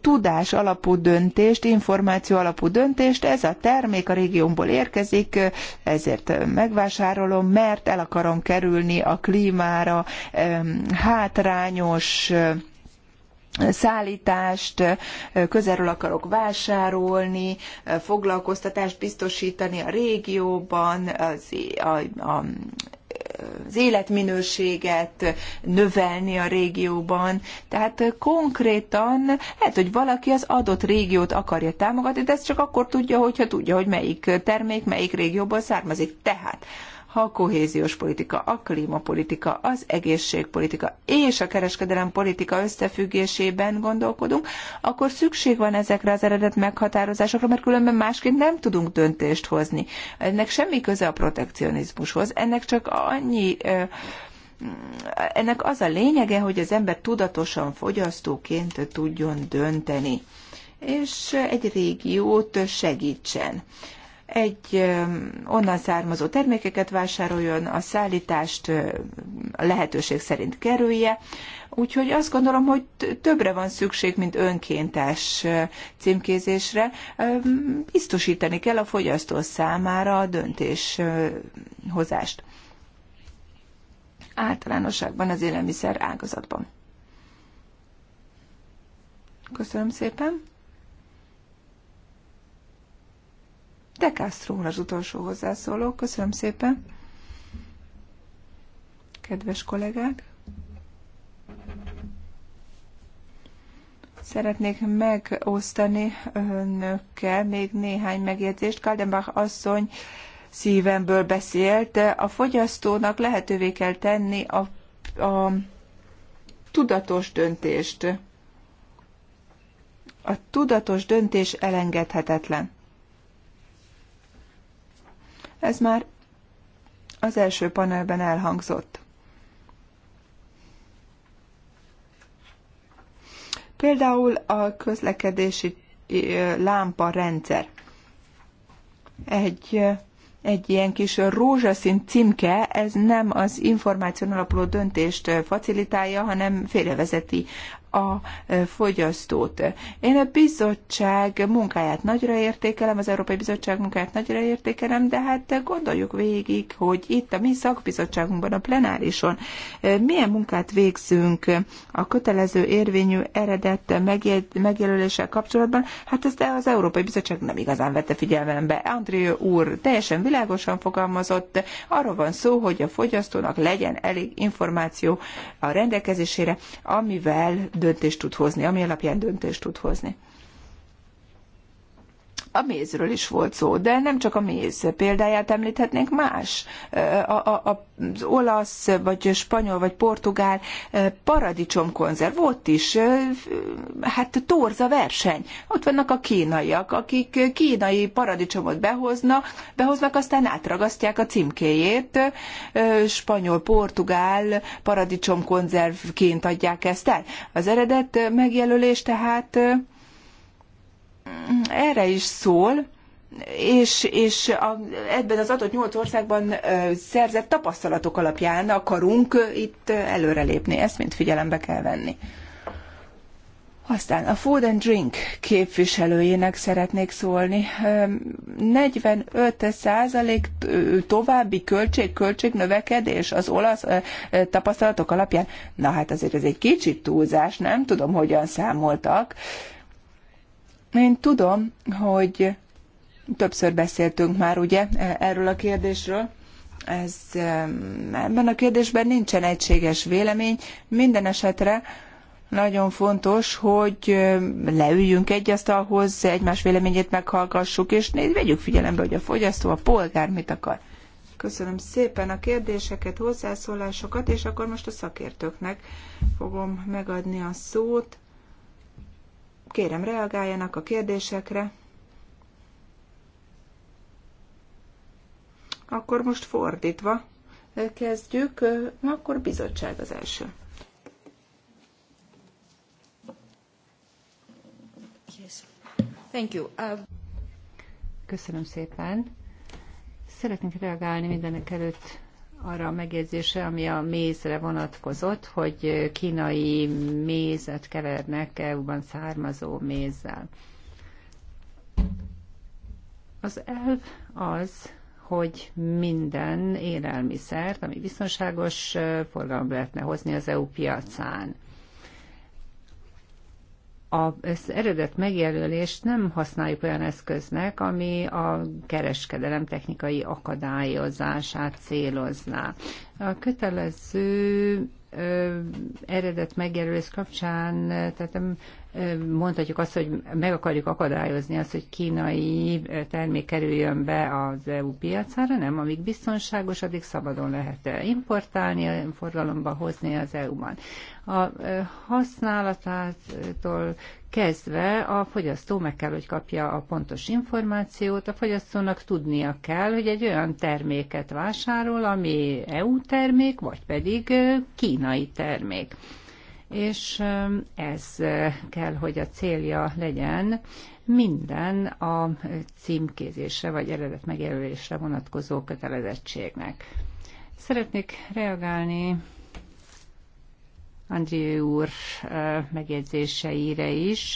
tudás alapú döntést, információ alapú döntést, ez a termék a régiómból érkezik, ezért megvásárolom, mert el akarom kerülni a klímára hátrányos szállítást, közelről akarok vásárolni, foglalkoztatást biztosítani a régióban, az, a, a az életminőséget növelni a régióban. Tehát konkrétan lehet, hogy valaki az adott régiót akarja támogatni, de ezt csak akkor tudja, hogyha tudja, hogy melyik termék melyik régióból származik. Tehát ha a kohéziós politika, a klímapolitika, az egészségpolitika és a kereskedelem politika összefüggésében gondolkodunk, akkor szükség van ezekre az eredet meghatározásokra, mert különben másként nem tudunk döntést hozni. Ennek semmi köze a protekcionizmushoz, ennek csak annyi ennek az a lényege, hogy az ember tudatosan fogyasztóként tudjon dönteni és egy régiót segítsen egy onnan származó termékeket vásároljon, a szállítást lehetőség szerint kerülje. Úgyhogy azt gondolom, hogy többre van szükség, mint önkéntes címkézésre. Biztosítani kell a fogyasztó számára a döntéshozást. Általánosságban az élelmiszer ágazatban. Köszönöm szépen! De Castro az utolsó hozzászóló. Köszönöm szépen. Kedves kollégák! Szeretnék megosztani önökkel még néhány megjegyzést. Kaldenbach asszony szívemből beszélt. A fogyasztónak lehetővé kell tenni a, a tudatos döntést. A tudatos döntés elengedhetetlen. Ez már az első panelben elhangzott. Például a közlekedési lámpa rendszer. Egy, egy ilyen kis rózsaszín címke, ez nem az információn alapuló döntést facilitálja, hanem félrevezeti a fogyasztót. Én a bizottság munkáját nagyra értékelem, az Európai Bizottság munkáját nagyra értékelem, de hát gondoljuk végig, hogy itt a mi szakbizottságunkban, a plenárison eh, milyen munkát végzünk a kötelező érvényű eredet megjelöléssel kapcsolatban, hát ezt az Európai Bizottság nem igazán vette figyelembe. André úr teljesen világosan fogalmazott, arról van szó, hogy a fogyasztónak legyen elég információ a rendelkezésére, amivel döntést tud hozni, ami alapján döntést tud hozni a mézről is volt szó, de nem csak a méz példáját említhetnénk más. A, a, az olasz, vagy spanyol, vagy portugál paradicsomkonzerv, ott is hát torza verseny. Ott vannak a kínaiak, akik kínai paradicsomot behoznak, behoznak, aztán átragasztják a címkéjét, spanyol, portugál paradicsomkonzervként adják ezt el. Az eredet megjelölés tehát erre is szól, és, és a, ebben az adott nyolc országban szerzett tapasztalatok alapján akarunk itt előrelépni. Ezt mind figyelembe kell venni. Aztán a Food and Drink képviselőjének szeretnék szólni. 45 százalék további költség, költségnövekedés az olasz tapasztalatok alapján. Na hát azért ez egy kicsit túlzás, nem tudom, hogyan számoltak, én tudom, hogy többször beszéltünk már ugye erről a kérdésről, ez, ebben a kérdésben nincsen egységes vélemény. Minden esetre nagyon fontos, hogy leüljünk egy asztalhoz, egymás véleményét meghallgassuk, és vegyük figyelembe, hogy a fogyasztó, a polgár mit akar. Köszönöm szépen a kérdéseket, hozzászólásokat, és akkor most a szakértőknek fogom megadni a szót. Kérem, reagáljanak a kérdésekre. Akkor most fordítva kezdjük, akkor bizottság az első. Thank you. Uh, Köszönöm szépen. Szeretnénk reagálni mindenek előtt arra a megjegyzése, ami a mézre vonatkozott, hogy kínai mézet kevernek EU-ban származó mézzel. Az elv az, hogy minden élelmiszert, ami biztonságos, forgalomba lehetne hozni az EU piacán az eredet megjelölést nem használjuk olyan eszköznek, ami a kereskedelem technikai akadályozását célozná. A kötelező eredet megjelölés kapcsán, tehát ö, mondhatjuk azt, hogy meg akarjuk akadályozni azt, hogy kínai termék kerüljön be az EU piacára, nem, amíg biztonságos, addig szabadon lehet importálni, forgalomba hozni az EU-ban. A használatától kezdve a fogyasztó meg kell, hogy kapja a pontos információt, a fogyasztónak tudnia kell, hogy egy olyan terméket vásárol, ami EU termék, vagy pedig kínai termék. És ez kell, hogy a célja legyen minden a címkézésre vagy eredet megjelölésre vonatkozó kötelezettségnek. Szeretnék reagálni André úr megjegyzéseire is.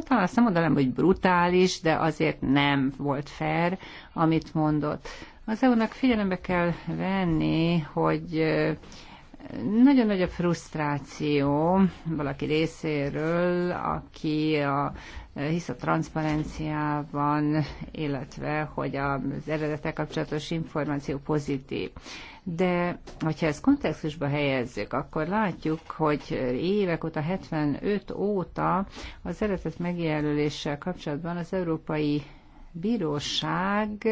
Talán azt nem mondanám, hogy brutális, de azért nem volt fair, amit mondott. Az EU-nak figyelembe kell venni, hogy nagyon nagy a frusztráció valaki részéről, aki a, hisz a transzparenciában, illetve hogy az eredetek kapcsolatos információ pozitív de hogyha ezt kontextusba helyezzük, akkor látjuk, hogy évek óta, 75 óta az eredet megjelöléssel kapcsolatban az Európai bíróság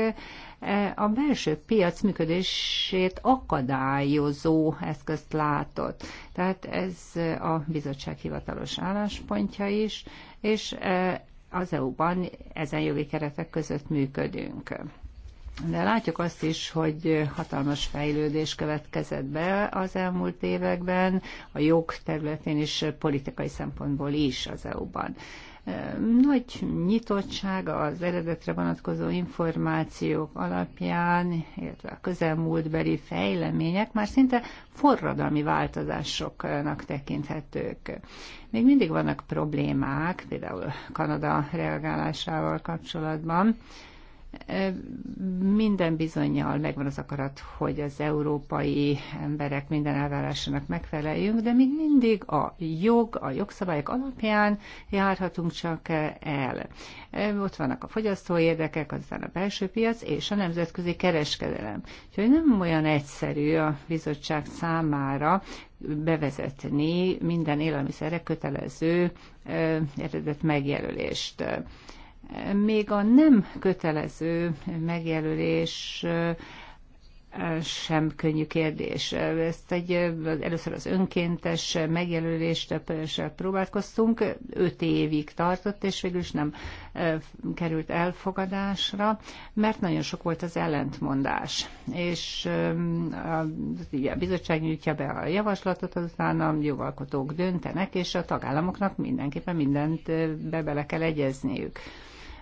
e, a belső piac működését akadályozó eszközt látott. Tehát ez a bizottság hivatalos álláspontja is, és e, az EU-ban ezen jogi keretek között működünk. De látjuk azt is, hogy hatalmas fejlődés következett be az elmúlt években, a jog területén is, politikai szempontból is az EU-ban. Nagy nyitottság az eredetre vonatkozó információk alapján, illetve a közelmúltbeli fejlemények már szinte forradalmi változásoknak tekinthetők. Még mindig vannak problémák, például Kanada reagálásával kapcsolatban, minden bizonyal megvan az akarat, hogy az európai emberek minden elvárásának megfeleljünk, de még mindig a jog, a jogszabályok alapján járhatunk csak el. Ott vannak a fogyasztói érdekek, aztán a belső piac és a nemzetközi kereskedelem. Úgyhogy nem olyan egyszerű a bizottság számára bevezetni minden élelmiszerre kötelező eredet megjelölést még a nem kötelező megjelölés sem könnyű kérdés. Ezt egy, először az önkéntes megjelölést próbálkoztunk, öt évig tartott, és végül is nem került elfogadásra, mert nagyon sok volt az ellentmondás. És a, a bizottság nyújtja be a javaslatot, aztán a jogalkotók döntenek, és a tagállamoknak mindenképpen mindent be bele kell egyezniük.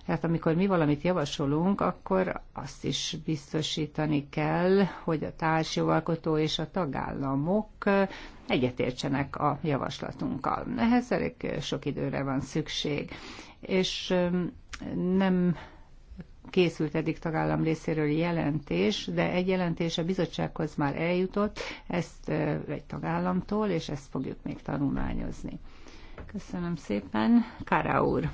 Tehát amikor mi valamit javasolunk, akkor azt is biztosítani kell, hogy a társjogalkotó és a tagállamok egyetértsenek a javaslatunkkal. Ehhez elég sok időre van szükség. És nem készült eddig tagállam részéről jelentés, de egy jelentés a bizottsághoz már eljutott, ezt egy tagállamtól, és ezt fogjuk még tanulmányozni. Köszönöm szépen. Kára úr.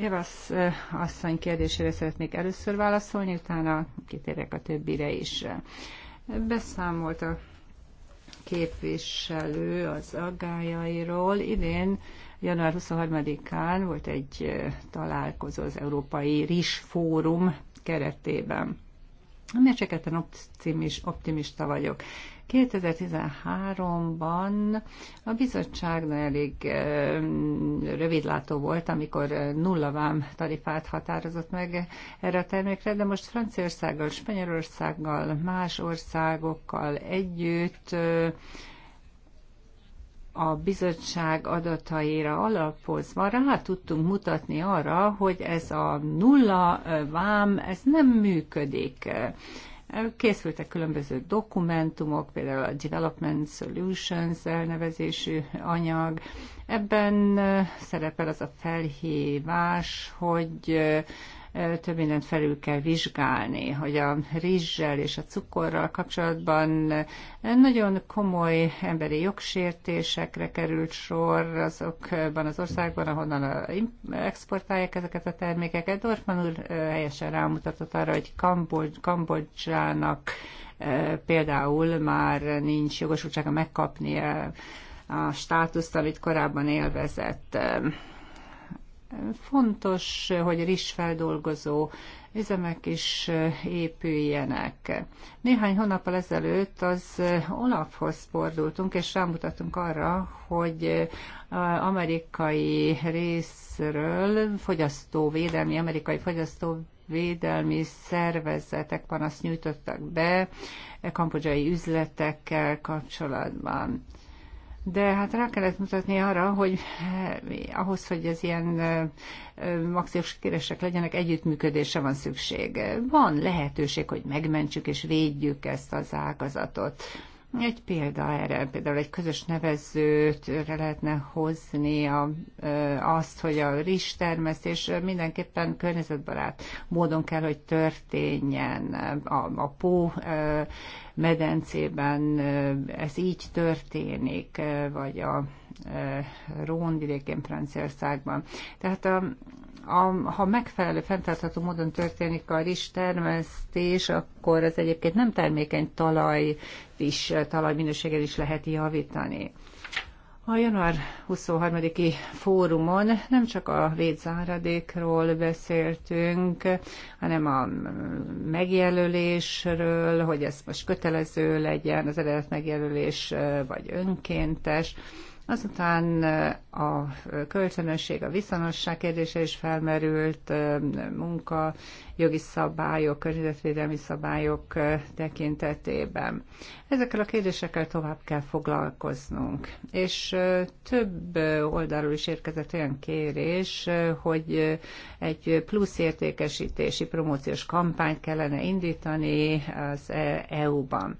Javasz asszony kérdésére szeretnék először válaszolni, utána kitérek a többire is. Beszámolt a képviselő az aggájairól. Idén január 23-án volt egy találkozó az Európai RIS Fórum keretében. Miért csak optimista vagyok? 2013-ban a bizottság elég rövidlátó volt, amikor nulla vám tarifát határozott meg erre a termékre, de most Franciaországgal, Spanyolországgal, más országokkal együtt a bizottság adataira alapozva rá tudtunk mutatni arra, hogy ez a nulla vám, ez nem működik. Készültek különböző dokumentumok, például a Development Solutions elnevezésű anyag. Ebben eh, szerepel az a felhívás, hogy eh, több mindent felül kell vizsgálni, hogy a rizssel és a cukorral kapcsolatban nagyon komoly emberi jogsértésekre került sor azokban az országban, ahonnan exportálják ezeket a termékeket. Dorfman úr helyesen rámutatott arra, hogy Kambodzs, Kambodzsának például már nincs jogosultsága megkapni a státuszt, amit korábban élvezett fontos, hogy rizsfeldolgozó üzemek is épüljenek. Néhány hónappal ezelőtt az Olafhoz fordultunk, és rámutatunk arra, hogy amerikai részről fogyasztóvédelmi, amerikai fogyasztó védelmi szervezetek panaszt nyújtottak be kambodzsai üzletekkel kapcsolatban de hát rá kellett mutatni arra, hogy eh, ahhoz, hogy az ilyen maxiós eh, eh, kéresek legyenek, együttműködésre van szükség. Van lehetőség, hogy megmentsük és védjük ezt az ágazatot. Egy példa erre, például egy közös nevezőt lehetne hozni a, azt, hogy a termesztés mindenképpen környezetbarát módon kell, hogy történjen. A, a pó medencében ez így történik, vagy a Rón vidékén Franciaországban. Tehát a, a, ha megfelelő, fenntartható módon történik a rizs termesztés, akkor az egyébként nem termékeny talaj is, talajminőséget is lehet javítani. A január 23-i fórumon nem csak a védzáradékról beszéltünk, hanem a megjelölésről, hogy ez most kötelező legyen, az eredet megjelölés vagy önkéntes. Azután eh, a kölcsönösség, a viszonosság kérdése is felmerült, eh, munka, jogi szabályok, környezetvédelmi szabályok eh, tekintetében. Ezekkel a kérdésekkel tovább kell foglalkoznunk. És több oldalról is érkezett olyan kérés, hogy egy plusz értékesítési promóciós kampányt kellene indítani az EU-ban.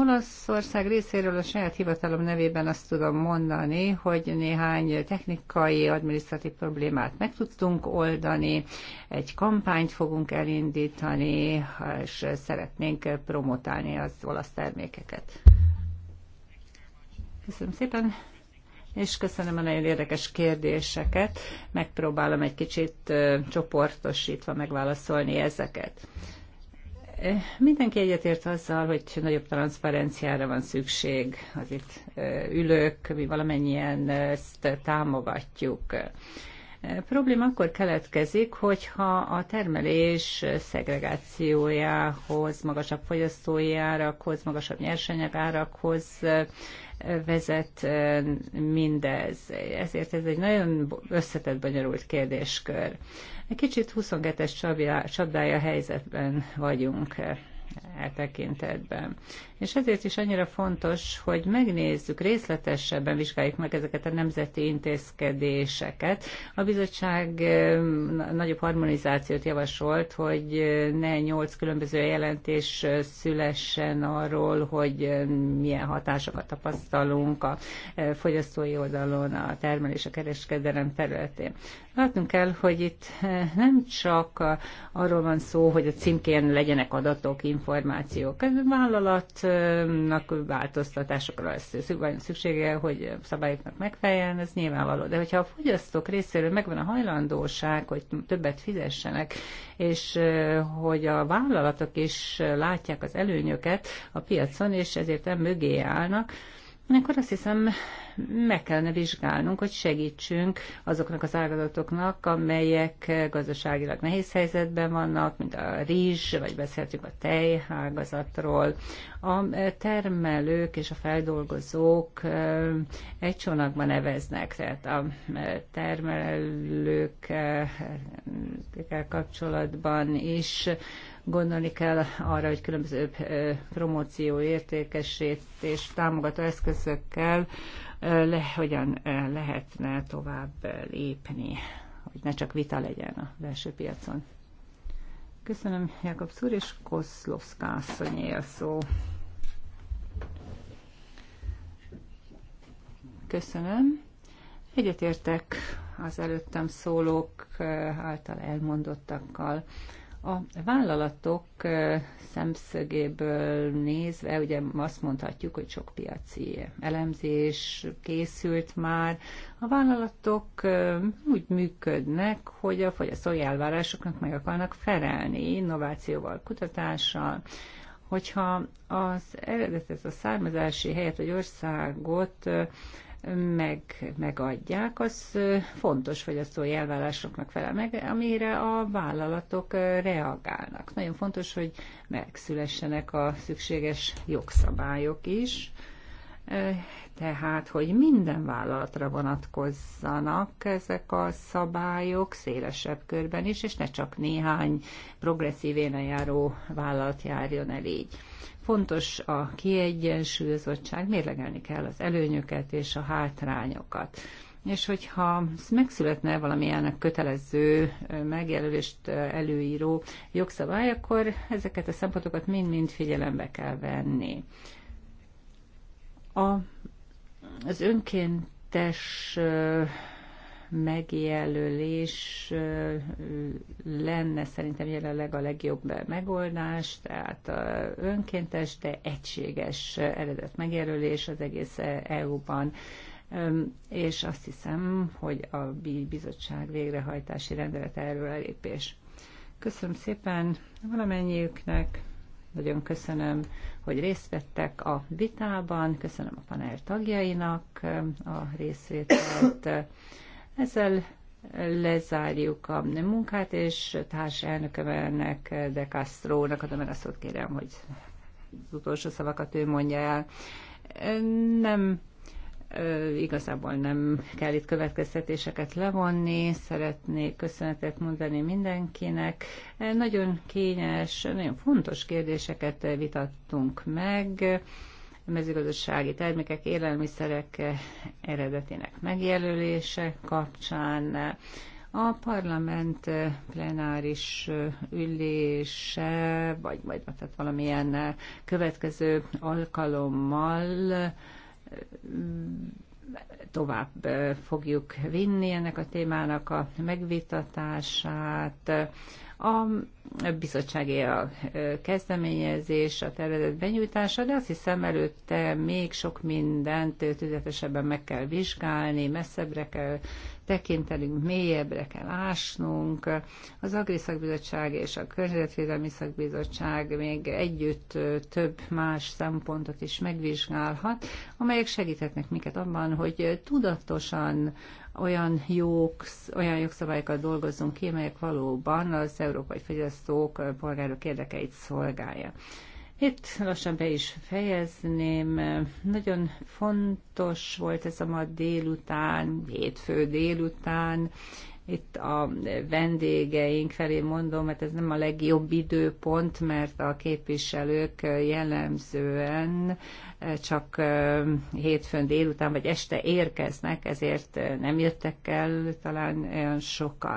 Olaszország részéről a saját hivatalom nevében azt tudom mondani, hogy néhány technikai, adminisztratív problémát meg tudtunk oldani, egy kampányt fogunk elindítani, és szeretnénk promotálni az olasz termékeket. Köszönöm szépen, és köszönöm a nagyon érdekes kérdéseket. Megpróbálom egy kicsit csoportosítva megválaszolni ezeket. Mindenki egyetért azzal, hogy nagyobb transzparenciára van szükség az itt ülők, mi valamennyien ezt támogatjuk. Probléma akkor keletkezik, hogyha a termelés szegregációjához, magasabb fogyasztói árakhoz, magasabb nyersanyag árakhoz vezet mindez. Ezért ez egy nagyon összetett, bonyolult kérdéskör. Egy kicsit 22-es csapdája helyzetben vagyunk e, e tekintetben. És ezért is annyira fontos, hogy megnézzük, részletesebben vizsgáljuk meg ezeket a nemzeti intézkedéseket. A bizottság nagyobb harmonizációt javasolt, hogy ne nyolc különböző jelentés szülessen arról, hogy milyen hatásokat tapasztalunk a fogyasztói oldalon, a termelés, a kereskedelem területén. Látnunk kell, hogy itt nem csak arról van szó, hogy a címkén legyenek adatok, információk. Ez vállalat szabályoknak változtatásokra lesz szüksége, hogy szabályoknak megfeleljen, ez nyilvánvaló. De hogyha a fogyasztók részéről megvan a hajlandóság, hogy többet fizessenek, és hogy a vállalatok is látják az előnyöket a piacon, és ezért nem mögé állnak, akkor azt hiszem, meg kellene vizsgálnunk, hogy segítsünk azoknak az ágazatoknak, amelyek gazdaságilag nehéz helyzetben vannak, mint a rizs, vagy beszéltünk a tejhágazatról. A termelők és a feldolgozók egy csónakban neveznek, tehát a termelőkkel kapcsolatban is gondolni kell arra, hogy különböző promóció értékesítés támogató eszközökkel le, hogyan lehetne tovább lépni, hogy ne csak vita legyen a belső piacon. Köszönöm, Jakab Szúr, és Koszlovszka asszonyé a szó. Köszönöm. Egyetértek az előttem szólók által elmondottakkal. A vállalatok szemszögéből nézve, ugye azt mondhatjuk, hogy sok piaci elemzés készült már. A vállalatok úgy működnek, hogy a fogyasztói elvárásoknak meg akarnak felelni innovációval, kutatással, hogyha az eredetet, a származási helyet vagy országot meg, megadják, az fontos fogyasztói elvárásoknak felel meg, amire a vállalatok reagálnak. Nagyon fontos, hogy megszülessenek a szükséges jogszabályok is, tehát, hogy minden vállalatra vonatkozzanak ezek a szabályok szélesebb körben is, és ne csak néhány progresszív járó vállalat járjon el így. Fontos a kiegyensúlyozottság, mérlegelni kell az előnyöket és a hátrányokat. És hogyha megszületne valamilyen kötelező megjelölést előíró jogszabály, akkor ezeket a szempontokat mind-mind figyelembe kell venni. A, az önkéntes megjelölés lenne szerintem jelenleg a legjobb megoldás, tehát önkéntes, de egységes eredet megjelölés az egész EU-ban és azt hiszem, hogy a bizottság végrehajtási rendelet erről elépés. Köszönöm szépen valamennyiüknek, nagyon köszönöm, hogy részt vettek a vitában, köszönöm a panel tagjainak a részvételt. Ezzel lezárjuk a munkát, és társ de Castro-nak adom el a szót, kérem, hogy az utolsó szavakat ő mondja el. Nem igazából nem kell itt következtetéseket levonni, szeretnék köszönetet mondani mindenkinek. Nagyon kényes, nagyon fontos kérdéseket vitattunk meg mezőgazdasági termékek, élelmiszerek eh, eredetének megjelölése kapcsán. A parlament eh, plenáris eh, ülése, vagy majd tehát valamilyen következő alkalommal tovább fogjuk vinni ennek a témának a megvitatását a bizottságé a e, kezdeményezés, a tervezet benyújtása, de azt hiszem előtte még sok mindent tüzetesebben meg kell vizsgálni, messzebbre kell tekintenünk, mélyebbre kell ásnunk. Az Agri Szakbizottság és a Környezetvédelmi Szakbizottság még együtt e, több más szempontot is megvizsgálhat, amelyek segíthetnek minket abban, hogy tudatosan olyan, jók, olyan jogszabályokat dolgozzunk ki, melyek valóban az európai fogyasztók, polgárok érdekeit szolgálja. Itt lassan be is fejezném. Nagyon fontos volt ez a ma délután, hétfő délután. Itt a vendégeink felé mondom, mert hát ez nem a legjobb időpont, mert a képviselők jellemzően csak hétfőn délután vagy este érkeznek, ezért nem jöttek el talán olyan sokan.